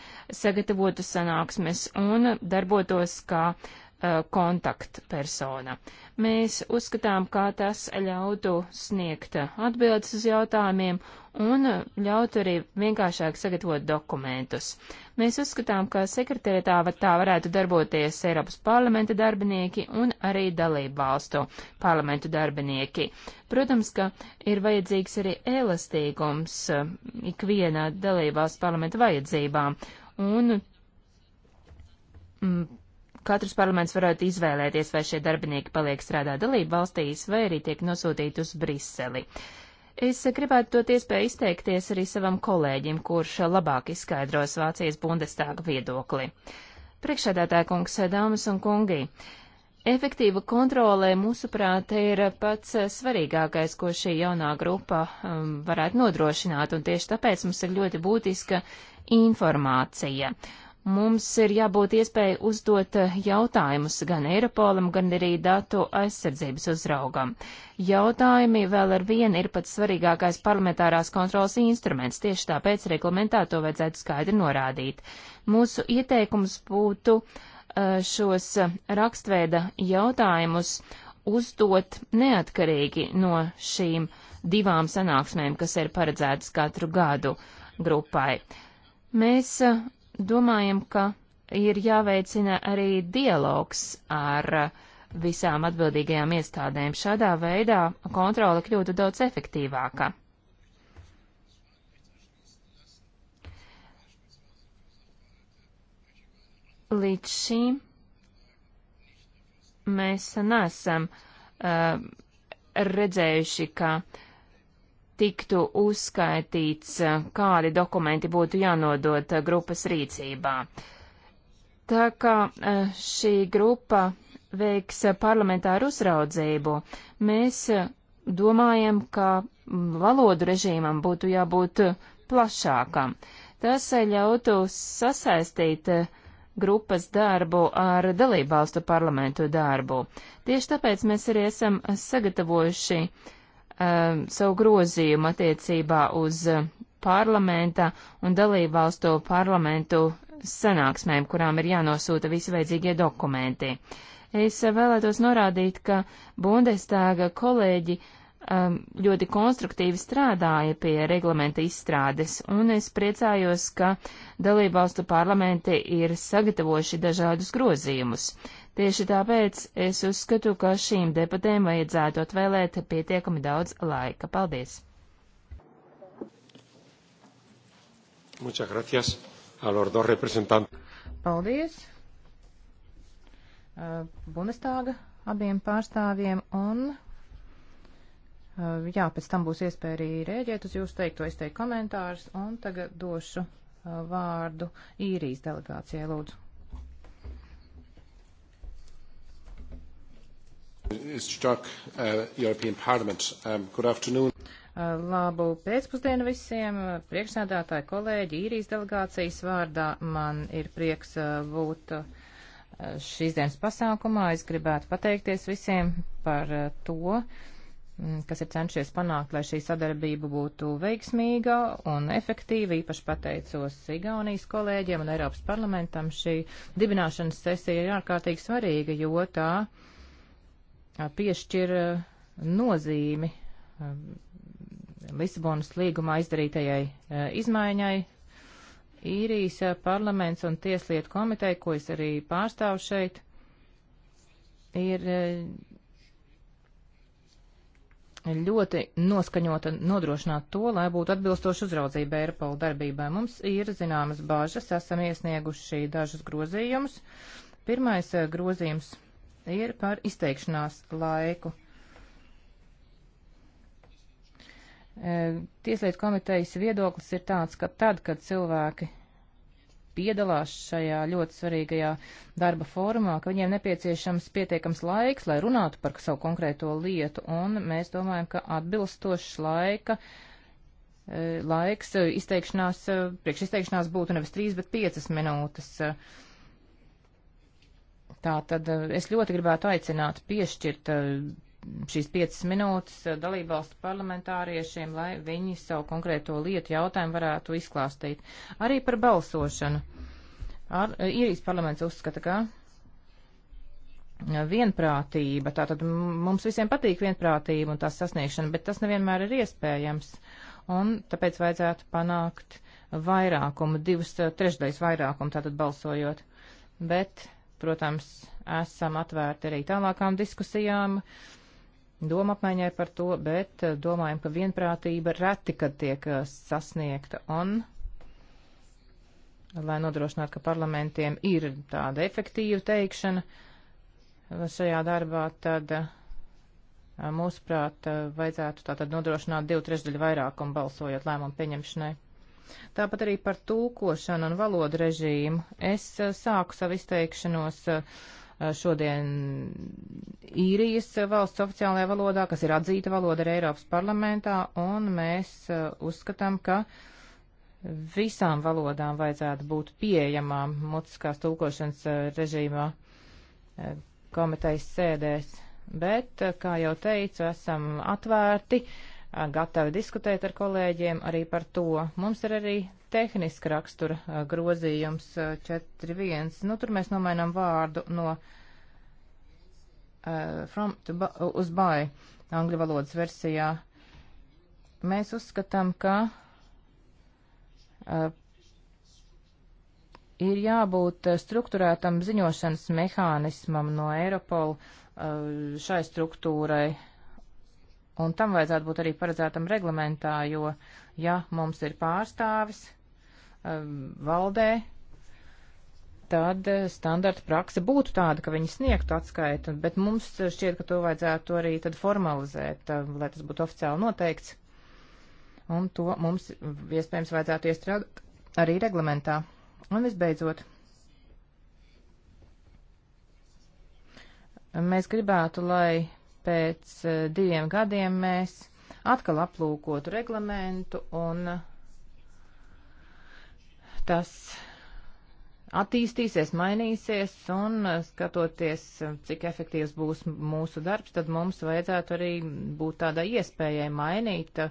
sagatavotu sanāksmes un darbotos kā uh, Uh, kontaktpersona. Mēs uzskatām, kā tas ļautu sniegt atbildes uz jautājumiem un ļautu arī vienkāršāk sagatavot dokumentus. Mēs uzskatām, ka sekretarietā tā varētu darboties Eiropas parlamenta darbinieki un arī dalību valstu parlamentu darbinieki. Protams, ka ir vajadzīgs arī elastīgums uh, ikvienā dalību valstu parlamenta vajadzībām. Un, mm, katrs parlaments varētu izvēlēties, vai šie darbinieki paliek strādāt dalību valstīs, vai arī tiek nosūtīti uz Briseli. Es gribētu dot iespēju izteikties arī savam kolēģim, kurš labāk izskaidros Vācijas bundestāga viedokli. Priekšsēdētāja kungs, dāmas un kungi, efektīva kontrolē, mūsuprāt, ir pats svarīgākais, ko šī jaunā grupa um, varētu nodrošināt, un tieši tāpēc mums ir ļoti būtiska informācija. Uh, Mums ir jābūt iespēja uzdot eh, jautājumus gan Eiropolam, gan arī datu aizsardzības uzraugam. Jautājumi vēl ar vienu ir pats svarīgākais parlamentārās kontrolas instruments, tieši tāpēc reglamentā to vajadzētu skaidri norādīt. Mūsu ieteikums būtu eh, šos eh, rakstveida jautājumus uzdot neatkarīgi no šīm divām sanāksmēm, kas ir paredzētas katru gadu grupai. Mēs domājam, ka ir jāveicina arī dialogs ar visām atbildīgajām iestādēm. Šādā veidā kontrole kļūtu daudz efektīvāka. Līdz šim mēs nesam uh, redzējuši, ka uh, tiktu uzskaitīts, kādi dokumenti būtu jānodot grupas rīcībā. Tā kā šī grupa veiks parlamentāru uzraudzību, mēs domājam, ka valodu režīmam būtu jābūt plašākam. Tas ļautu sasaistīt grupas darbu ar dalībvalstu parlamentu darbu. Tieši tāpēc mēs arī esam sagatavojuši uh, um, savu grozījumu attiecībā uz uh, parlamenta un dalībvalstu parlamentu sanāksmēm, kurām ir jānosūta visi vajadzīgie dokumenti. Es uh, vēlētos norādīt, ka Bundestāga kolēģi um, ļoti konstruktīvi strādāja pie reglamenta izstrādes, un es priecājos, ka dalībvalstu parlamenti ir sagatavojuši dažādus grozījumus. Tieši tāpēc es uzskatu, ka šīm debatēm vajadzētu atvēlēt pietiekami daudz laika. Paldies! Muchas gracias a los dos representantes. Paldies! Uh, Bundestāga abiem pārstāvjiem un uh, jā, pēc tam būs iespēja arī rēģēt uz jūsu teikto, izteikt komentārus un tagad došu uh, vārdu īrijas delegācijai, lūdzu. Stark, uh, um, uh, Labu pēcpusdienu visiem. Priekšsēdētāji kolēģi īrijas delegācijas vārdā man ir prieks uh, būt uh, šīs dienas pasākumā. Es gribētu pateikties visiem par to, mm, kas ir cenšies panākt, lai šī sadarbība būtu veiksmīga un efektīva. Īpaši pateicos Igaunijas kolēģiem un Eiropas parlamentam. Šī dibināšanas sesija ir ārkārtīgi svarīga, jo tā piešķir nozīmi Lisabonas līgumā izdarītajai izmaiņai. Īrijas parlaments un tieslietu komiteja, ko es arī pārstāvu šeit, ir ļoti noskaņota nodrošināt to, lai būtu atbilstoši uzraudzība Eiropola darbībai. Mums ir zināmas bažas, esam iesnieguši dažus grozījumus. Pirmais grozījums ir par izteikšanās laiku. E, Tieslietu komitejas viedoklis ir tāds, ka tad, kad cilvēki piedalās šajā ļoti svarīgajā darba formā, ka viņiem nepieciešams pietiekams laiks, lai runātu par savu konkrēto lietu, un mēs domājam, ka atbilstošs laika, e, laiks izteikšanās, e, priekšizteikšanās būtu nevis 3, bet 5 minūtes. Tā tad eh, es ļoti gribētu aicināt piešķirt eh, šīs piecas minūtes eh, dalībvalstu parlamentāriešiem, lai viņi savu konkrēto lietu jautājumu varētu izklāstīt. Arī par balsošanu. Ar, īrijas parlaments uzskata, ka vienprātība. Tātad mums visiem patīk vienprātība un tās sasniegšana, bet tas nevienmēr ir iespējams. Un tāpēc vajadzētu panākt vairākumu, divas trešdaļas vairākumu, tātad balsojot. Bet protams, esam atvērti arī tālākām diskusijām, doma apmaiņai par to, bet eh, domājam, ka vienprātība reti, kad tiek eh, sasniegta un, lai nodrošinātu, ka parlamentiem ir tāda efektīva teikšana eh, šajā darbā, tad mūsuprāt vajadzētu tātad nodrošināt divu trešdaļu vairākumu balsojot lēmumu pieņemšanai. Tāpat arī par tulkošanu un valodu režīmu. Es eh, sāku savu izteikšanos eh, šodien īrijas valsts oficiālajā valodā, kas ir atzīta valoda arī Eiropas parlamentā, un mēs eh, uzskatām, ka visām valodām vajadzētu būt pieejamām mutiskās tulkošanas režīmā komitejas sēdēs. Bet, kā jau teicu, esam atvērti uh, Eh, gatavi diskutēt ar kolēģiem arī par to. Mums ir arī tehniska rakstura eh, grozījums 4.1. Eh, nu, tur mēs nomainām vārdu no uh, from to by, uz by angļu valodas versijā. Mēs uzskatām, ka uh, ir jābūt struktūrētam ziņošanas mehānismam no Eiropola šai struktūrai Un tam vajadzētu būt arī paredzētam reglamentā, jo, ja mums ir pārstāvis um, valdē, tad eh, standarta praksa būtu tāda, ka viņi sniegtu atskaitu, bet mums šķiet, ka to vajadzētu arī tad formalizēt, eh, lai tas būtu oficiāli noteikts. Un to mums iespējams vajadzētu iestrādāt arī reglamentā. Un visbeidzot, mēs gribētu, lai pēc eh, diviem gadiem mēs atkal aplūkotu reglamentu un tas attīstīsies, mainīsies un eh, skatoties, eh, cik efektīvs būs mūsu darbs, tad mums vajadzētu arī būt tādai iespējai mainīt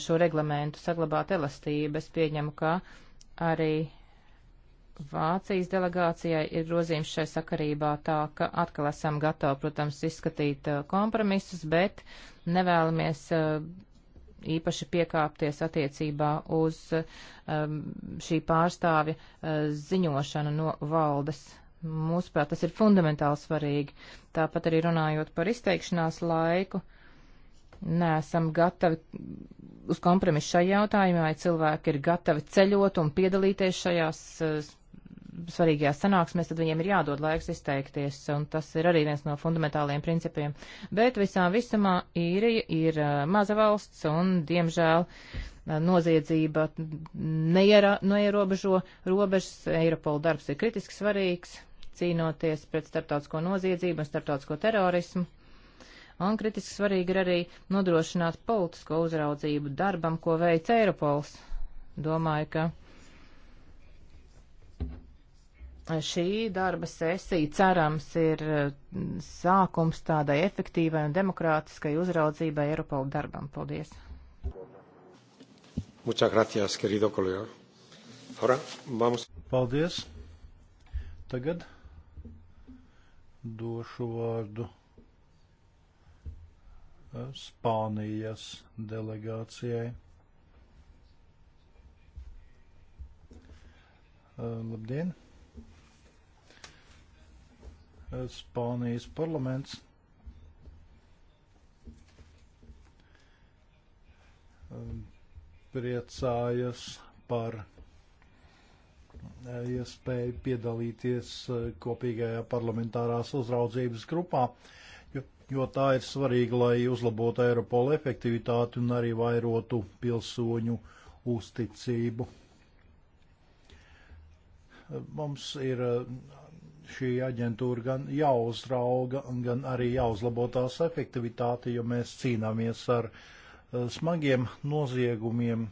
šo reglamentu, saglabāt elastību. Es pieņemu, ka arī Vācijas delegācijai ir grozījums šai sakarībā tā, ka atkal esam gatavi, protams, izskatīt uh, kompromisus, bet nevēlamies uh, īpaši piekāpties attiecībā uz um, šī pārstāvja uh, ziņošanu no valdes. Mūsuprāt, tas ir fundamentāli svarīgi. Tāpat arī runājot par izteikšanās laiku neesam gatavi uz kompromisu šajā jautājumā, vai cilvēki ir gatavi ceļot un piedalīties šajās svarīgajās sanāksmēs, tad viņiem ir jādod laiks izteikties, un tas ir arī viens no fundamentāliem principiem. Bet visā visumā īrija ir uh, maza valsts, un, diemžēl, uh, noziedzība neiera, neierobežo robežas. Eiropola darbs ir kritiski svarīgs, cīnoties pret starptautisko noziedzību un starptautisko terorismu. Un kritiski svarīgi ir arī nodrošināt politisko uzraudzību darbam, ko veic Eiropols. Domāju, ka šī darba sesija, cerams, ir mm, sākums tādai efektīvai un demokrātiskai uzraudzībai Eiropola darbam. Paldies! Muchas gracias, querido colega. Ahora vamos. Paldies. Tagad došu vārdu Spānijas delegācijai. Labdien! Spānijas parlaments um, priecājas par uh, iespēju piedalīties uh, kopīgajā parlamentārās uzraudzības grupā, jo, jo tā ir svarīga, lai uzlabotu Eiropola efektivitāti un arī vairotu pilsoņu uzticību. Uh, mums ir šī aģentūra gan jāuzrauga, gan arī jāuzlabo tās efektivitāte, jo mēs cīnāmies ar eh, smagiem noziegumiem,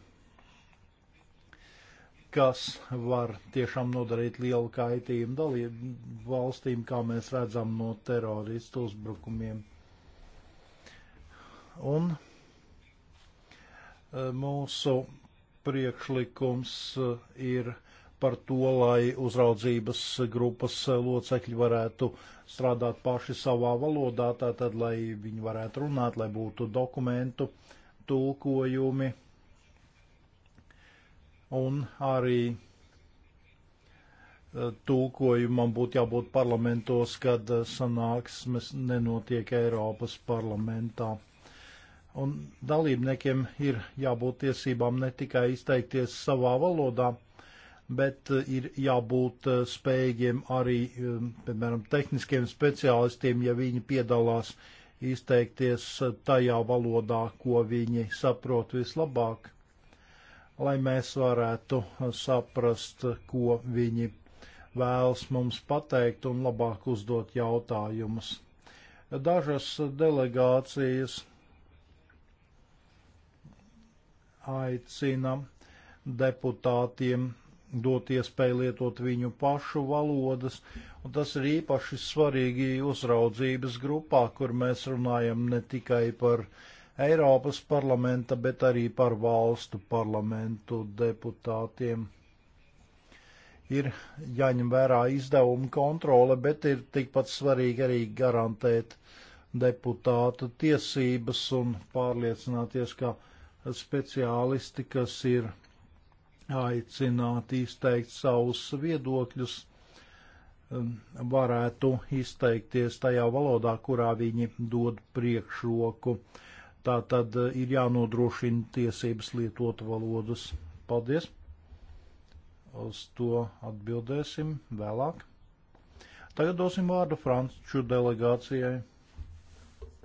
kas var tiešām nodarīt lielu kaitījumu dalību valstīm, kā mēs redzam no teroristu uzbrukumiem. Un eh, mūsu priekšlikums eh, ir uh, par to, lai uzraudzības grupas locekļi varētu strādāt paši savā valodā, tātad, lai viņi varētu runāt, lai būtu dokumentu tulkojumi. Un arī eh, tulkojumam būtu jābūt parlamentos, kad eh, sanāksmes nenotiek Eiropas parlamentā. Un dalībniekiem ir jābūt tiesībām ne tikai izteikties savā valodā, bet eh, ir jābūt eh, spējīgiem arī, eh, piemēram, tehniskiem speciālistiem, ja viņi piedalās izteikties tajā valodā, ko viņi saprot vislabāk, lai mēs varētu saprast, ko viņi vēlas mums pateikt un labāk uzdot jautājumus. Dažas delegācijas aicina deputātiem dot iespēju lietot viņu pašu valodas, un tas ir īpaši svarīgi uzraudzības grupā, kur mēs runājam ne tikai par Eiropas parlamenta, bet arī par valstu parlamentu deputātiem. Ir jāņem vērā izdevuma kontrole, bet ir tikpat svarīgi arī garantēt deputātu tiesības un pārliecināties, ka speciālisti, kas ir aicināt izteikt savus viedokļus, um, varētu izteikties tajā valodā, kurā viņi dod priekšroku. Tā tad uh, ir jānodrošina tiesības lietot valodas. Paldies! Uz to atbildēsim vēlāk. Tagad dosim vārdu franču delegācijai.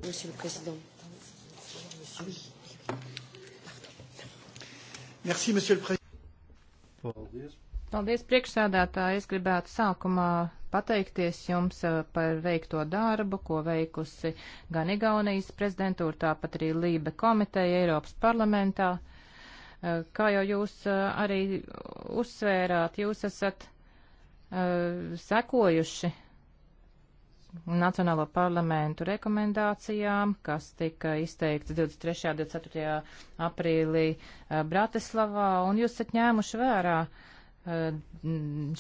Monsieur le Président. Merci, Monsieur le Président. Paldies. Paldies, priekšsēdētāji. Es gribētu sākumā pateikties jums eh, par veikto darbu, ko veikusi gan Igaunijas prezidentūra, tāpat arī Lība komiteja Eiropas parlamentā. Eh, kā jau jūs eh, arī uzsvērāt, jūs esat sekojuši Nacionālo parlamentu rekomendācijām, kas tika izteikts 23. un 24. aprīlī eh, Bratislavā, un jūs esat ņēmuši vērā eh,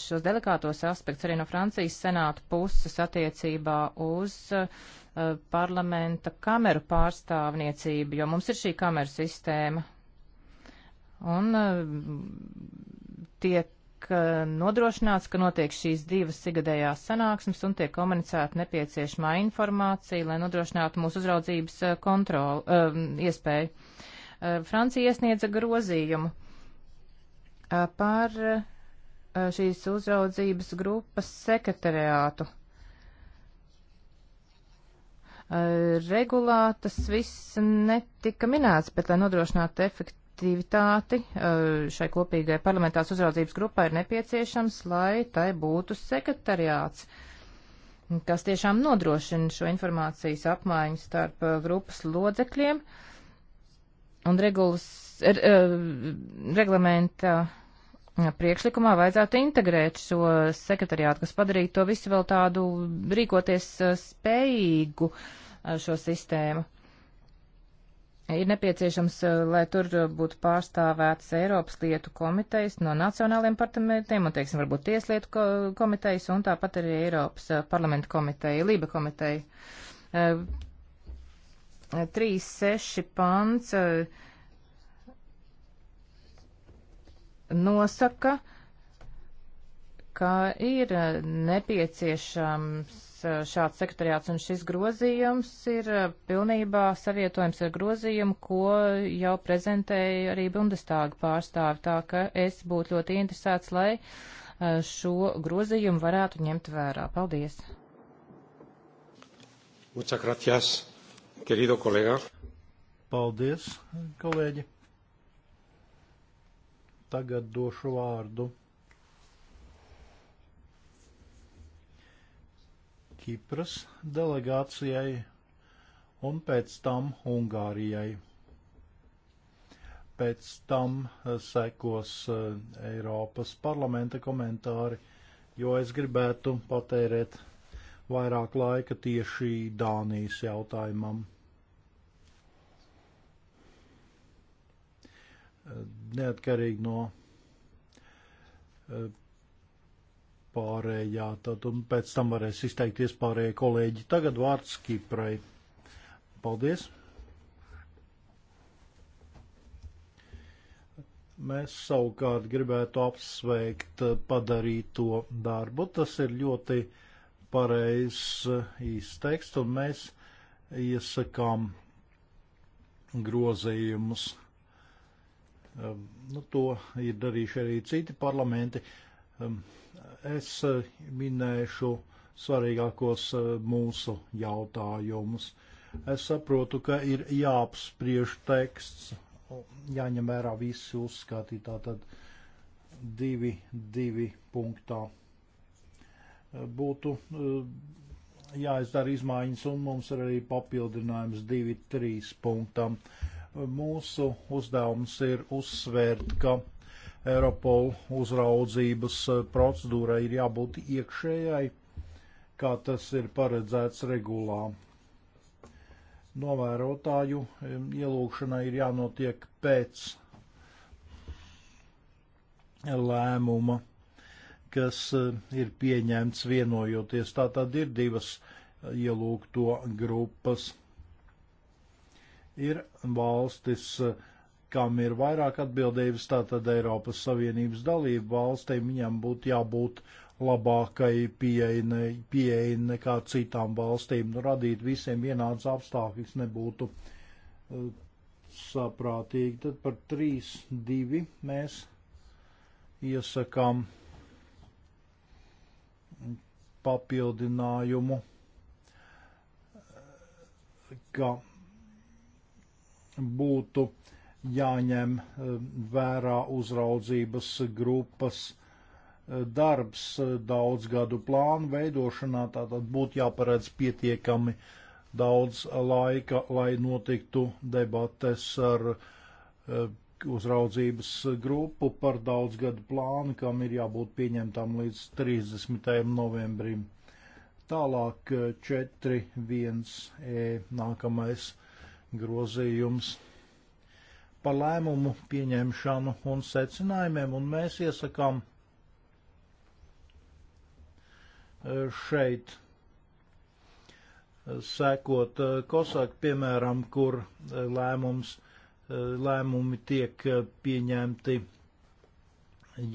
šos delikātos aspektus arī no Francijas senāta puses attiecībā uz eh, parlamenta kameru pārstāvniecību, jo mums ir šī kameru sistēma. Un tiek Eh, nodrošināts, ka notiek šīs divas igadējās sanāksmes un tiek komunicēta nepieciešamā informācija, lai nodrošinātu mūsu uzraudzības eh, kontrolu uh, eh, iespēju. Uh, Francija iesniedza grozījumu uh, par šīs uzraudzības grupas sekretariātu. Regulā tas viss netika minēts, bet, lai nodrošinātu efektu efektivitāti eh, šai kopīgai parlamentās uzraudzības grupai ir nepieciešams, lai tai būtu sekretariāts, kas tiešām nodrošina šo informācijas apmaiņu starp eh, grupas lodzekļiem un regulas, er, er, reglamenta priekšlikumā vajadzētu integrēt šo sekretariātu, kas padarītu to visu vēl tādu rīkoties spējīgu šo sistēmu ir nepieciešams, eh, lai tur eh, būtu pārstāvētas Eiropas lietu komitejas no nacionāliem parlamentiem un, teiksim, varbūt tieslietu komitejas un tāpat arī Eiropas eh, parlamenta komiteja, Lība komiteja. 3.6. pants nosaka, ka ir nepieciešams Eh, šāds sekretariāts un šis grozījums ir eh, pilnībā savietojams ar grozījumu, ko jau prezentēja arī Bundestāga pārstāvi, tā ka es būtu ļoti interesēts, lai eh, šo grozījumu varētu ņemt vērā. Paldies! Muchas gracias, querido kolega. Paldies, kolēģi. Tagad došu vārdu Kipras delegācijai un pēc tam Ungārijai. Pēc tam eh, sekos eh, Eiropas parlamenta komentāri, jo es gribētu patērēt vairāk laika tieši Dānijas jautājumam. Eh, neatkarīgi no pārējā, tad un pēc tam varēs izteikties pārējie kolēģi. Tagad vārds Kiprai. Paldies! Mēs savukārt gribētu apsveikt padarīto darbu. Tas ir ļoti pareizs izteiksts, uh, un mēs iesakām grozījumus. Um, nu, to ir darījuši arī citi parlamenti. Uh, Um, es uh, minēšu svarīgākos uh, mūsu jautājumus. Es saprotu, ka ir jāapspriež teksts, jāņem vērā visi uzskati, tātad divi, divi punktā. Uh, būtu jāizdara izmaiņas, un mums ir arī papildinājums 2-3 punktam. Mūsu uzdevums ir uzsvērt, ka Eiropola uzraudzības eh, procedūrai ir jābūt iekšējai, kā tas ir paredzēts regulā. Novērotāju ielūkšanai ir jānotiek pēc lēmuma, kas eh, ir pieņemts vienojoties. Tā tad ir divas eh, ielūgto grupas. Ir valstis, uh, kam ir vairāk atbildības, tātad Eiropas Savienības dalību valstīm, viņam būtu jābūt labākai pieeja ne, pieeja nekā citām valstīm. Nu, radīt visiem vienāds apstākļus nebūtu uh, saprātīgi. Tad par 3-2 mēs iesakām papildinājumu, ka būtu uh, jāņem eh, vērā uzraudzības grupas eh, darbs eh, daudz gadu plānu veidošanā, tātad būtu jāparedz pietiekami daudz laika, lai notiktu debates ar uzraudzības grupu par daudz gadu plānu, kam ir jābūt pieņemtam līdz 30. novembrim. Tālāk 4.1. E, nākamais grozījums par lēmumu pieņemšanu un secinājumiem, un mēs iesakām e, šeit e, sekot e, Kosāk, piemēram, kur lēmums, lēmumi tiek pieņemti,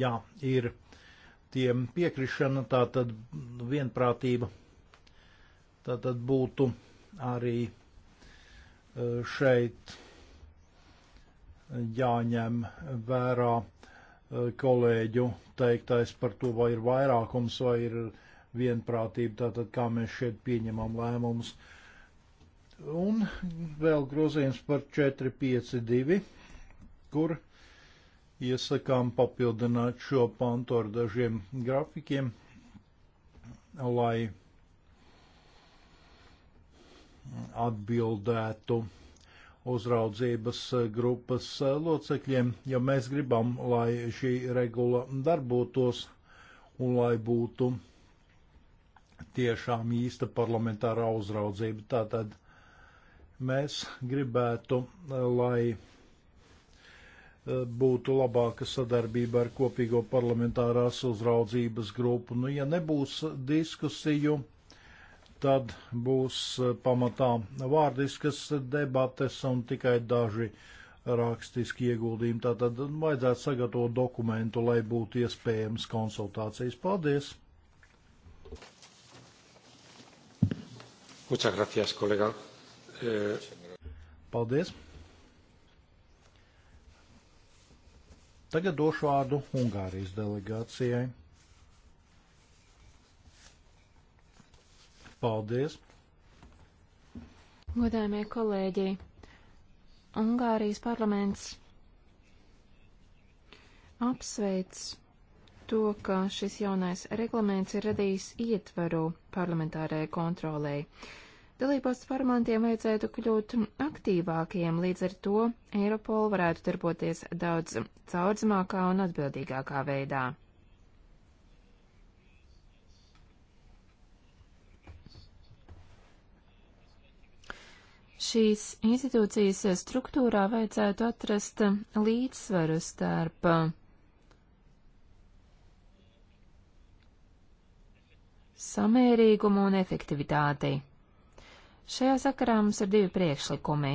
ja ir tiem piekrišana, tā tad vienprātība, tā tad būtu arī šeit jāņem vērā e, kolēģu teiktais par to, vai ir vairākums vai ir vienprātība, tātad kā mēs šeit pieņemam lēmumus. Un vēl grozījums par 452, kur iesakām papildināt šo pantu ar dažiem grafikiem, lai atbildētu uzraudzības eh, grupas eh, locekļiem, ja mēs gribam, lai šī regula darbotos un lai būtu tiešām īsta parlamentārā uzraudzība. Tātad mēs gribētu, eh, lai būtu labāka sadarbība ar kopīgo parlamentārās uzraudzības grupu. Nu, ja nebūs diskusiju, tad būs eh, pamatā vārdiskas debates un tikai daži rakstiski ieguldījumi. Tātad vajadzētu sagatavot dokumentu, lai būtu iespējams konsultācijas. Paldies! Muchas gracias, kolega. Eh, Paldies! Tagad došu vārdu Ungārijas delegācijai. Paldies! Godājumie kolēģi, Ungārijas parlaments apsveic to, ka šis jaunais reglaments ir radījis ietvaru parlamentārajai kontrolei. Dalībvalstu parlamentiem vajadzētu kļūt aktīvākiem, līdz ar to Eiropola varētu darboties daudz caurdzamākā un atbildīgākā veidā. šīs institūcijas struktūrā vajadzētu atrast līdzsvaru starp samērīgumu un efektivitāti. Šajā sakarā mums ir divi priekšlikumi.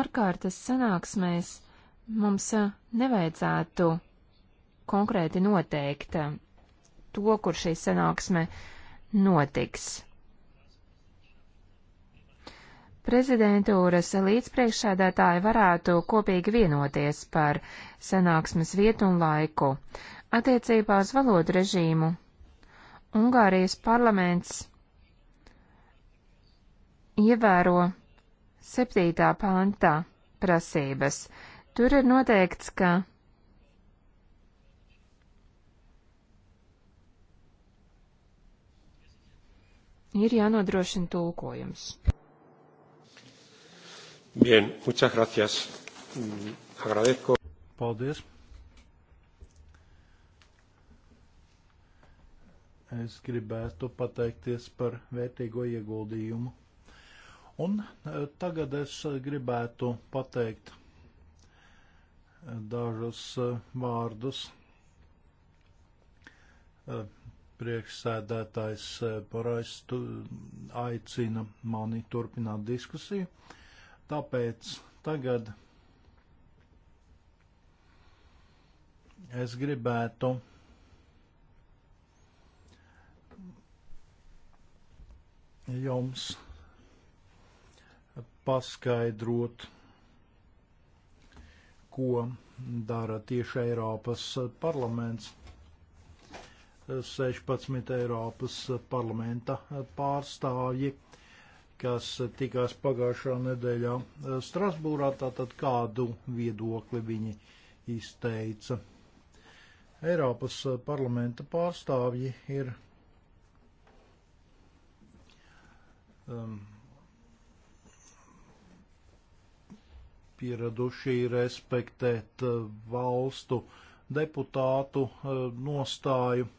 Ārkārtas sanāksmēs mums nevajadzētu konkrēti noteikt to, kur šī sanāksme uh, notiks. Prezidentūras līdzpriekšsēdētāji varētu kopīgi vienoties par sanāksmes vietu un laiku attiecībā uz valodu režīmu. Ungārijas parlaments ievēro 7. pantā prasības. Tur ir noteikts, ka ir jānodrošina tulkojums. Bien, muchas gracias. Mm, agradezco. Paldies. Es gribētu pateikties par vērtīgo ieguldījumu. Un e, tagad es gribētu pateikt e, dažus e, vārdus priekšsēdētājs Porais eh, aicina mani turpināt diskusiju. Tāpēc tagad es gribētu jums paskaidrot, ko dara tieši Eiropas parlaments 16 Eiropas parlamenta pārstāvji, kas tikās pagājušā nedēļā Strasbūrā, tātad kādu viedokli viņi izteica. Eiropas parlamenta pārstāvji ir um, pieraduši respektēt valstu deputātu uh, nostāju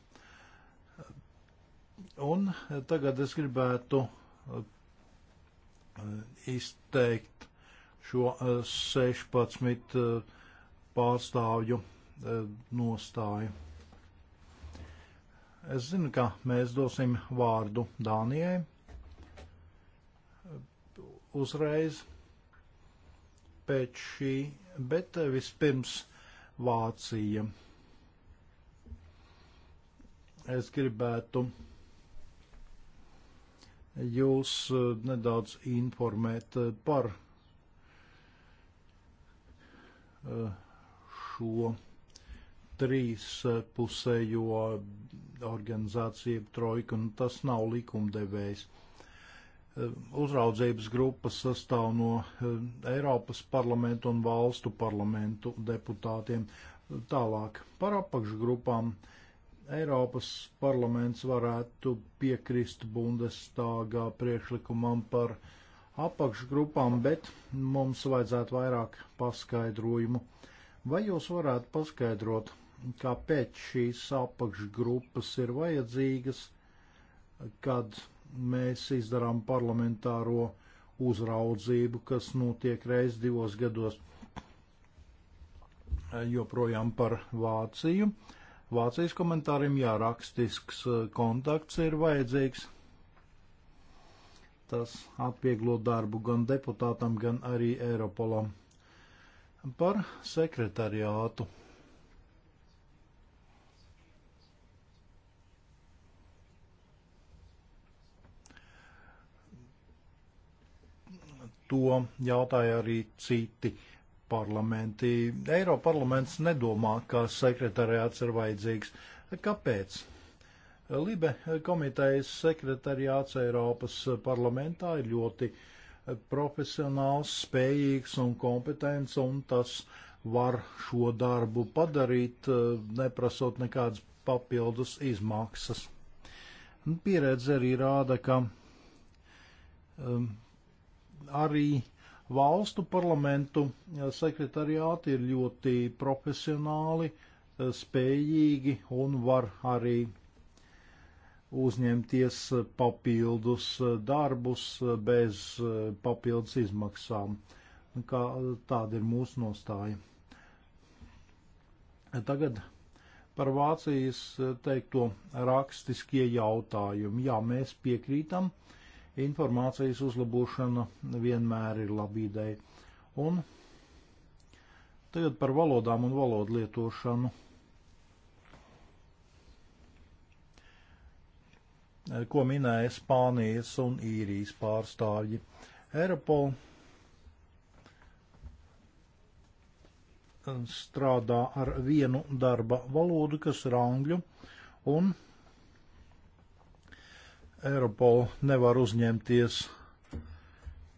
Un eh, tagad es gribētu eh, izteikt šo 16 eh, pārstāvju nostāju. Es zinu, ka mēs dosim vārdu Dānijai uzreiz pēc šī, bet vispirms Vācija. Es gribētu jūs eh, nedaudz informēt eh, par eh, šo trīspusējo organizāciju trojku, un tas nav likumdevējs. Uzraudzības grupa sastāv no Eiropas parlamentu un valstu parlamentu deputātiem. Tālāk par apakšgrupām. Uh, Eiropas parlaments varētu piekrist Bundestāgā priekšlikumam par apakšgrupām, bet mums vajadzētu vairāk paskaidrojumu. Vai jūs varētu paskaidrot, kāpēc šīs apakšgrupas ir vajadzīgas, kad mēs izdarām parlamentāro uzraudzību, kas notiek reiz divos gados joprojām par Vāciju? Uh, Vācijas komentāriem jārakstisks eh, kontakts ir vajadzīgs. Tas atvieglo darbu gan deputātam, gan arī Eiropolam. Par sekretariātu. To jautāja arī citi parlamenti. Eiroparlaments nedomā, ka sekretariāts ir vajadzīgs. Kāpēc? Libe komitejas sekretariāts Eiropas parlamentā ir ļoti profesionāls, spējīgs un kompetents, un tas var šo darbu padarīt, neprasot nekādas papildus izmaksas. Pieredze arī rāda, ka um, arī uh, Valstu parlamentu eh, sekretariāti ir ļoti profesionāli, eh, spējīgi un var arī uzņemties eh, papildus darbus bez papildus izmaksām. Kā tāda ir mūsu nostāja. Tagad par Vācijas teikto rakstiskie jautājumi. Jā, mēs piekrītam uh, informācijas uzlabošana vienmēr ir laba ideja. Un tagad par valodām un valodu lietošanu. Ko minēja Spānijas un īrijas pārstāvji. Eiropol strādā ar vienu darba valodu, kas ir angļu, un Eiropol nevar uzņemties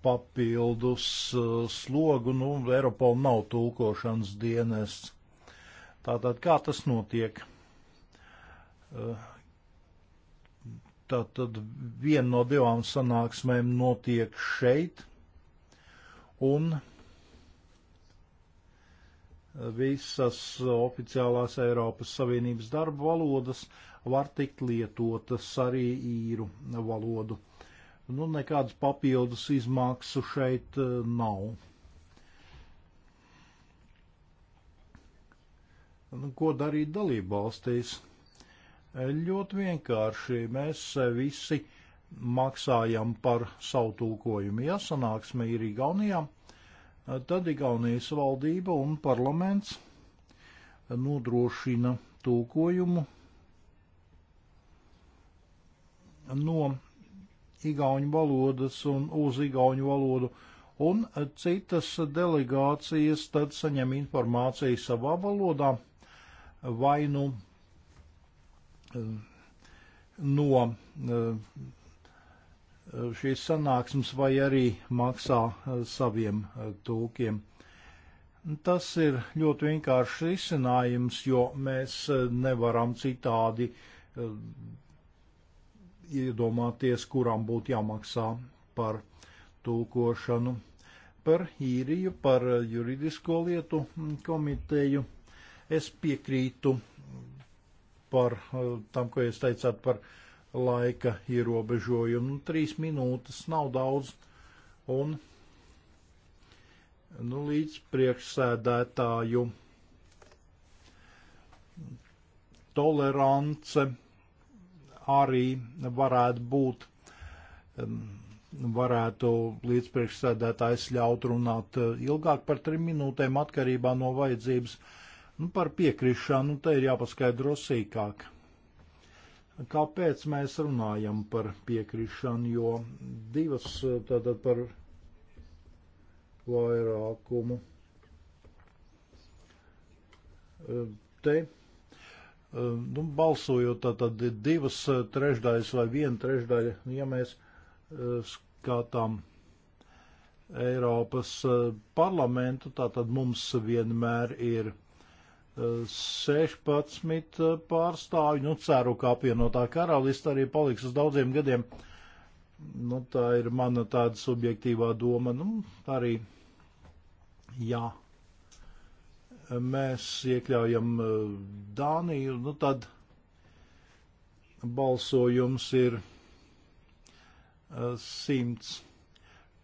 papildus uh, slogu, nu, Eiropol nav tulkošanas dienests. Tātad kā tas notiek? Uh, tātad viena no divām sanāksmēm notiek šeit, un visas oficiālās Eiropas Savienības darba valodas var tikt lietotas arī īru valodu. Nu, nekādas papildus izmaksu šeit eh, nav. Nu, ko darīt dalību valstīs? Eh, ļoti vienkārši mēs eh, visi maksājam par savu tulkojumu. Ja sanāksme ir Igaunijā, ja tad Igaunijas valdība un parlaments nodrošina tūkojumu no igauņu valodas un uz igauņu valodu, un citas delegācijas tad saņem informāciju savā valodā vai nu eh, no eh, šīs sanāksmes vai arī maksā eh, saviem eh, tūkiem. Tas ir ļoti vienkāršs risinājums, jo mēs eh, nevaram citādi iedomāties, kuram būtu jāmaksā par tulkošanu. Par īriju, par juridisko lietu mm, komiteju es piekrītu par tam, ko jūs teicāt par uh, laika ierobežojumu. Trīs minūtes nav daudz, un nu, līdz priekšsēdētāju tolerance arī varētu būt, um, varētu līdz priekšsēdētājs ļaut runāt uh, ilgāk par trim minūtēm atkarībā no vajadzības. Nu, par piekrišanu te ir jāpaskaidro sīkāk. Kāpēc mēs runājam par piekrišanu? Jo divas eh, tātad par vairākumu. Eh, te eh, nu, balsojot tātad divas trešdaļas vai viena trešdaļa, nu, ja mēs skatām Eiropas parlamentu, tātad mums vienmēr ir 16 eh, pārstāvju. Nu, ceru, ka apvienotā karalista arī paliks uz daudziem gadiem. Nu, tā ir mana tāda subjektīvā doma. Nu, arī, jā, mēs iekļaujam eh, Dāniju, nu, tad balsojums ir 100 eh,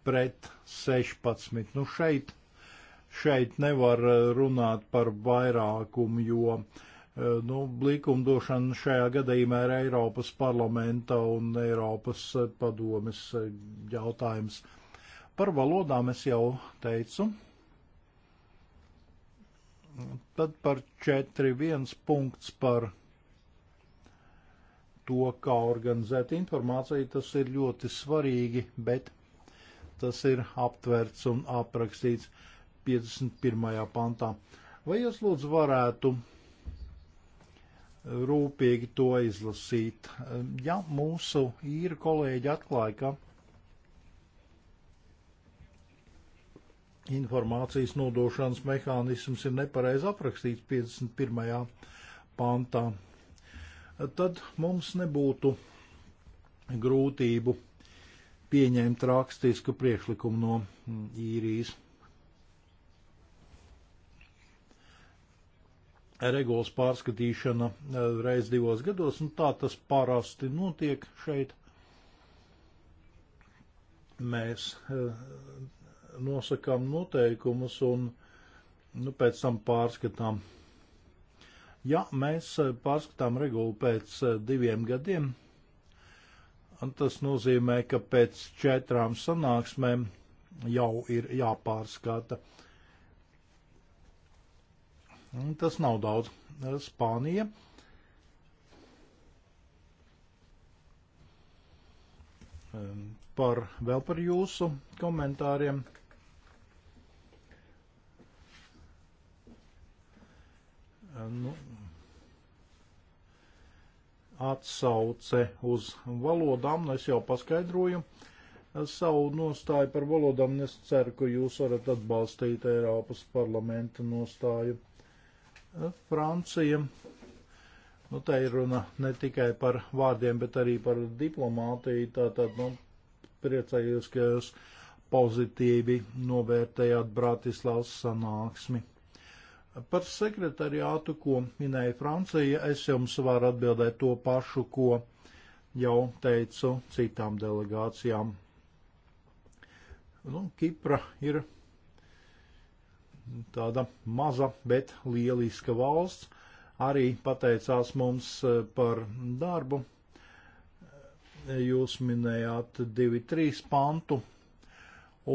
pret 16. Nu, šeit šeit nevar eh, runāt par vairākumu, jo eh, nu, likumdošana šajā gadījumā ir Eiropas parlamenta un Eiropas eh, padomes jautājums. Par valodām es jau teicu. Tad par 4.1 punkts par to, kā organizēt informāciju, tas ir ļoti svarīgi, bet tas ir aptverts un aprakstīts. Uh, 51. pantā. Vai jūs lūdzu varētu rūpīgi to izlasīt? Ja mūsu īra kolēģi atklāja, ka informācijas nodošanas mehānisms ir nepareizi aprakstīts 51. pantā, tad mums nebūtu grūtību pieņemt rakstisku priekšlikumu no mm, īrijas. regulas pārskatīšana e, reiz divos gados, un tā tas parasti notiek šeit. Mēs e, nosakām noteikumus un nu, pēc tam pārskatām. Ja mēs e, pārskatām regulu pēc diviem gadiem, un tas nozīmē, ka pēc četrām sanāksmēm jau ir jāpārskata uh, Nu, tas nav daudz. Spānija. Ehm, par, vēl par jūsu komentāriem. Ehm, nu, atsauce uz valodām, nu es jau paskaidroju eh, savu nostāju par valodām, un es ceru, ka jūs varat atbalstīt Eiropas parlamenta nostāju. Francija. Nu, te ir runa ne tikai par vārdiem, bet arī par diplomātiju. Tātad, nu, priecājos, ka jūs pozitīvi novērtējāt Bratislavas sanāksmi. Par sekretariātu, ko minēja Francija, es jums varu atbildēt to pašu, ko jau teicu citām delegācijām. Nu, Kipra ir tāda maza, bet lieliska valsts, arī pateicās mums e, par darbu. E, jūs minējāt 2-3 pantu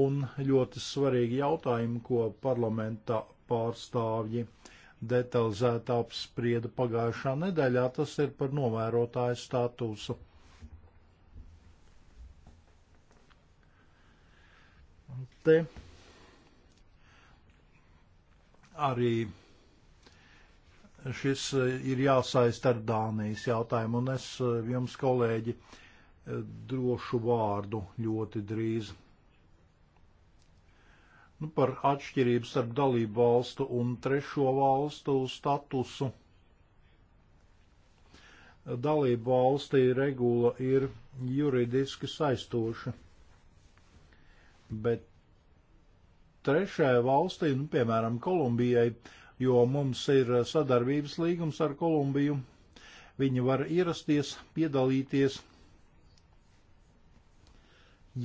un ļoti svarīgi jautājumi, ko parlamenta pārstāvji detalizēti apsprieda pagājušā nedēļā, tas ir par novērotāju statusu. Te arī šis eh, ir jāsaist ar Dānijas jautājumu, un es eh, jums, kolēģi, eh, drošu vārdu ļoti drīz. Nu, par atšķirību starp dalību valstu un trešo valstu statusu. Dalību valstī regula ir juridiski saistoša, bet trešajai valstī, nu, piemēram, Kolumbijai, jo mums ir eh, sadarbības līgums ar Kolumbiju. Viņi var ierasties, piedalīties,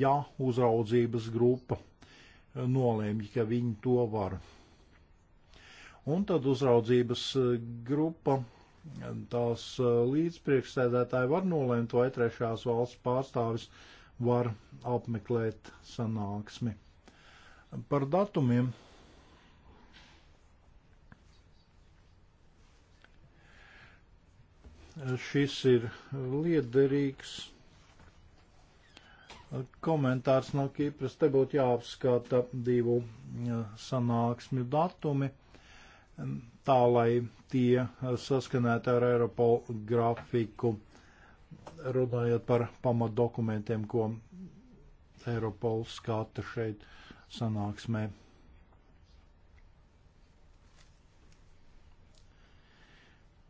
ja uzraudzības grupa eh, nolēmj, ka viņi to var. Un tad uzraudzības eh, grupa, tās līdzpriekšsēdētāji var nolēmt, vai trešās valsts pārstāvis var apmeklēt sanāksmi. Par datumiem. Šis ir liederīgs komentārs no Kipras. Te būtu jāapskata divu sanāksmju datumi, tā lai tie saskanētu ar Eiropolu grafiku runājot par pamatdokumentiem, ko Eiropols skata šeit sanāksmē.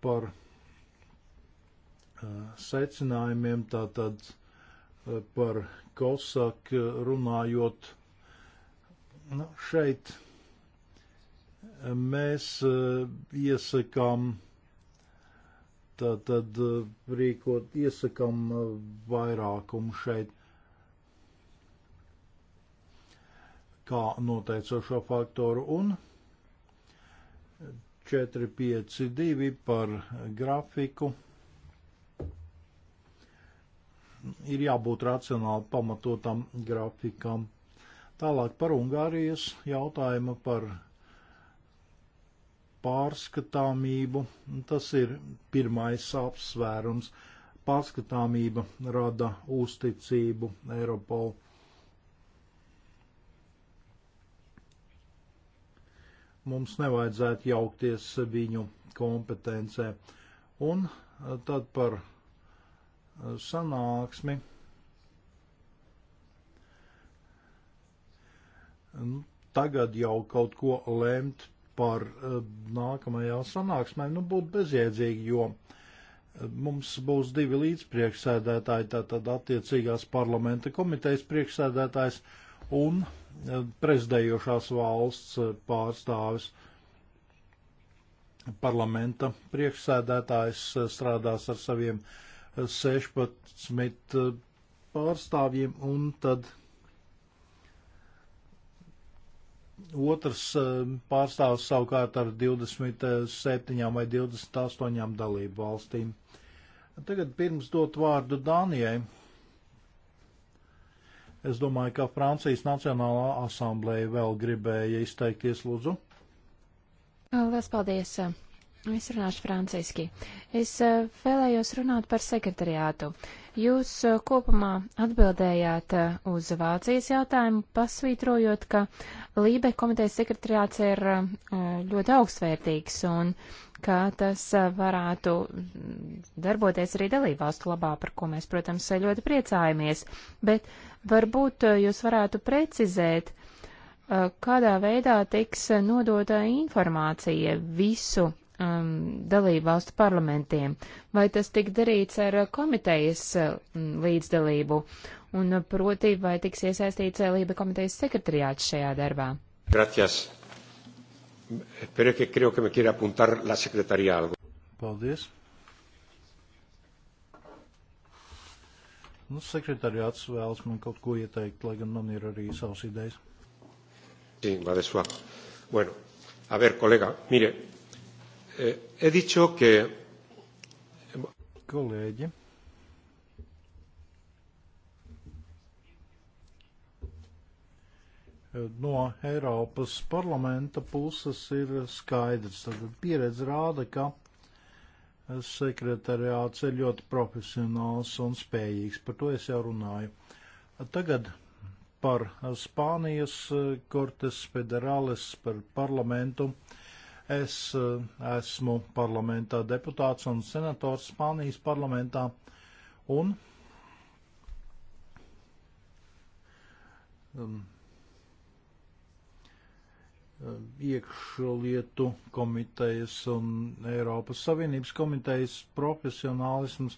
Par uh, secinājumiem tātad uh, par Kosak uh, runājot. Nu, šeit mēs iesakām tātad rīkot, iesakām vairākumu šeit kā noteicošo faktoru un 452 par grafiku. Ir jābūt racionāli pamatotam grafikam. Tālāk par Ungārijas jautājumu par pārskatāmību. Tas ir pirmais apsvērums. Pārskatāmība rada uzticību Eiropolu mums nevajadzētu jaukties viņu kompetencē. Un tad par sanāksmi. Nu, tagad jau kaut ko lēmt par nākamajā sanāksmē, nu, būtu bezjēdzīgi, jo mums būs divi līdzpriekšsēdētāji, tātad attiecīgās parlamenta komitejas priekšsēdētājs un prezidējošās valsts pārstāvis. Parlamenta priekšsēdētājs eh, strādās ar saviem 16 eh, eh, pārstāvjiem, un tad otrs pārstāvs savukārt ar 27 vai 28 dalību valstīm. Tagad pirms dot vārdu Dānijai, Es domāju, ka Francijas Nacionālā asamblēja vēl gribēja izteikties, lūdzu. Lielas paldies! Es runāšu franciski. Es vēlējos runāt par sekretariātu. Uh, Jūs uh, kopumā atbildējāt uh, uz Vācijas jautājumu, pasvītrojot, ka Lībe komitejas sekretariāts ir uh, ļoti augstvērtīgs un ka tas varētu darboties arī dalībvalstu labā, par ko mēs, protams, ļoti priecājamies. Bet varbūt jūs varētu precizēt, kādā veidā tiks nodota informācija visu um, dalību valstu parlamentiem, vai tas tik darīts ar uh, komitejas um, līdzdalību, un uh, proti, vai tiks iesaistīts Lība komitejas sekretariāts šajā darbā. Gracias. Pero es que creo que me quiere apuntar la secretaría algo. Paldies. Nu, sekretariāts vēlas man kaut ko ieteikt, lai gan man ir arī savas idejas. Sí, va de suave. Bueno, a ver, colega, mire, Eh, he dicho que. Colleghi. No Eiropas parlamenta puses ir skaidrs. Tad pieredze rāda, ka sekretariāts ir ļoti profesionāls un spējīgs. Par to es jau runāju. Tagad par Spānijas eh, Cortes Federales, par parlamentu. Uh, Es eh, esmu parlamentā deputāts un senators Spānijas parlamentā. Un um, eh, iekšlietu komitejas un Eiropas Savienības komitejas profesionālisms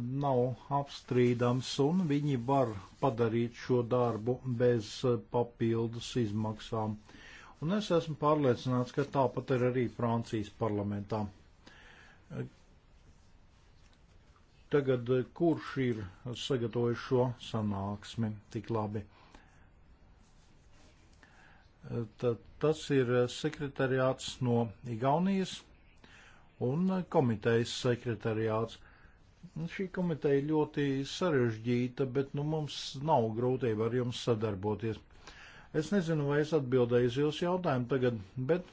nav apstrīdams, un viņi var padarīt šo darbu bez papildus izmaksām. Un es esmu pārliecināts, ka tāpat ir arī Francijas parlamentā. Tagad kurš ir sagatavojis šo sanāksmi tik labi? Tad, tas ir sekretariāts no Igaunijas un komitejas sekretariāts. Nu, šī komiteja ļoti sarežģīta, bet nu, mums nav grūtība ar jums sadarboties. Es nezinu, vai es atbildēju uz jūsu jautājumu tagad, bet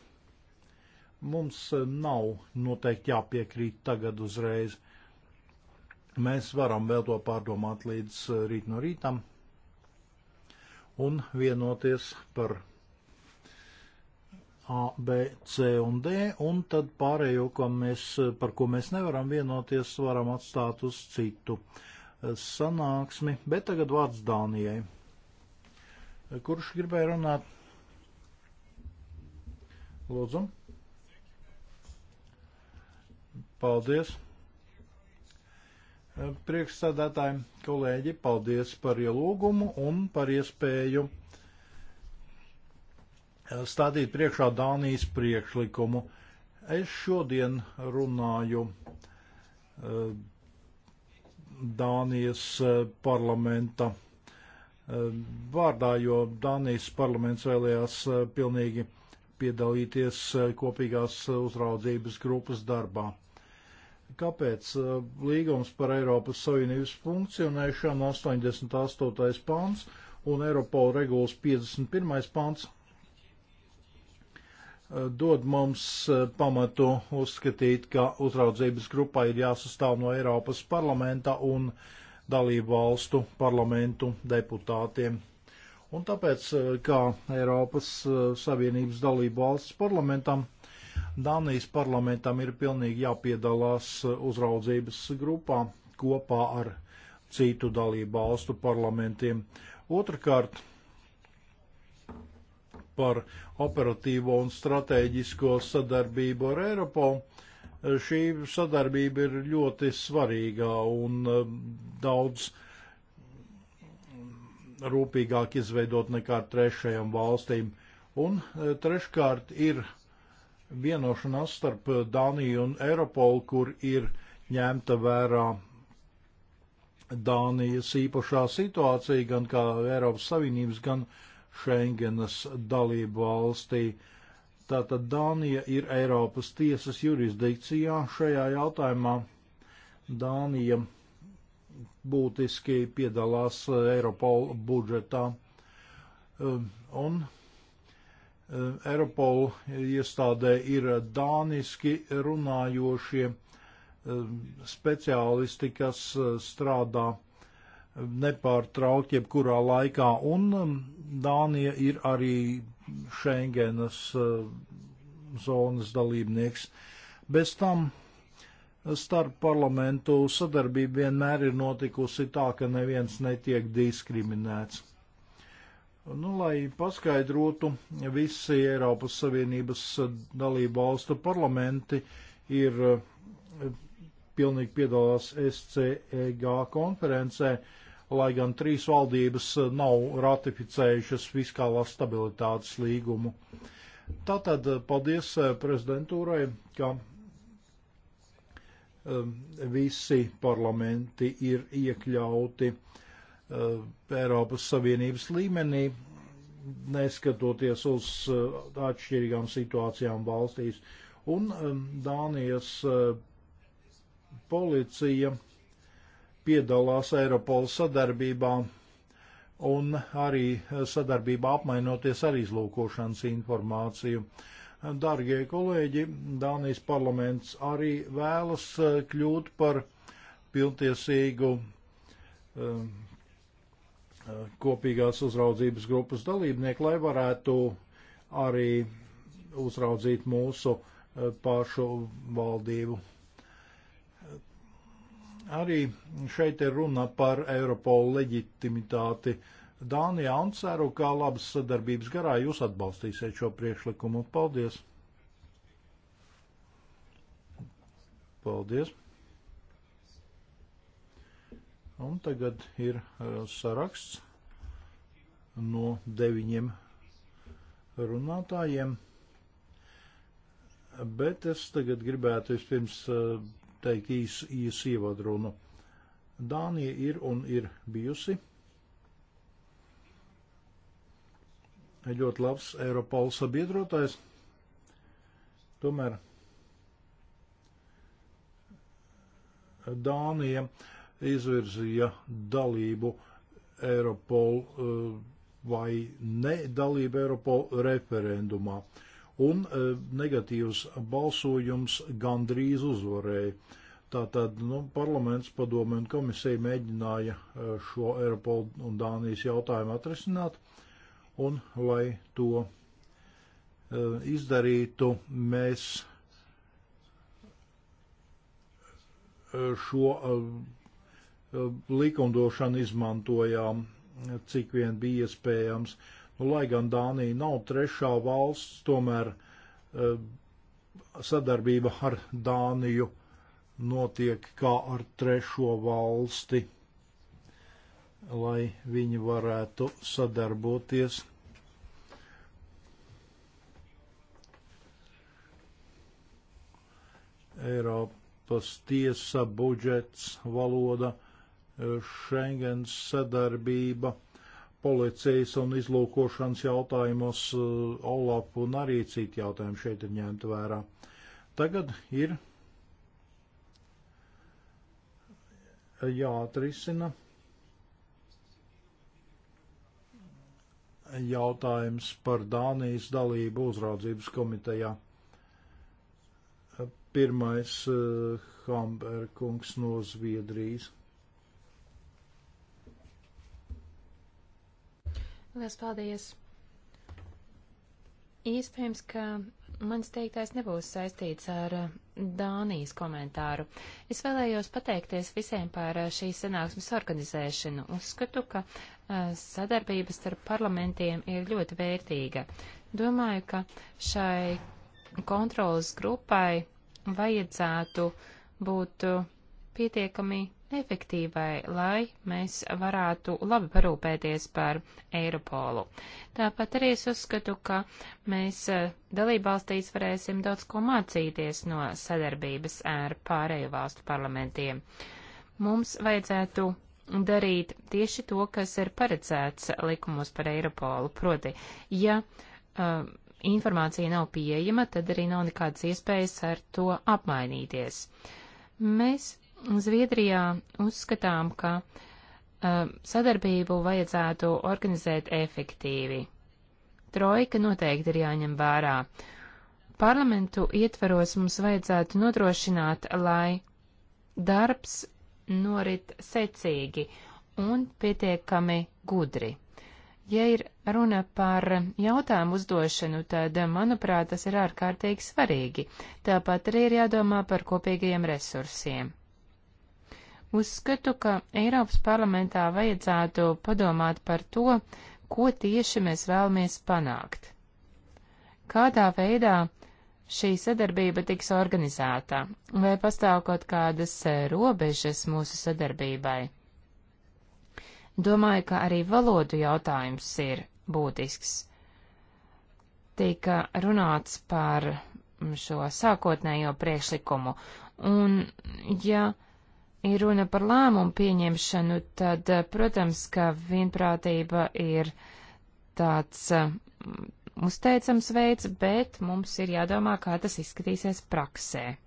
mums nav noteikti jāpiekrīt tagad uzreiz. Mēs varam vēl to pārdomāt līdz eh, rīt no rītam un vienoties par A, B, C un D, un tad pārējo, ko mēs, par ko mēs nevaram vienoties, varam atstāt uz citu eh, sanāksmi. Bet tagad vārds Dānijai. Eh, kurš gribēja runāt? Lūdzu. Paldies. Eh, Priekšsādātāji, kolēģi, paldies par ielūgumu un par iespēju Eh, stādīt priekšā Dānijas priekšlikumu. Es šodien runāju eh, Dānijas eh, parlamenta vārdā, jo Dānijas parlaments vēlējās pilnīgi piedalīties kopīgās uzraudzības grupas darbā. Kāpēc līgums par Eiropas Savienības funkcionēšanu 88. pāns un Eiropola regulas 51. pāns Eh, dod mums eh, pamatu uzskatīt, ka uzraudzības grupai ir jāsastāv no Eiropas parlamenta un dalību valstu parlamentu deputātiem. Un tāpēc, eh, kā Eiropas Savienības dalību valsts parlamentam, Dānijas parlamentam ir pilnīgi jāpiedalās uzraudzības grupā kopā ar citu dalību valstu parlamentiem. Otrakārt, par operatīvo un strateģisko sadarbību ar Eiropolu. Šī sadarbība ir ļoti svarīga un um, daudz rūpīgāk izveidot nekā trešajām valstīm. Un uh, treškārt ir vienošanās starp Dāniju un Eiropolu, kur ir ņemta vērā Dānijas īpašā situācija gan kā Eiropas Savienības, gan Schengenas dalību valstī. Tātad Dānija ir Eiropas tiesas jurisdikcijā šajā jautājumā. Dānija būtiski piedalās Eiropola budžetā. Um, un um, Eiropola iestādē ir dāniski runājošie um, speciālisti, kas uh, strādā nepārtraukt jebkurā laikā, un um, Dānija ir arī Schengenas uh, zonas dalībnieks. Bez tam starp parlamentu sadarbība vienmēr ir notikusi tā, ka neviens netiek diskriminēts. Nu, lai paskaidrotu, visi Eiropas Savienības dalību valstu parlamenti ir uh, pilnīgi piedalās SCEG konferencē, uh, lai gan trīs valdības eh, nav ratificējušas fiskālās stabilitātes līgumu. Tātad eh, paldies eh, prezidentūrai, ka visi parlamenti ir iekļauti Eiropas Savienības līmenī, neskatoties uz atšķirīgām situācijām valstīs. Un Dānijas policija piedalās Eiropola sadarbībā un arī sadarbībā apmainoties ar izlūkošanas informāciju. Dargie kolēģi, Dānijas parlaments arī vēlas eh, kļūt par pilntiesīgu eh, eh, kopīgās uzraudzības grupas dalībnieku, lai varētu arī uzraudzīt mūsu pašu valdību. Arī šeit ir runa par Eiropolu leģitimitāti. Dānijā un ceru, kā labas sadarbības garā jūs atbalstīsiet šo priekšlikumu. Paldies! Paldies! Un tagad ir uh, saraksts no deviņiem runātājiem, bet es tagad gribētu vispirms uh, noteikti īs, īs ievadrunu. Dānija ir un ir bijusi ļoti labs Eiropas sabiedrotais. Tomēr Dānija izvirzīja dalību Eiropol eh, vai nedalību Eiropol referendumā. Uh, un e, negatīvs balsojums gandrīz uzvarēja. Tātad nu, parlaments, padome un komisija mēģināja e, šo Eiropolu un Dānijas jautājumu atrisināt, un lai to e, izdarītu, mēs šo likumdošanu izmantojām, cik vien bija iespējams. Uh, Nu, lai gan Dānija nav trešā valsts, tomēr e, sadarbība ar Dāniju notiek kā ar trešo valsti, lai viņi varētu sadarboties. Eiropas tiesa budžets, valoda, e, Schengens sadarbība policijas un izlūkošanas jautājumos eh, Olaf un arī citi jautājumi šeit ir ņemti vērā. Tagad ir jāatrisina jautājums par Dānijas dalību uzraudzības komitejā. Pirmais eh, Hamberkungs no Zviedrijas. Lielas paldies! Iespējams, ka mans teiktais nebūs saistīts ar uh, Dānijas komentāru. Es vēlējos pateikties visiem par uh, šīs sanāksmes organizēšanu. Uzskatu, ka uh, sadarbības starp parlamentiem ir ļoti vērtīga. Domāju, ka šai kontrolas grupai vajadzētu būt pietiekami efektīvai, lai mēs varētu labi parūpēties par Eiropolu. Tāpat arī es uzskatu, ka mēs eh, dalībvalstīs varēsim daudz ko mācīties no sadarbības ar pārēju valstu parlamentiem. Mums vajadzētu darīt tieši to, kas ir paredzēts likumos par Eiropolu, proti, ja uh, informācija nav pieejama, tad arī nav nekādas iespējas ar to apmainīties. Mēs Zviedrijā uzskatām, ka uh, sadarbību vajadzētu organizēt efektīvi. Trojka noteikti ir jāņem vērā. Parlamentu ietveros mums vajadzētu nodrošināt, lai darbs norit secīgi un pietiekami gudri. Ja ir runa par jautājumu uzdošanu, tad, manuprāt, tas ir ārkārtīgi svarīgi. Tāpat arī ir jādomā par kopīgajiem resursiem. Uzskatu, ka Eiropas parlamentā vajadzētu padomāt par to, ko tieši mēs vēlamies panākt. Kādā veidā šī sadarbība tiks organizēta, vai pastāv kaut kādas eh, robežas mūsu sadarbībai? Domāju, ka arī valodu jautājums ir būtisks. Tika runāts par šo sākotnējo priekšlikumu, un ja ir runa par lēmumu pieņemšanu, tad, eh, protams, ka vienprātība ir tāds eh, uzteicams veids, bet mums ir jādomā, kā tas izskatīsies praksē.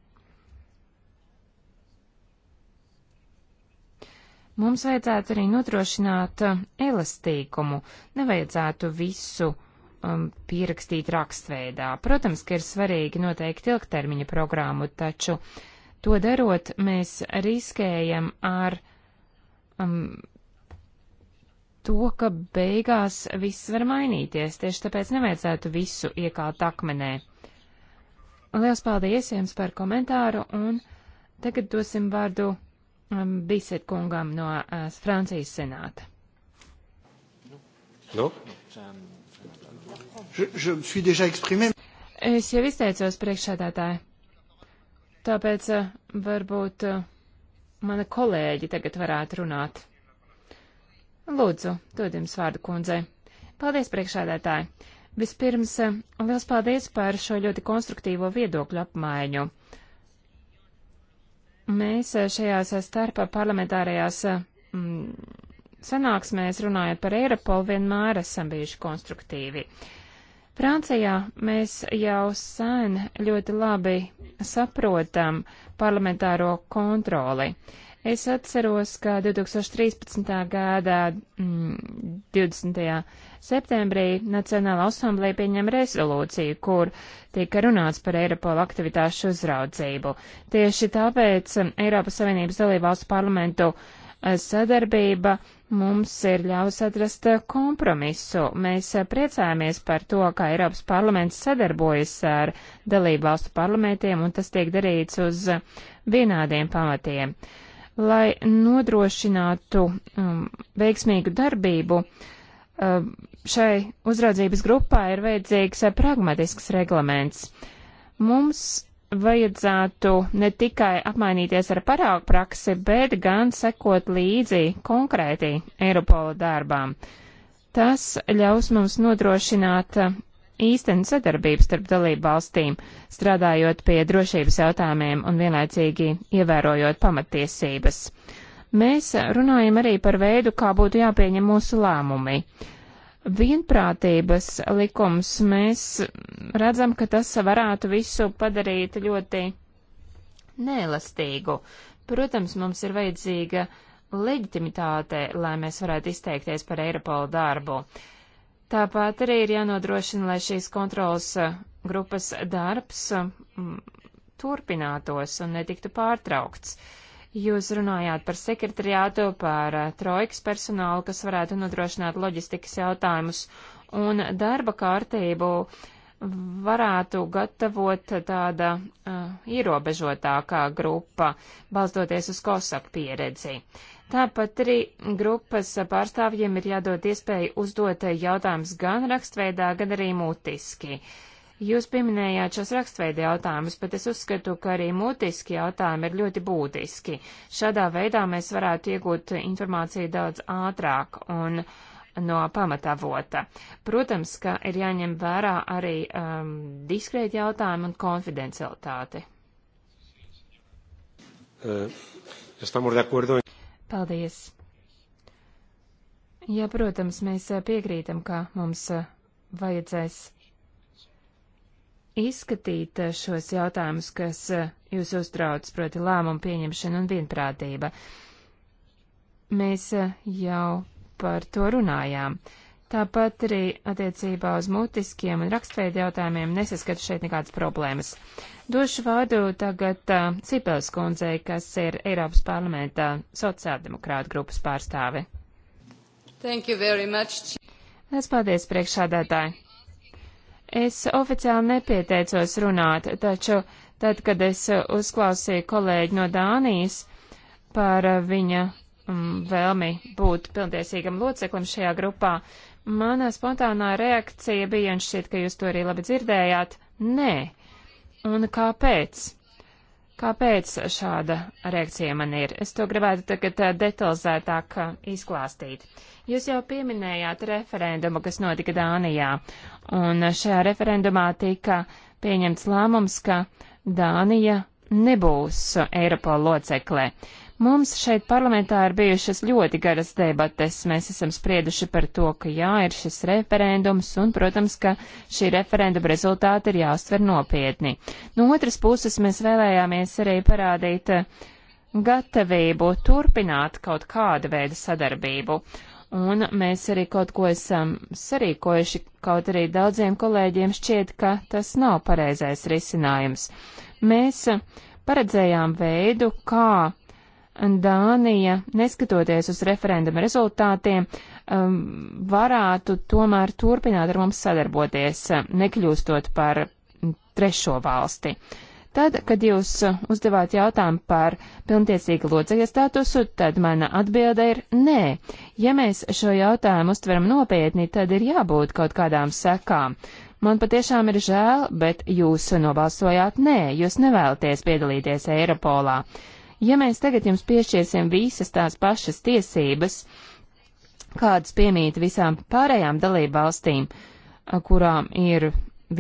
Mums vajadzētu arī nodrošināt eh, elastīgumu, nevajadzētu visu um, pierakstīt rakstveidā. Protams, ka ir svarīgi noteikti ilgtermiņa programmu, taču uh, To darot, mēs riskējam ar um, to, ka beigās viss var mainīties, tieši tāpēc nevajadzētu visu iekalt akmenē. Liels paldies jums par komentāru, un tagad dosim vārdu um, Biset kungam no uh, Francijas senāta. No? Nu? Je, je me suis déjà exprimé. Es jau izteicos priekšsēdētāji. Tāpēc eh, varbūt eh, mana kolēģi tagad varētu runāt. Lūdzu, dod jums vārdu kundzei. Paldies, priekšādētāji! Vispirms, eh, liels paldies par šo ļoti konstruktīvo viedokļu apmaiņu. Mēs šajās starpā parlamentārajās mm, sanāksmēs runājot par Eiropolu vienmēr esam bijuši konstruktīvi. Uh, Francijā mēs jau sen ļoti labi saprotam parlamentāro kontroli. Es atceros, ka 2013. gada mm, 20. septembrī Nacionāla asamblēja pieņem rezolūciju, kur tika runāts par Eiropola aktivitāšu uzraudzību. Tieši tāpēc Eiropas Savienības dalībvalstu parlamentu uh, sadarbība mums ir ļaus atrast kompromisu. Mēs priecājamies par to, kā Eiropas parlaments sadarbojas ar dalību valstu parlamentiem, un tas tiek darīts uz vienādiem pamatiem. Lai nodrošinātu um, veiksmīgu darbību, um, šai uzraudzības grupā ir vajadzīgs pragmatisks reglaments. Mums vajadzētu ne tikai apmainīties ar paraugu praksi, bet gan sekot līdzi konkrēti Eiropola darbām. Tas ļaus mums nodrošināt īstenu sadarbību starp dalību valstīm, strādājot pie drošības jautājumiem un vienlaicīgi ievērojot pamatiesības. Mēs runājam arī par veidu, kā būtu jāpieņem mūsu lēmumi vienprātības likums, mēs redzam, ka tas varētu visu padarīt ļoti neelastīgu. Protams, mums ir vajadzīga leģitimitāte, lai mēs varētu izteikties par Eiropola darbu. Tāpat arī ir jānodrošina, lai šīs kontrolas eh, grupas darbs mm, turpinātos un netiktu pārtraukts. Uh, Jūs runājāt par sekretariātu, par eh, trojkas personālu, kas varētu nodrošināt loģistikas jautājumus, un darba kārtību varētu gatavot tāda uh, ierobežotākā grupa, balstoties uz kosaku pieredzi. Tāpat arī grupas pārstāvjiem ir jādod iespēja uzdot jautājumus gan rakstveidā, gan arī mutiski. Uh, Jūs pieminējāt šos rakstveida jautājumus, bet es uzskatu, ka arī mutiski jautājumi ir ļoti būtiski. Šādā veidā mēs varētu iegūt informāciju daudz ātrāk un no pamatavota. Protams, ka ir jāņem vērā arī um, diskrēti jautājumi un konfidencialitāti. Eh, Paldies. Jā, protams, mēs eh, piekrītam, ka mums eh, vajadzēs izskatīt eh, šos jautājumus, kas eh, jūs uztrauc, proti lēmumu pieņemšana un vienprātība. Mēs eh, jau par to runājām. Tāpat arī attiecībā uz mutiskiem un rakstveida jautājumiem nesaskatu šeit nekādas problēmas. Došu vārdu tagad uh, Cipels kundzei, kas ir Eiropas parlamentā sociāldemokrāta grupas pārstāve. Thank you very much. Es paldies priekšādātāji. Es oficiāli nepieteicos runāt, taču tad, kad es uzklausīju kolēģi no Dānijas par viņa mm, vēlmi būt pilntiesīgam loceklim šajā grupā, mana spontānā reakcija bija, un šķiet, ka jūs to arī labi dzirdējāt, nē. Un kāpēc? Kāpēc šāda reakcija man ir? Es to gribētu tagad eh, detalizētāk eh, izklāstīt. Jūs jau pieminējāt referendumu, kas notika Dānijā, un šajā referendumā tika pieņemts lēmums, ka Dānija nebūs Eiropola locekle. Mums šeit parlamentā ir bijušas ļoti garas debates. Mēs esam sprieduši par to, ka jā, ir šis referendums un, protams, ka šī referenduma rezultāti ir jāuztver nopietni. No otras puses, mēs vēlējāmies arī parādīt eh, gatavību turpināt kaut kādu veidu sadarbību. Un mēs arī kaut ko esam sarīkojuši, kaut arī daudziem kolēģiem šķiet, ka tas nav pareizais risinājums. Mēs eh, paredzējām veidu, kā Dānija, neskatoties uz referenduma rezultātiem, um, varētu tomēr turpināt ar mums sadarboties, nekļūstot par trešo valsti. Tad, kad jūs uzdevāt jautājumu par pilntiesīgu locekļa statusu, tad mana atbilde ir nē. Ja mēs šo jautājumu uztveram nopietni, tad ir jābūt kaut kādām sekām. Man patiešām ir žēl, bet jūs nobalsojāt nē, jūs nevēlaties piedalīties Eiropolā. Ja mēs tagad jums piešķiesim visas tās pašas tiesības, kādas piemīt visām pārējām dalību valstīm, kurām ir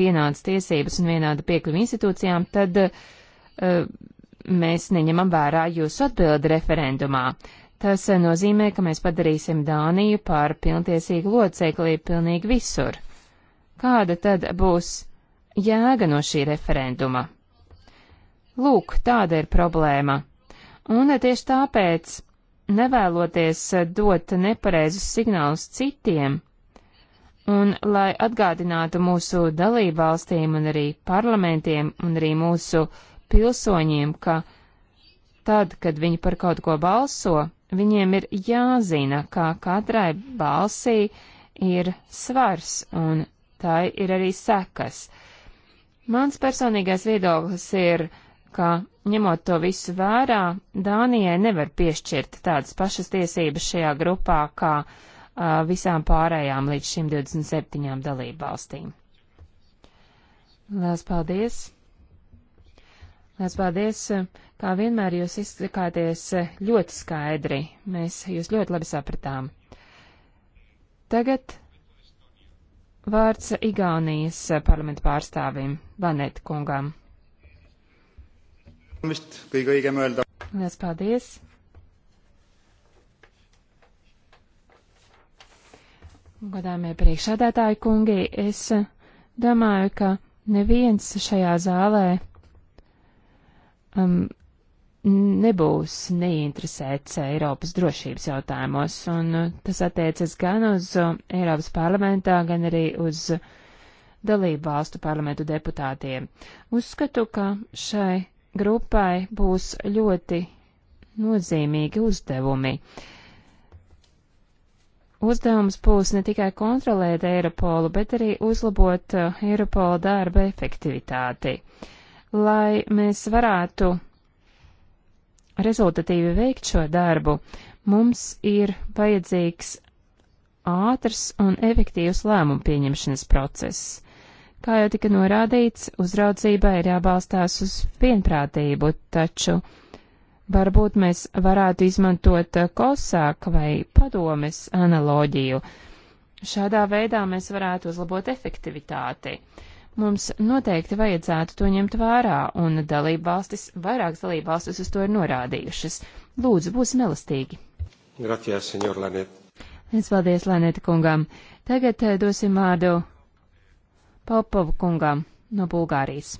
vienādas tiesības un vienāda piekļuva institūcijām, tad uh, mēs neņemam vērā jūsu atbildi referendumā. Tas nozīmē, ka mēs padarīsim Dāniju par pilntiesīgu locekli pilnīgi visur. Kāda tad būs jēga no šī referenduma? Lūk, tāda ir problēma. Un tieši tāpēc, nevēloties dot nepareizus signālus citiem, un lai atgādinātu mūsu dalībvalstīm un arī parlamentiem un arī mūsu pilsoņiem, ka tad, kad viņi par kaut ko balso, viņiem ir jāzina, ka katrai balsī ir svars un tai ir arī sekas. Mans personīgais viedoklis ir, ka Ņemot to visu vērā, Dānijai nevar piešķirt tādas pašas tiesības šajā grupā kā uh, visām pārējām līdz šim 27 dalību valstīm. Lielas paldies! Lielas paldies! Kā vienmēr jūs izsakāties ļoti skaidri. Mēs jūs ļoti labi sapratām. Tagad vārds Igaunijas parlamenta pārstāvim, Vanet kungam. Lielas paldies! Godāmie priekšādātāji kungi, es domāju, ka neviens šajā zālē um, nebūs neinteresēts Eiropas drošības jautājumos, un tas attiecas gan uz Eiropas parlamentā, gan arī uz dalību valstu parlamentu deputātiem. Uzskatu, ka šai grupai būs ļoti nozīmīgi uzdevumi. Uzdevums būs ne tikai kontrolēt Eiropolu, bet arī uzlabot uh, Eiropola darba efektivitāti. Lai mēs varētu rezultatīvi veikt šo darbu, mums ir vajadzīgs ātrs un efektīvs lēmumu pieņemšanas process. Kā jau tika norādīts, uzraudzība ir jābalstās uz vienprātību, taču varbūt mēs varētu izmantot kosāk vai padomes analoģiju. Šādā veidā mēs varētu uzlabot efektivitāti. Mums noteikti vajadzētu to ņemt vērā, un dalību valstis, vairākas dalību valstis uz to ir norādījušas. Lūdzu, būsim elastīgi. Gracias, senjor Lanet. Es paldies Laneta kungam. Tagad eh, dosim vārdu Palpovu kungam no Bulgārijas.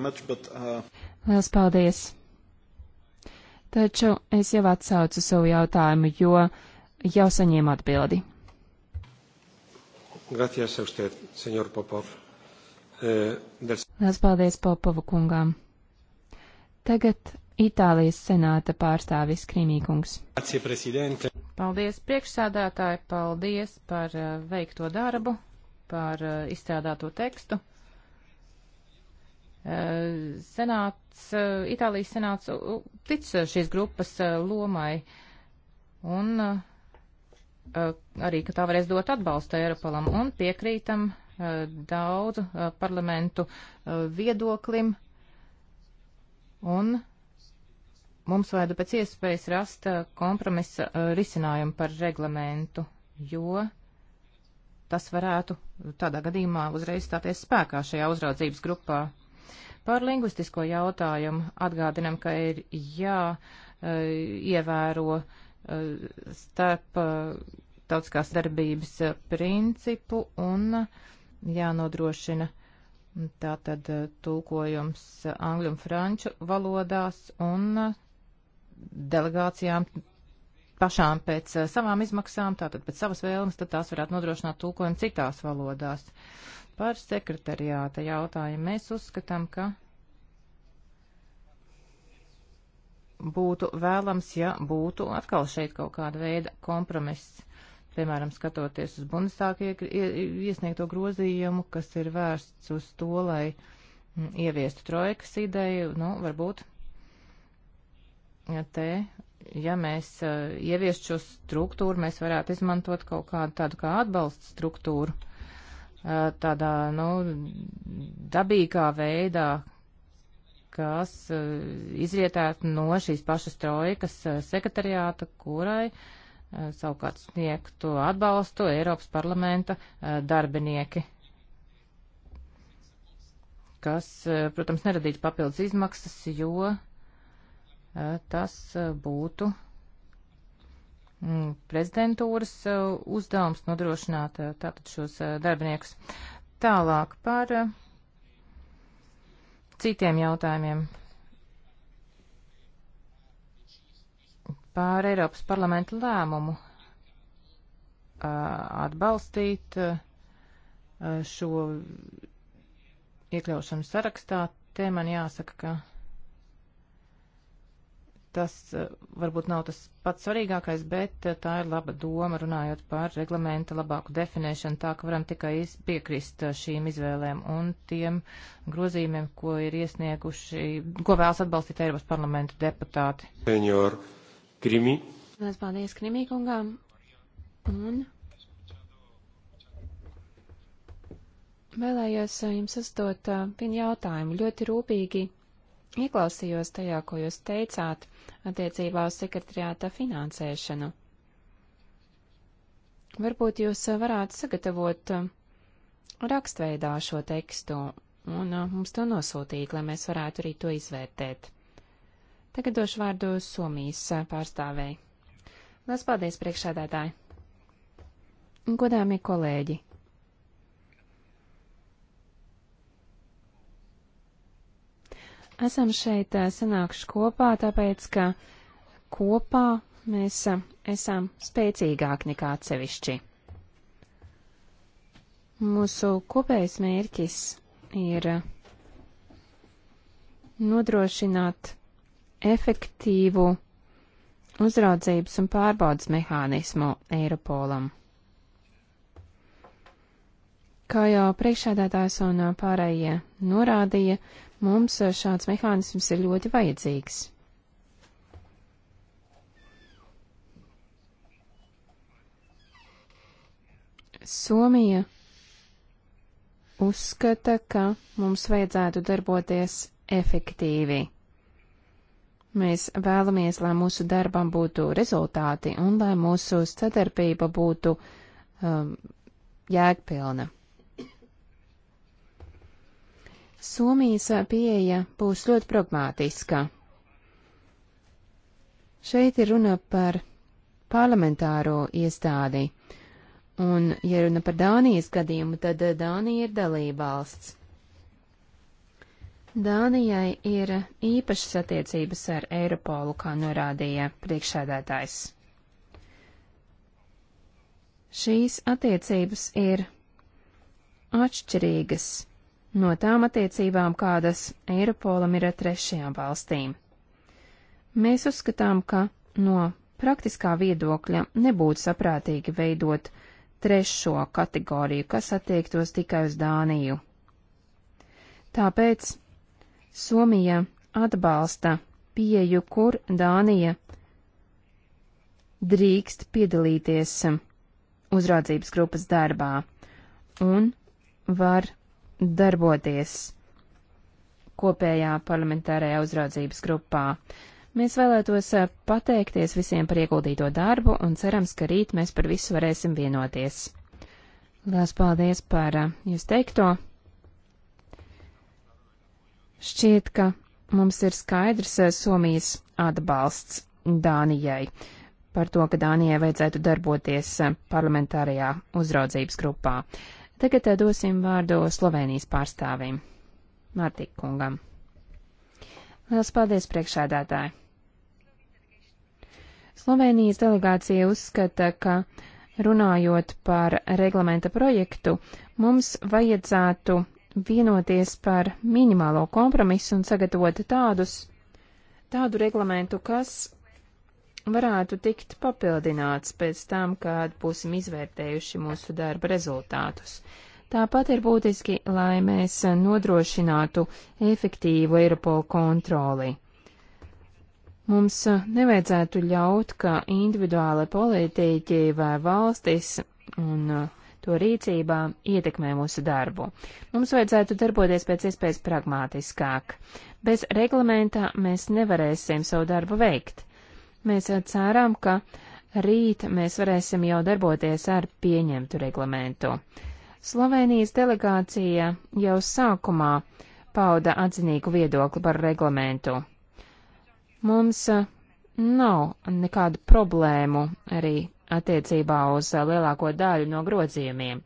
Much, but, uh... Liels paldies! Taču es jau atsaucu savu jautājumu, jo jau saņēmu atbildi. Gracias a usted, señor Popov. Eh, del... Liels paldies Popovu kungām. Tagad Itālijas senāta pārstāvis Krimīkungs. Paldies priekšsādātāji, paldies par uh, veikto darbu, par uh, izstrādāto tekstu. Uh, senāts, Itālijas senāts tic šīs grupas lomai un arī, ka tā varēs dot atbalstu Eiropalam un piekrītam daudzu parlamentu viedoklim un mums vajadzētu pēc iespējas rast uh, kompromisa uh, risinājumu par reglamentu, jo tas varētu tādā gadījumā uzreiz stāties spēkā šajā uzraudzības grupā. Par lingvistisko jautājumu atgādinam, ka ir jāievēro uh, starp tautiskās darbības principu un jānodrošina tātad tulkojums angļu un franču valodās un delegācijām pašām pēc eh, savām izmaksām, tātad pēc savas vēlmes, tad tās varētu nodrošināt tulkojumu citās valodās. Par sekretariāta jautājumu mēs uzskatām, ka būtu vēlams, ja būtu atkal šeit kaut kāda veida kompromiss, piemēram, skatoties uz bundestāku iesniegto grozījumu, kas ir vērsts uz to, lai mm, ieviestu trojkas ideju, nu, varbūt te, ja mēs eh, ieviest šo struktūru, mēs varētu izmantot kaut kādu tādu kā atbalstu struktūru eh, tādā, nu, dabīgā veidā, kas eh, izrietētu no šīs pašas trojkas sekretariāta, kurai savukārt sniegtu atbalstu Eiropas parlamenta darbinieki, kas, protams, neradītu papildus izmaksas, jo tas būtu mm, prezidentūras uzdevums nodrošināt tātad šos darbiniekus. Tālāk par citiem jautājumiem. Pār Eiropas parlamenta lēmumu atbalstīt šo iekļaušanu sarakstā, te man jāsaka, ka Tas eh, varbūt nav tas pats svarīgākais, bet eh, tā ir laba doma runājot par reglamenta labāku definēšanu, tā ka varam tikai piekrist eh, šīm izvēlēm un tiem grozījumiem, ko ir iesnieguši, ko vēlas atbalstīt Eiropas parlamentu deputāti. Senjor Krimi. Mēs paldies Krimī kungām. Un vēlējos jums uzdot vienu jautājumu. Ļoti rūpīgi Ieklausījos tajā, ko jūs teicāt attiecībā uz sekretariāta finansēšanu. Varbūt jūs varētu sagatavot uh, rakstveidā šo tekstu un uh, mums to nosūtīt, lai mēs varētu arī to izvērtēt. Tagad došu vārdu Somijas uh, pārstāvēji. Lielas paldies, priekšsēdētāji! Godāmie kolēģi! Esam šeit eh, sanākuši kopā, tāpēc, ka kopā mēs eh, esam spēcīgāki nekā atsevišķi. Mūsu kopējais mērķis ir eh, nodrošināt efektīvu uzraudzības un pārbaudas mehānismu Eiropolam. Kā jau priekšādātājs un pārējie norādīja, mums šāds mehānisms ir ļoti vajadzīgs. Somija uzskata, ka mums vajadzētu darboties efektīvi. Mēs vēlamies, lai mūsu darbam būtu rezultāti un lai mūsu sadarbība būtu um, jēgpilna. Somijas pieeja būs ļoti pragmātiska. Šeit ir runa par parlamentāro iestādi, un, ja runa par Dānijas gadījumu, tad eh, Dānija ir dalībvalsts. Dānijai ir īpašas attiecības ar Eiropolu, kā norādīja priekšsēdētājs. Šīs attiecības ir atšķirīgas no tām attiecībām, kādas Eiropolam ir ar trešajām valstīm. Mēs uzskatām, ka no praktiskā viedokļa nebūtu saprātīgi veidot trešo kategoriju, kas attiektos tikai uz Dāniju. Tāpēc Somija atbalsta pieju, kur Dānija drīkst piedalīties uzraudzības grupas darbā un var darboties kopējā parlamentārajā uzraudzības grupā. Mēs vēlētos eh, pateikties visiem par ieguldīto darbu un cerams, ka rīt mēs par visu varēsim vienoties. Lielas paldies par eh, jūs teikto. Šķiet, ka mums ir skaidrs eh, Somijas atbalsts Dānijai par to, ka Dānijai vajadzētu darboties parlamentārajā uzraudzības grupā. Tagad eh, dosim vārdu Slovenijas pārstāvim, Mārtiņa kungam. Lielas paldies, priekšādātāji! Slovenijas delegācija uzskata, ka runājot par reglamenta projektu, mums vajadzētu vienoties par minimālo kompromisu un sagatavot tādus, tādu reglamentu, kas varētu tikt papildināts pēc tam, kad būsim izvērtējuši mūsu darba rezultātus. Tāpat ir būtiski, lai mēs nodrošinātu efektīvu Eiropolu kontroli. Mums nevajadzētu ļaut, ka individuāli politiķi vai valstis un uh, to rīcībā ietekmē mūsu darbu. Mums vajadzētu darboties pēc iespējas pragmātiskāk. Bez reglamenta mēs nevarēsim savu darbu veikt. Mēs eh, cerām, ka rīt mēs varēsim jau darboties ar pieņemtu reglamentu. Slovenijas delegācija jau sākumā pauda atzinīgu viedokli par reglamentu. Mums eh, nav nekādu problēmu arī attiecībā uz eh, lielāko daļu no grozījumiem.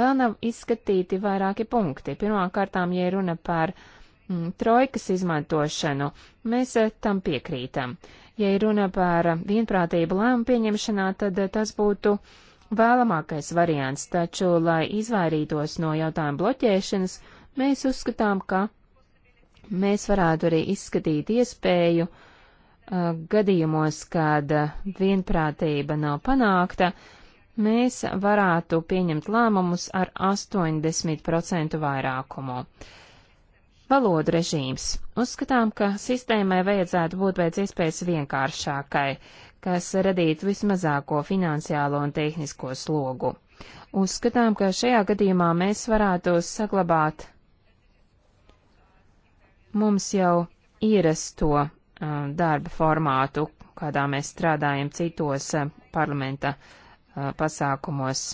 Vēl nav izskatīti vairāki punkti. Pirmkārtām, ja runa par uh, Mm, trojkas izmantošanu, mēs eh, tam piekrītam. Ja ir runa par eh, vienprātību lēmumu pieņemšanā, tad eh, tas būtu vēlamākais variants, taču, lai izvairītos no jautājuma bloķēšanas, mēs uzskatām, ka mēs varētu arī izskatīt iespēju uh, gadījumos, kad vienprātība nav panākta, mēs varētu pieņemt lēmumus ar 80% vairākumu. Uh, valodu režīms. Uzskatām, ka sistēmai vajadzētu būt pēc iespējas vienkāršākai, kas radītu vismazāko finansiālo un tehnisko slogu. Uzskatām, ka šajā gadījumā mēs varētu saglabāt mums jau ierasto uh, darba formātu, kādā mēs strādājam citos uh, parlamenta uh, pasākumos.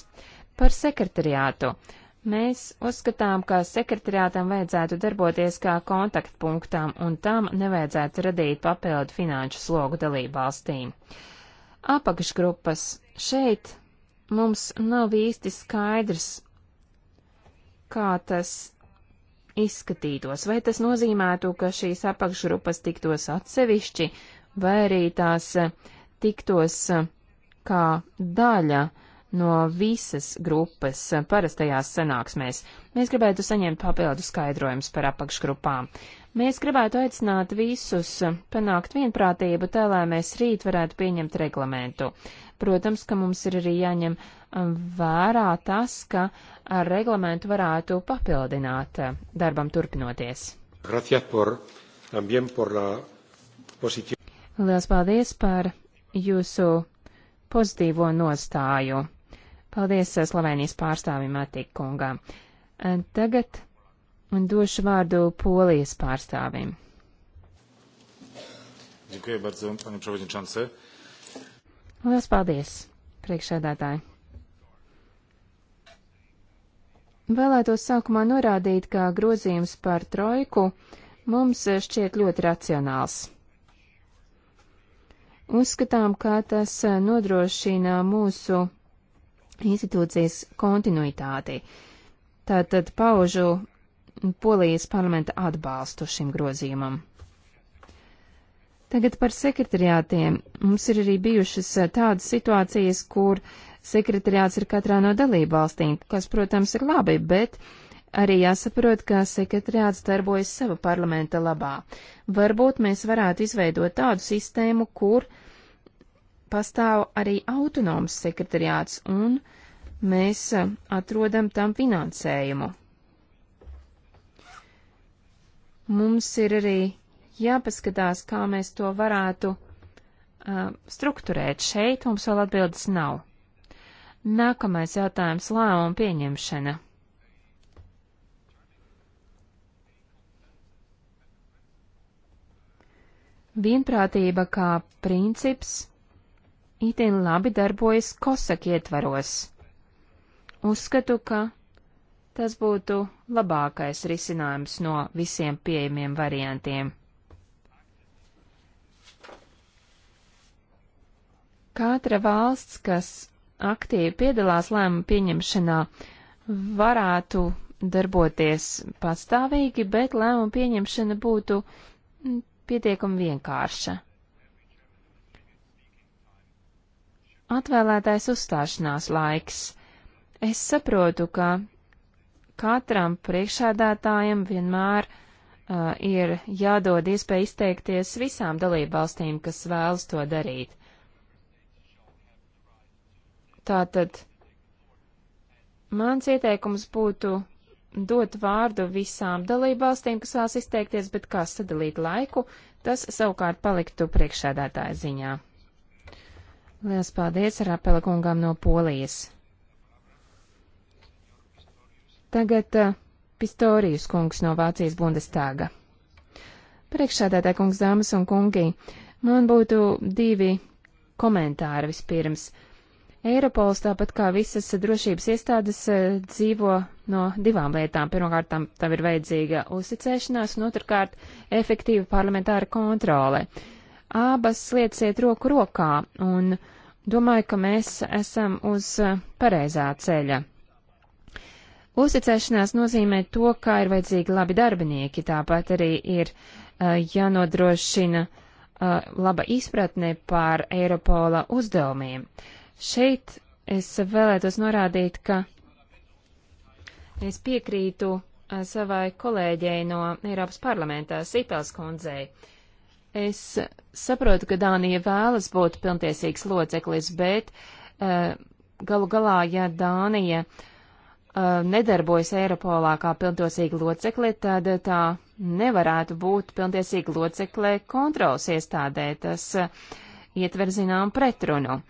Par sekretariātu. Uh, Mēs uzskatām, ka sekretariātam vajadzētu darboties kā kontaktpunktām, un tam nevajadzētu radīt papildu finanšu slogu dalībvalstīm. Apakšgrupas šeit mums nav īsti skaidrs, kā tas izskatītos, vai tas nozīmētu, ka šīs apakšgrupas tiktos atsevišķi, vai arī tās tiktos uh, kā daļa no visas grupas parastajās sanāksmēs. Mēs gribētu saņemt papildu skaidrojumus par apakšgrupām. Mēs gribētu aicināt visus panākt vienprātību tā, lai mēs rīt varētu pieņemt reglamentu. Protams, ka mums ir arī jāņem um, vērā tas, ka ar reglamentu varētu papildināt uh, darbam turpinoties. Gracias por, también por la posición. Liels paldies par jūsu pozitīvo nostāju. Paldies eh, Slovenijas pārstāvim Atikungam. Eh, tagad došu vārdu Polijas pārstāvim. Dziękuję bardzo, panie przewodniczący. Lielas paldies, priekšsēdētāji. Vēlētos sākumā norādīt, ka grozījums par trojku mums eh, šķiet ļoti racionāls. Uzskatām, ka tas nodrošina mūsu institūcijas kontinuitāti. Tātad paužu Polijas parlamenta atbalstu šim grozījumam. Tagad par sekretariātiem. Mums ir arī bijušas eh, tādas situācijas, kur sekretariāts ir katrā no dalību valstīm, kas, protams, ir labi, bet arī jāsaprot, ka sekretariāts darbojas sava parlamenta labā. Varbūt mēs varētu izveidot tādu sistēmu, kur uh, pastāv arī autonoms sekretariāts, un mēs eh, atrodam tam finansējumu. Mums ir arī jāpaskatās, kā mēs to varētu uh, eh, struktūrēt. Šeit mums vēl atbildes nav. Nākamais jautājums - lēmuma pieņemšana. Vienprātība kā princips itin labi darbojas kosak ietvaros. Uzskatu, ka tas būtu labākais risinājums no visiem pieejamiem variantiem. Katra valsts, kas aktīvi piedalās lēmumu pieņemšanā, varētu darboties pastāvīgi, bet lēmumu pieņemšana būtu mm, pietiekami vienkārša. Atvēlētais uzstāšanās laiks. Es saprotu, ka katram priekšādātājam vienmēr uh, ir jādod iespēja izteikties visām dalībvalstīm, kas vēlas to darīt. Tātad mans ieteikums būtu dot vārdu visām dalībvalstīm, kas vēlas izteikties, bet kā sadalīt laiku, tas savukārt paliktu priekšsēdētāja ziņā. Lielas paldies Rapela kungam no Polijas. Tagad uh, Pistorijas kungs no Vācijas Bundestāga. Priekšsādātāja kungs, dāmas un kungi, man būtu divi komentāri vispirms. Eiropols, tāpat kā visas drošības iestādes, uh, dzīvo no divām lietām. Pirmkārt, tam, tam ir vajadzīga uzticēšanās, un otrkārt, efektīva parlamentāra kontrole. Uh, Abas lietas iet roku rokā, un domāju, ka mēs esam uz eh, pareizā ceļa. Uzticēšanās nozīmē to, kā ir vajadzīgi labi darbinieki, tāpat arī ir uh, jānodrošina uh, laba izpratne par Eiropola uzdevumiem. Šeit es vēlētos norādīt, ka es piekrītu uh, savai kolēģei no Eiropas parlamentā, Sīpels kundzei. Uh, Es saprotu, ka Dānija vēlas būt pilntiesīgs loceklis, bet uh, galu galā, ja Dānija uh, nedarbojas Eiropolā kā pilntiesīga locekle, tad tā nevarētu būt pilntiesīga locekle kontrols iestādē. Tas uh, ietver zinām pretrunu.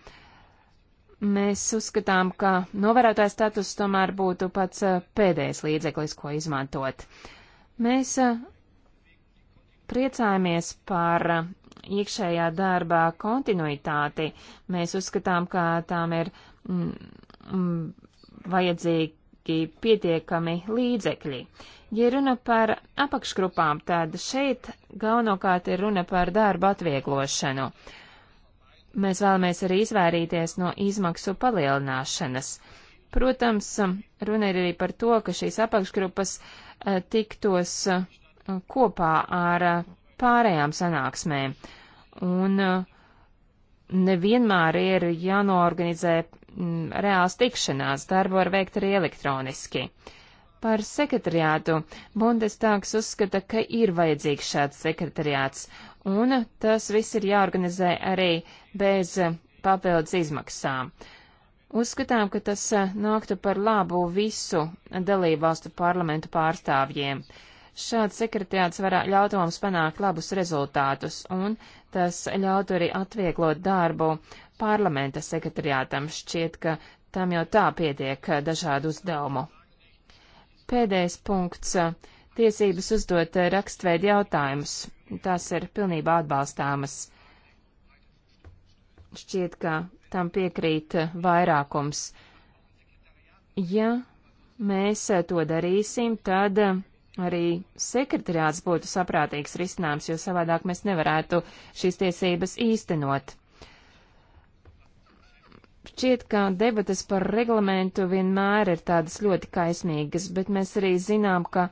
Mēs uzskatām, ka novērotājs status tomēr būtu pats pēdējais līdzeklis, ko izmantot. Mēs Priecājamies par iekšējā darbā kontinuitāti. Mēs uzskatām, ka tām ir mm, mm, vajadzīgi pietiekami līdzekļi. Ja runa par apakšgrupām, tad šeit galvenokārt ir runa par darbu atvieglošanu. Mēs vēlamies arī izvairīties no izmaksu palielināšanas. Protams, runa ir arī par to, ka šīs apakšgrupas eh, tiktos uh, kopā ar eh, pārējām sanāksmēm. Un eh, nevienmēr ir jānoorganizē mm, reāls tikšanās, darbu var veikt arī elektroniski. Par sekretariātu Bundestāgs uzskata, ka ir vajadzīgs šāds sekretariāts, un eh, tas viss ir jāorganizē arī bez papildus izmaksām. Uzskatām, ka tas nāktu par labu visu dalībvalstu parlamentu pārstāvjiem. Uh, Šāds sekretariāts var ļaut mums panākt labus rezultātus, un tas ļautu arī atvieglot darbu parlamenta sekretariātam. Šķiet, ka tam jau tā pietiek eh, dažādu uzdevumu. Pēdējais punkts eh, - tiesības uzdot eh, rakstveidu jautājumus. Tās ir pilnībā atbalstāmas. Šķiet, ka tam piekrīt vairākums. Ja mēs to darīsim, tad arī sekretariāts būtu saprātīgs risinājums, jo savādāk mēs nevarētu šīs tiesības īstenot. Šķiet, ka debatas par reglamentu vienmēr ir tādas ļoti kaismīgas, bet mēs arī zinām, ka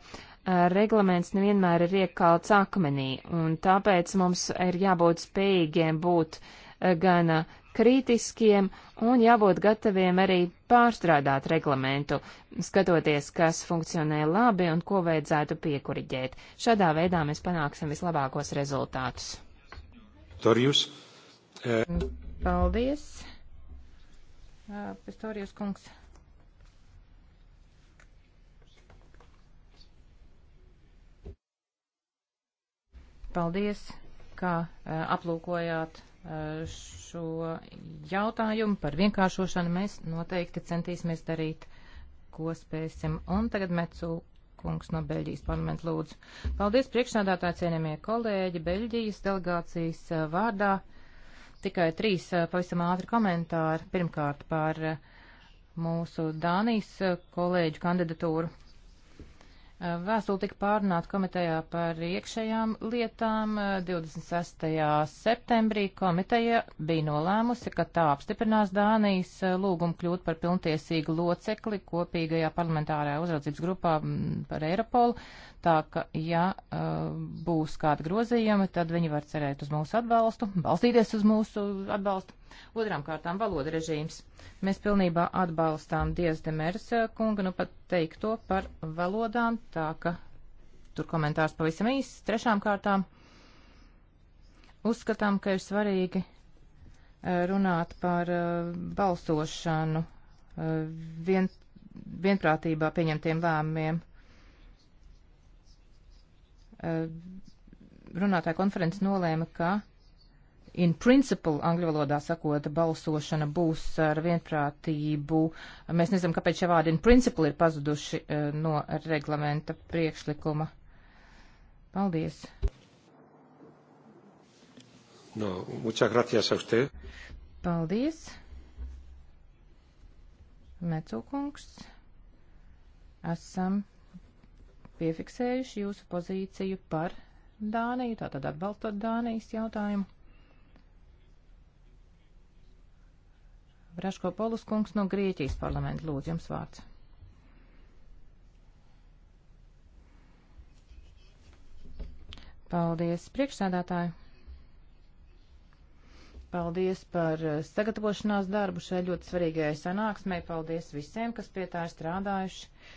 reglaments nevienmēr ir iekalts akmenī, un tāpēc mums ir jābūt spējīgiem būt gan kritiskiem un jābūt gataviem arī pārstrādāt reglamentu, skatoties, kas funkcionē labi un ko vajadzētu piekuriģēt. Šādā veidā mēs panāksim vislabākos rezultātus. Torjus. E... Paldies. Pistorijas kungs. Paldies, kā aplūkojāt Eh, šo jautājumu par vienkāršošanu mēs noteikti centīsimies darīt, ko spēsim. Un tagad Mecu kungs no Beļģijas parlamenta lūdzu. Paldies priekšsādātāji cienījamie kolēģi Beļģijas delegācijas eh, vārdā. Tikai trīs eh, pavisam ātri komentāri. Pirmkārt par mūsu Dānijas kolēģu kandidatūru Vēstule tika pārunāta komitejā par iekšējām lietām. 26. septembrī komiteja bija nolēmusi, ka tā apstiprinās Dānijas lūgumu kļūt par pilntiesīgu locekli kopīgajā parlamentārajā uzraudzības grupā mm, par Eiropolu tā, ka ja uh, būs kāda grozījuma, tad viņi var cerēt uz mūsu atbalstu, balstīties uz mūsu atbalstu. Otrām kārtām valoda režīms. Mēs pilnībā atbalstām Dievs Demers uh, kunga, nu pat teikto par valodām, tā ka tur komentārs pavisam īsts. Trešām kārtām uzskatām, ka ir svarīgi uh, runāt par uh, balsošanu uh, vien, vienprātībā pieņemtiem lēmumiem. Eh, runātāja konferences nolēma, ka in principle, angļu valodā sakot, balsošana būs ar vienprātību. Mēs nezinām, kāpēc šie vārdi in principle ir pazuduši eh, no reglamenta priekšlikuma. Paldies! No, muchas gracias a usted. Paldies. Mecukungs. Esam piefiksējuši jūsu pozīciju par Dāniju, tātad atbalstot Dānijas jautājumu. Braško Polus kungs no Grieķijas parlamenta lūdzu jums vārds. Paldies, priekšsēdētāji! Paldies par eh, sagatavošanās darbu šai ļoti svarīgajai sanāksmei. Paldies visiem, kas pie tā ir strādājuši.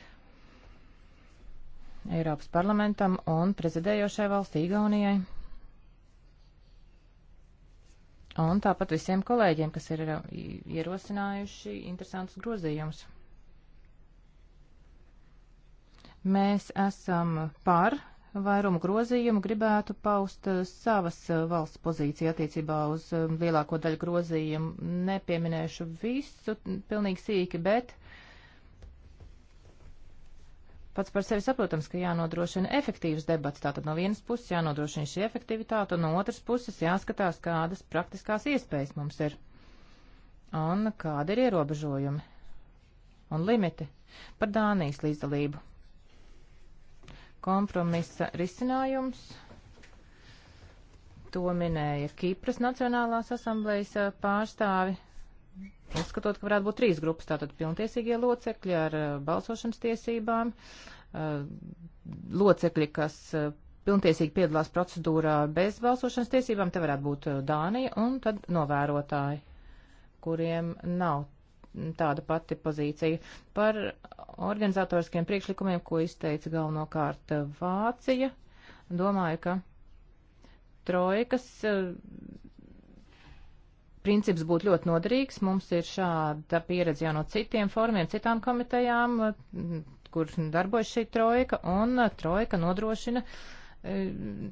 Eiropas parlamentam un prezidējošai valstī Igaunijai. Un tāpat visiem kolēģiem, kas ir ierosinājuši interesantus grozījumus. Mēs esam par vairumu grozījumu, gribētu paust uh, savas uh, valsts pozīciju attiecībā uz um, lielāko daļu grozījumu. Nepieminēšu visu pilnīgi sīki, bet uh, Pats par sevi saprotams, ka jānodrošina efektīvas debats. Tātad no vienas puses jānodrošina šī efektivitāte, un no otras puses jāskatās, kādas praktiskās iespējas mums ir. Un kāda ir ierobežojumi un limiti par Dānijas līdzdalību. Kompromisa risinājums. To minēja Kipras Nacionālās asamblejas pārstāvi Izskatot, ka varētu būt trīs grupas, tātad pilntiesīgie locekļi ar eh, balsošanas tiesībām, eh, locekļi, kas eh, pilntiesīgi piedalās procedūrā bez balsošanas tiesībām, te varētu būt Dānija, un tad novērotāji, kuriem nav tāda pati pozīcija. Par organizatoriskiem priekšlikumiem, ko izteica galvenokārt Vācija, domāju, ka trojkas princips būtu ļoti noderīgs. Mums ir šāda pieredze jau no citiem formiem, citām komitejām, kur darbojas šī trojka, un trojka nodrošina e,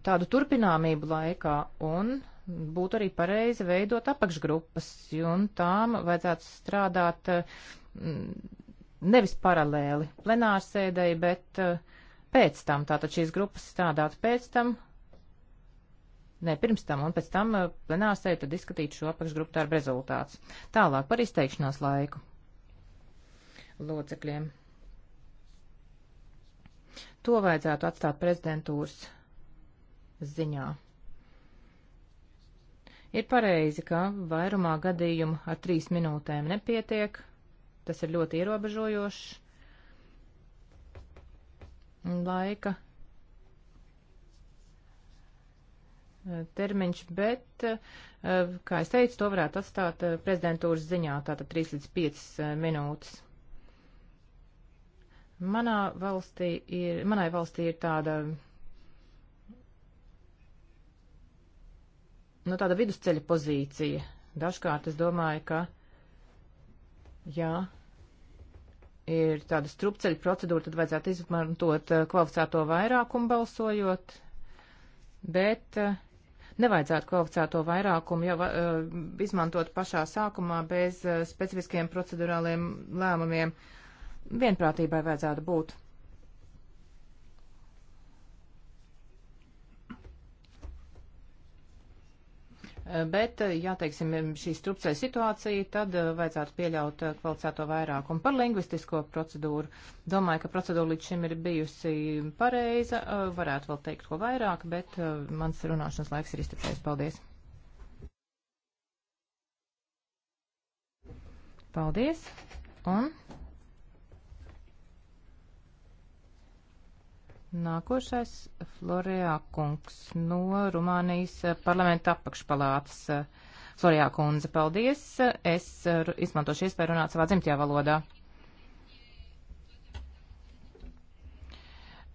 tādu turpināmību laikā, un būtu arī pareizi veidot apakšgrupas, un tām vajadzētu strādāt e, nevis paralēli plenārsēdēji, bet e, pēc tam, tātad šīs grupas strādāt pēc tam, Nē, pirms tam un pēc tam eh, plenārsēju tad izskatīt šo apakšgrupu darba rezultāts. Tālāk par izteikšanās laiku locekļiem. To vajadzētu atstāt prezidentūras ziņā. Ir pareizi, ka vairumā gadījumu ar trīs minūtēm nepietiek. Tas ir ļoti ierobežojošs laika termiņš, bet, eh, kā es teicu, to varētu atstāt eh, prezidentūras ziņā, tātad 3 līdz 5 eh, minūtes. Manā valstī ir, manai valstī ir tāda, nu tāda vidusceļa pozīcija. Dažkārt es domāju, ka, jā, ir tāda strupceļa procedūra, tad vajadzētu izmantot kvalificēto vairākumu balsojot, bet uh, nevajadzētu kvalificēto vairākumu jau eh, izmantot pašā sākumā bez eh, specifiskiem procedurāliem lēmumiem. Vienprātībai vajadzētu būt. Bet, eh, ja teiksim, šī strupceļa situācija, tad eh, vajadzētu pieļaut eh, kvalificēto vairākumu. Par lingvistisko procedūru. Domāju, ka procedūra līdz šim ir bijusi pareiza. Varētu vēl teikt ko vairāk, bet mans runāšanas laiks ir iztecējis. Paldies! Paldies! Un Nākošais Florijā kungs no Rumānijas parlamenta apakšpalātas. Florijā kundze, paldies. Es eh, izmantošu iespēju runāt savā dzimtajā valodā.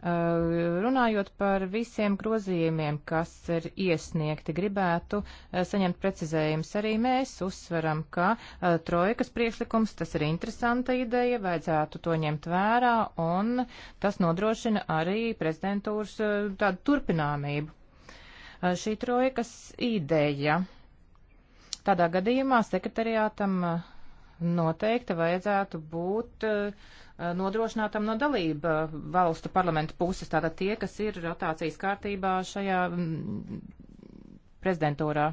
Eh, runājot par visiem grozījumiem, kas ir iesniegti, gribētu eh, saņemt precizējumus. Arī mēs uzsveram, ka eh, trojkas priekšlikums tas ir interesanta ideja, vajadzētu to ņemt vērā, un tas nodrošina arī prezidentūras tādu turpināmību. Šī trojkas ideja. Tādā gadījumā sekretariātam noteikti vajadzētu būt uh, Uh, nodrošinātam no dalība uh, valstu parlamentu puses, tātad tie, kas ir rotācijas kārtībā šajā mm, prezidentūrā.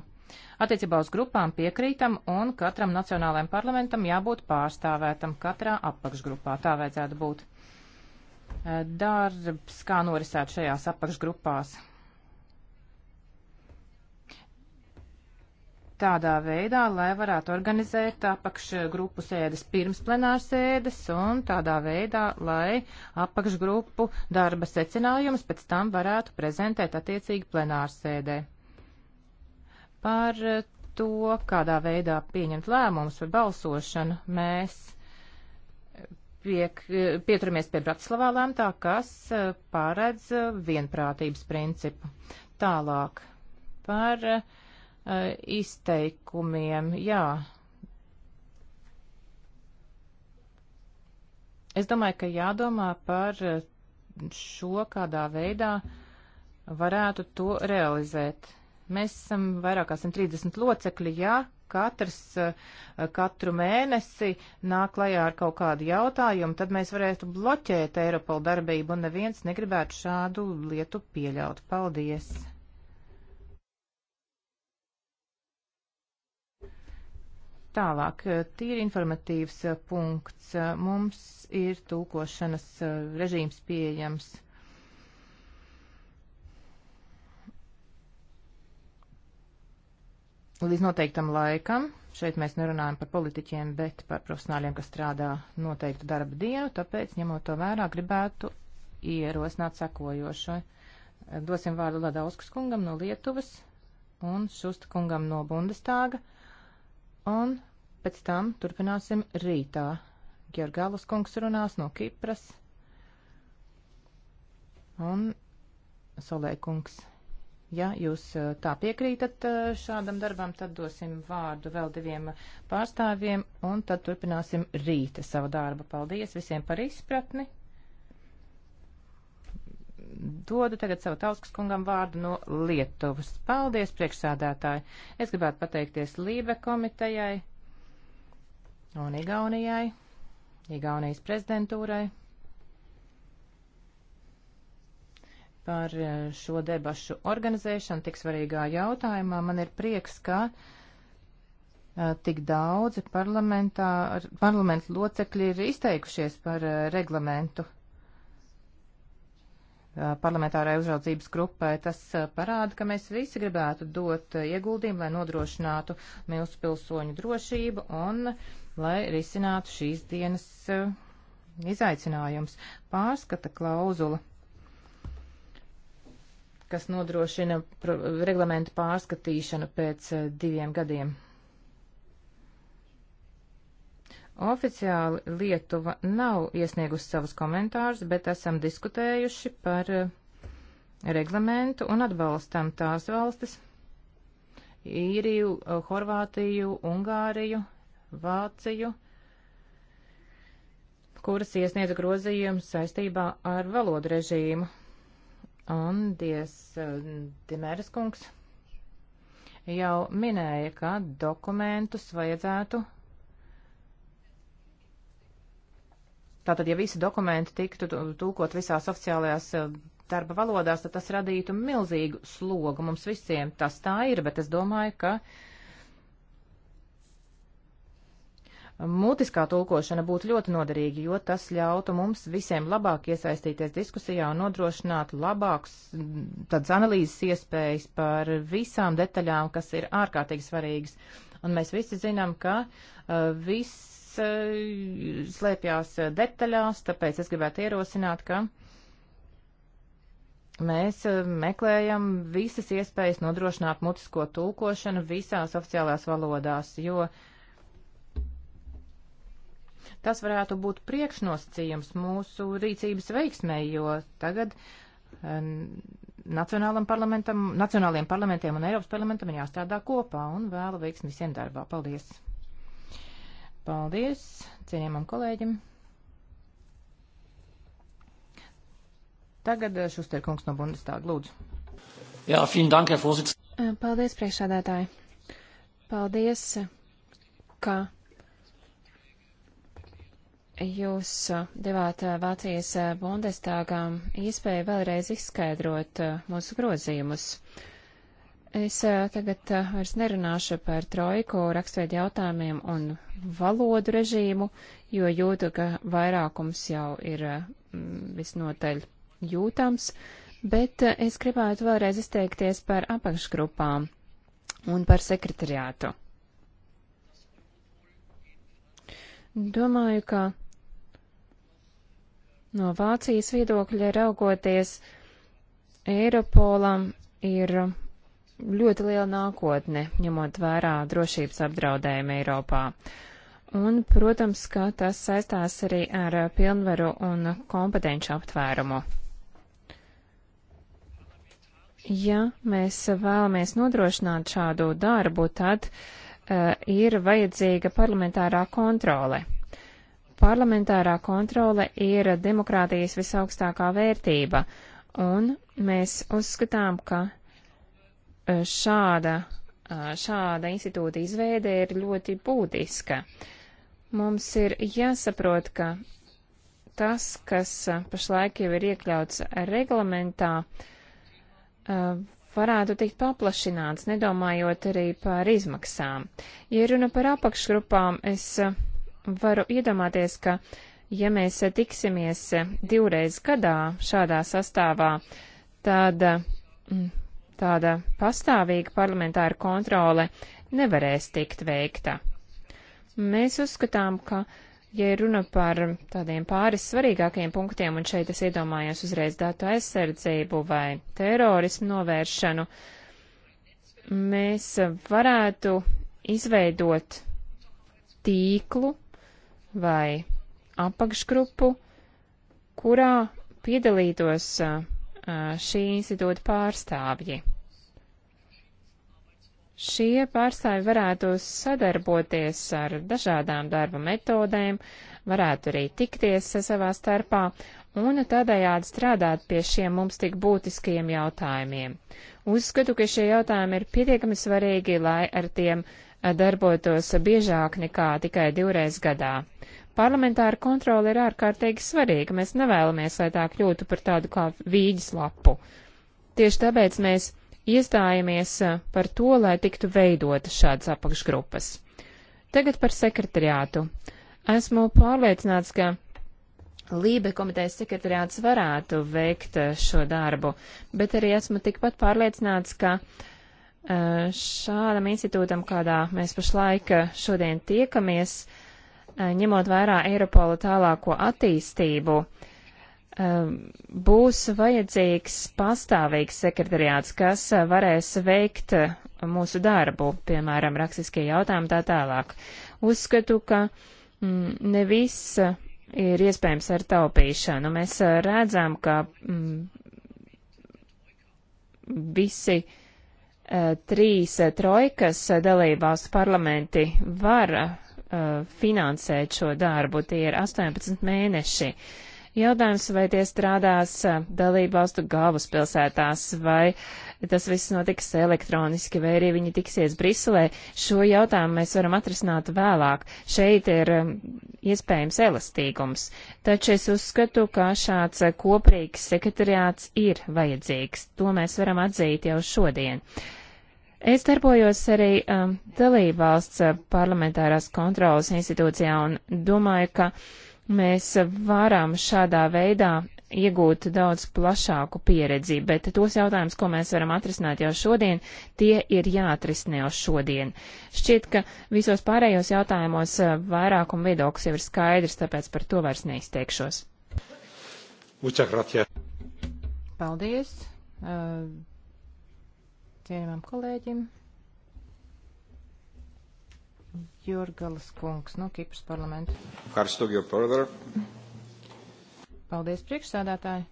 Attiecībā uz grupām piekrītam un katram nacionālajam parlamentam jābūt pārstāvētam katrā apakšgrupā. Tā vajadzētu būt. Uh, darbs, kā norisēt šajās apakšgrupās. tādā veidā, lai varētu organizēt apakšgrupu sēdes pirms plenārsēdes un tādā veidā, lai apakšgrupu darba secinājumus pēc tam varētu prezentēt attiecīgi plenārsēdē. Par to, kādā veidā pieņemt lēmumus par balsošanu, mēs piek, pieturamies pie Bratislavā lēmtā, kas paredz vienprātības principu. Tālāk par uh, E, izteikumiem. Jā. Es domāju, ka jādomā par šo, kādā veidā varētu to realizēt. Mēs esam vairāk kā 130 locekļi, jā, katrs e, katru mēnesi nāk klajā ar kaut kādu jautājumu, tad mēs varētu bloķēt Eiropola darbību un neviens negribētu šādu lietu pieļaut. Paldies! Tālāk, eh, tīri informatīvs eh, punkts. Eh, mums ir tūkošanas režīms pieejams. Līdz noteiktam laikam, šeit mēs nerunājam par politiķiem, bet par profesionāļiem, kas strādā noteiktu darba dienu, tāpēc, ņemot to vērā, gribētu ierosināt sekojošo. Dosim vārdu Ladauskas kungam no Lietuvas un Šusta kungam no Bundestāga. Uh, un pēc tam turpināsim rītā. Georgālus kungs runās no Kipras un Solē kungs. Ja jūs eh, tā piekrītat eh, šādam darbam, tad dosim vārdu vēl diviem pārstāvjiem un tad turpināsim rīta savu darbu. Paldies visiem par izpratni! dodu tagad savu tauskas kungam vārdu no Lietuvas. Paldies, priekšsādātāji! Es gribētu pateikties Lībe komitejai un Igaunijai, Igaunijas prezidentūrai par eh, šo debašu organizēšanu tik svarīgā jautājumā. Man ir prieks, ka eh, tik daudzi parlamentu locekļi ir izteikušies par eh, reglamentu parlamentārai uzraudzības grupai, tas parāda, ka mēs visi gribētu dot ieguldījumu, lai nodrošinātu mūsu pilsoņu drošību un lai risinātu šīs dienas izaicinājums. Pārskata klauzula kas nodrošina reglamentu pārskatīšanu pēc diviem gadiem. Oficiāli Lietuva nav iesniegusi savus komentārus, bet esam diskutējuši par eh, reglamentu un atbalstam tās valstis - Īriju, eh, Horvātiju, Ungāriju, Vāciju, kuras iesniedz grozījumus saistībā ar valodu režīmu. Un Dies eh, Dimēras kungs jau minēja, ka dokumentus vajadzētu Tātad, ja visi dokumenti tiktu tulkot visās oficiālajās eh, darba valodās, tad tas radītu milzīgu slogu mums visiem. Tas tā ir, bet es domāju, ka mutiskā tulkošana būtu ļoti noderīga, jo tas ļautu mums visiem labāk iesaistīties diskusijā un nodrošināt labāks tāds analīzes iespējas par visām detaļām, kas ir ārkārtīgi svarīgas. Un mēs visi zinām, ka uh, viss Eh, slēpjās detaļās, tāpēc es gribētu ierosināt, ka mēs eh, meklējam visas iespējas nodrošināt mutisko tulkošanu visās oficiālās valodās, jo tas varētu būt priekšnosacījums mūsu rīcības veiksmē, jo tagad eh, Nacionālam parlamentam, nacionāliem parlamentiem un Eiropas parlamentam ir jāstrādā kopā un vēlu veiksmi visiem darbā. Paldies! Paldies cienījamam kolēģim. Tagad Šusterkungs eh, no Bundestāga lūdzu. Jā, fin dank, Herr Fosits. Eh, paldies, priekšādātāji. Paldies, ka jūs eh, devāt Vācijas Bundestāgām iespēju vēlreiz izskaidrot mūsu grozījumus. Uh, Es tagad vairs nerunāšu par trojku rakstveidu jautājumiem un valodu režīmu, jo jūtu, ka vairākums jau ir visnotaļ jūtams, bet es gribētu vēlreiz izteikties par apakšgrupām un par sekretariātu. Domāju, ka no Vācijas viedokļa raugoties Eiropolam ir ļoti liela nākotne, ņemot vērā drošības apdraudējumu Eiropā. Un, protams, ka tas saistās arī ar pilnvaru un kompetenci aptvērumu. Ja mēs vēlamies nodrošināt šādu darbu, tad uh, ir vajadzīga parlamentārā kontrole. Parlamentārā kontrole ir demokrātijas visaugstākā vērtība, un mēs uzskatām, ka Eh, šāda, eh, šāda institūta izveide ir ļoti būtiska. Mums ir jāsaprot, ka tas, kas eh, pašlaik jau ir iekļauts reglamentā, varētu tikt paplašināts, nedomājot arī par izmaksām. Ja runa par apakšgrupām, es varu iedomāties, ka, ja mēs tiksimies divreiz gadā šādā sastāvā, tad mm, tāda pastāvīga parlamentāra kontrole nevarēs tikt veikta. Mēs uzskatām, ka, ja runa par tādiem pāris svarīgākiem punktiem, un šeit es iedomājos uzreiz datu aizsardzību vai terorismu novēršanu, mēs varētu izveidot tīklu vai apakšgrupu, kurā piedalītos šī institūta pārstāvji. Šie pārstāvi varētu sadarboties ar dažādām darba metodēm, varētu arī tikties savā starpā un tādējādi strādāt pie šiem mums tik būtiskajiem jautājumiem. Uzskatu, ka šie jautājumi ir pietiekami svarīgi, lai ar tiem darbotos biežāk nekā tikai divreiz gadā. Parlamentāra kontrola ir ārkārtīgi svarīga. Mēs nevēlamies, lai tā kļūtu par tādu kā vīģis lapu. Tieši tāpēc mēs iestājamies eh, par to, lai tiktu veidotas šādas apakšgrupas. Tagad par sekretariātu. Esmu pārliecināts, ka Lībe komitejas sekretariāts varētu veikt eh, šo darbu, bet arī esmu tikpat pārliecināts, ka eh, šādam institūtam, kādā mēs pašlaik šodien tiekamies, ņemot vērā Eiropola tālāko attīstību, uh, Ehm, būs vajadzīgs pastāvīgs sekretariāts, kas eh, varēs veikt eh, mūsu darbu, piemēram, rakstiskie jautājumi tā tālāk. Uzskatu, ka mm, ne viss eh, ir iespējams ar taupīšanu. Mēs redzam, ka mm, visi trīs trojkas dalībvalstu parlamenti var finansēt šo darbu. Tie ir 18 mēneši. Uh, Jautājums, vai tie strādās eh, dalību valstu galvaspilsētās, vai tas viss notiks elektroniski, vai arī viņi tiksies Briselē, šo jautājumu mēs varam atrisināt vēlāk. Šeit ir eh, iespējams elastīgums, taču es uzskatu, ka šāds eh, kopīgs sekretariāts ir vajadzīgs. To mēs varam atzīt jau šodien. Es darbojos arī um, dalībvalsts parlamentārās kontrolas institūcijā un domāju, ka uh, Mēs varam šādā veidā iegūt daudz plašāku pieredzi, bet tos jautājumus, ko mēs varam atrisināt jau šodien, tie ir jāatrisina jau šodien. Šķiet, ka visos pārējos jautājumos eh, vairākuma viedoklis jau ir skaidrs, tāpēc par to vairs neizteikšos. Paldies eh, cienījumam kolēģim. Jorgalas kungs no Kipras parlamenta. Karstugio Pordara. Paldies, priekšsādātāji.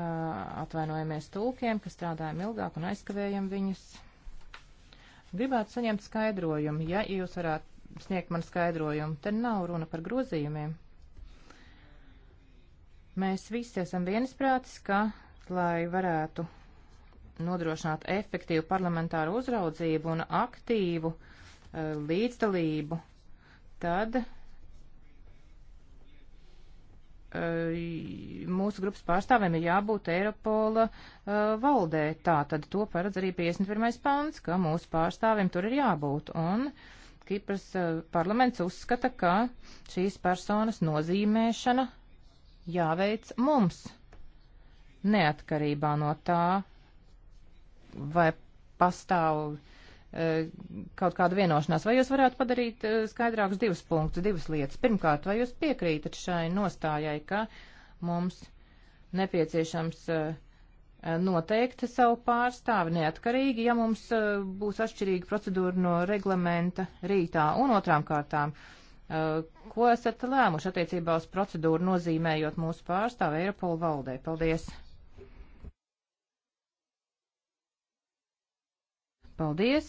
Atvainojamies tulkiem, ka strādājam ilgāk un aizkavējam viņus. Gribētu saņemt skaidrojumu, ja jūs varētu sniegt man skaidrojumu. Te nav runa par grozījumiem. Mēs visi esam viensprātis, ka, lai varētu nodrošināt efektīvu parlamentāru uzraudzību un aktīvu uh, līdzdalību, tad uh, mūsu grupas pārstāvēm ir jābūt Eiropola uh, valdē. Tā tad to paredz arī 51. pants, ka mūsu pārstāvēm tur ir jābūt. Un Kipras parlaments uzskata, ka šīs personas nozīmēšana jāveic mums neatkarībā no tā, vai pastāv e, kaut kāda vienošanās. Vai jūs varētu padarīt e, skaidrākus divus punktus, divas lietas? Pirmkārt, vai jūs piekrītat šai nostājai, ka mums nepieciešams e, noteikt savu pārstāvi neatkarīgi, ja mums būs atšķirīga procedūra no reglamenta rītā un otrām kārtām? Ko esat lēmuši attiecībā uz procedūru nozīmējot mūsu pārstāvu Eiropolu valdē? Paldies! Paldies!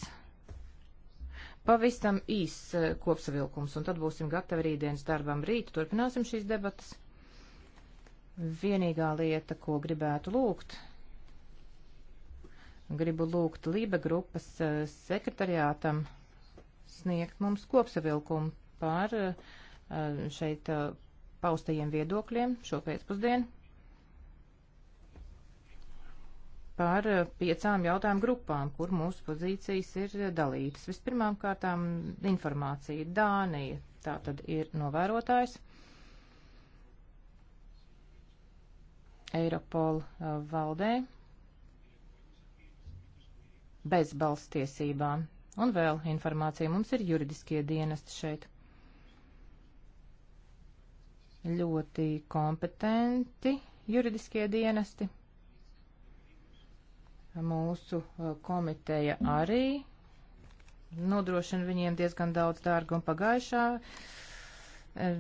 Pavisam īs eh, kopsavilkums, un tad būsim gatavi rītdienas darbam. Rīt turpināsim šīs debatas. Vienīgā lieta, ko gribētu lūgt, gribu lūgt Lība grupas eh, sekretariātam sniegt mums kopsavilkumu par eh, šeit paustajiem viedokļiem šo pēcpusdienu. par eh, piecām jautājumu grupām, kur mūsu pozīcijas ir eh, dalītas. Vispirmām kārtām informācija Dānija. Tā tad ir novērotājs. Eiropol eh, valdē bez balstiesībām. Un vēl informācija mums ir juridiskie dienesti šeit. Ļoti kompetenti juridiskie dienesti. Mūsu uh, komiteja arī nodrošina viņiem diezgan daudz dārgu un pagājušā. Eh,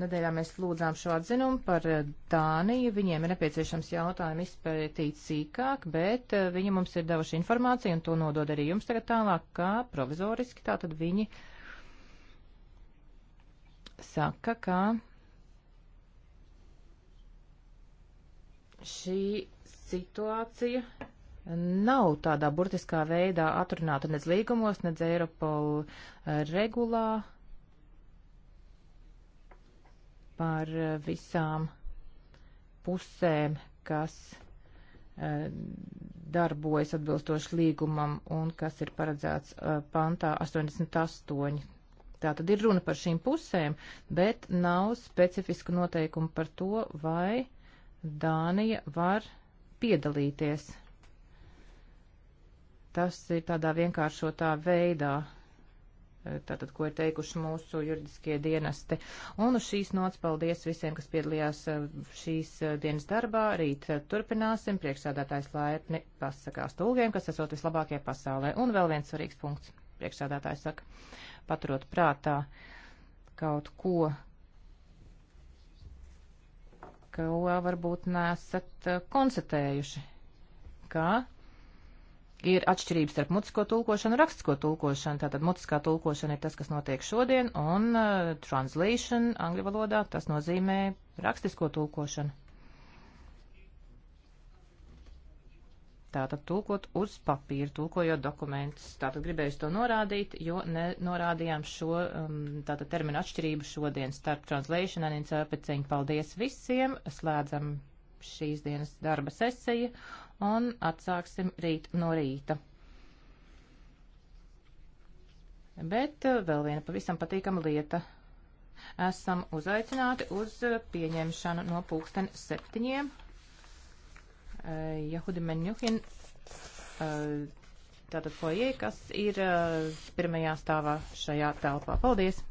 nedēļā mēs lūdzām šo atzinumu par eh, Dāniju. Viņiem ir nepieciešams jautājumu izpētīt sīkāk, bet eh, viņi mums ir devuši informāciju un to nodod arī jums tagad tālāk, kā provizoriski. Tātad viņi saka, ka šī situācija nav tādā burtiskā veidā atrunāta nedz līgumos, nedz Eiropol eh, regulā par eh, visām pusēm, kas eh, darbojas atbilstoši līgumam un kas ir paredzēts pantā 88. Tā tad ir runa par šīm pusēm, bet nav specifiska noteikuma par to, vai Dānija var uh, piedalīties. Tas ir tādā vienkāršotā veidā, e, tātad, ko ir teikuši mūsu juridiskie dienesti. Un uz šīs nots paldies visiem, kas piedalījās e, šīs e, dienas darbā. Rīt turpināsim. Priekšsādātājs laipni pasakās tulgiem, kas esot vislabākie pasaulē. Un vēl viens svarīgs punkts. Priekšsādātājs saka, paturot prātā kaut ko, ko varbūt nesat eh, konstatējuši, ka ir atšķirības starp mutisko tulkošanu un rakstisko tulkošanu. Tātad mutiskā tulkošana ir tas, kas notiek šodien, un uh, translation angļu valodā tas nozīmē rakstisko tulkošanu. Tātad tulkot uz papīru, tulkojot dokumentus. Tātad gribēju to norādīt, jo nenorādījām šo um, tātad terminu atšķirību šodien starp translation and interpreting. Paldies visiem, slēdzam šīs dienas darba sesiju un atsāksim rīt no rīta. Bet uh, vēl viena pavisam patīkama lieta. Esam uzaicināti uz uh, pieņemšanu no pulksten septiņiem. Jahudi eh, Menjuhin, eh, tātad foijē, kas ir eh, pirmajā stāvā šajā telpā. Paldies!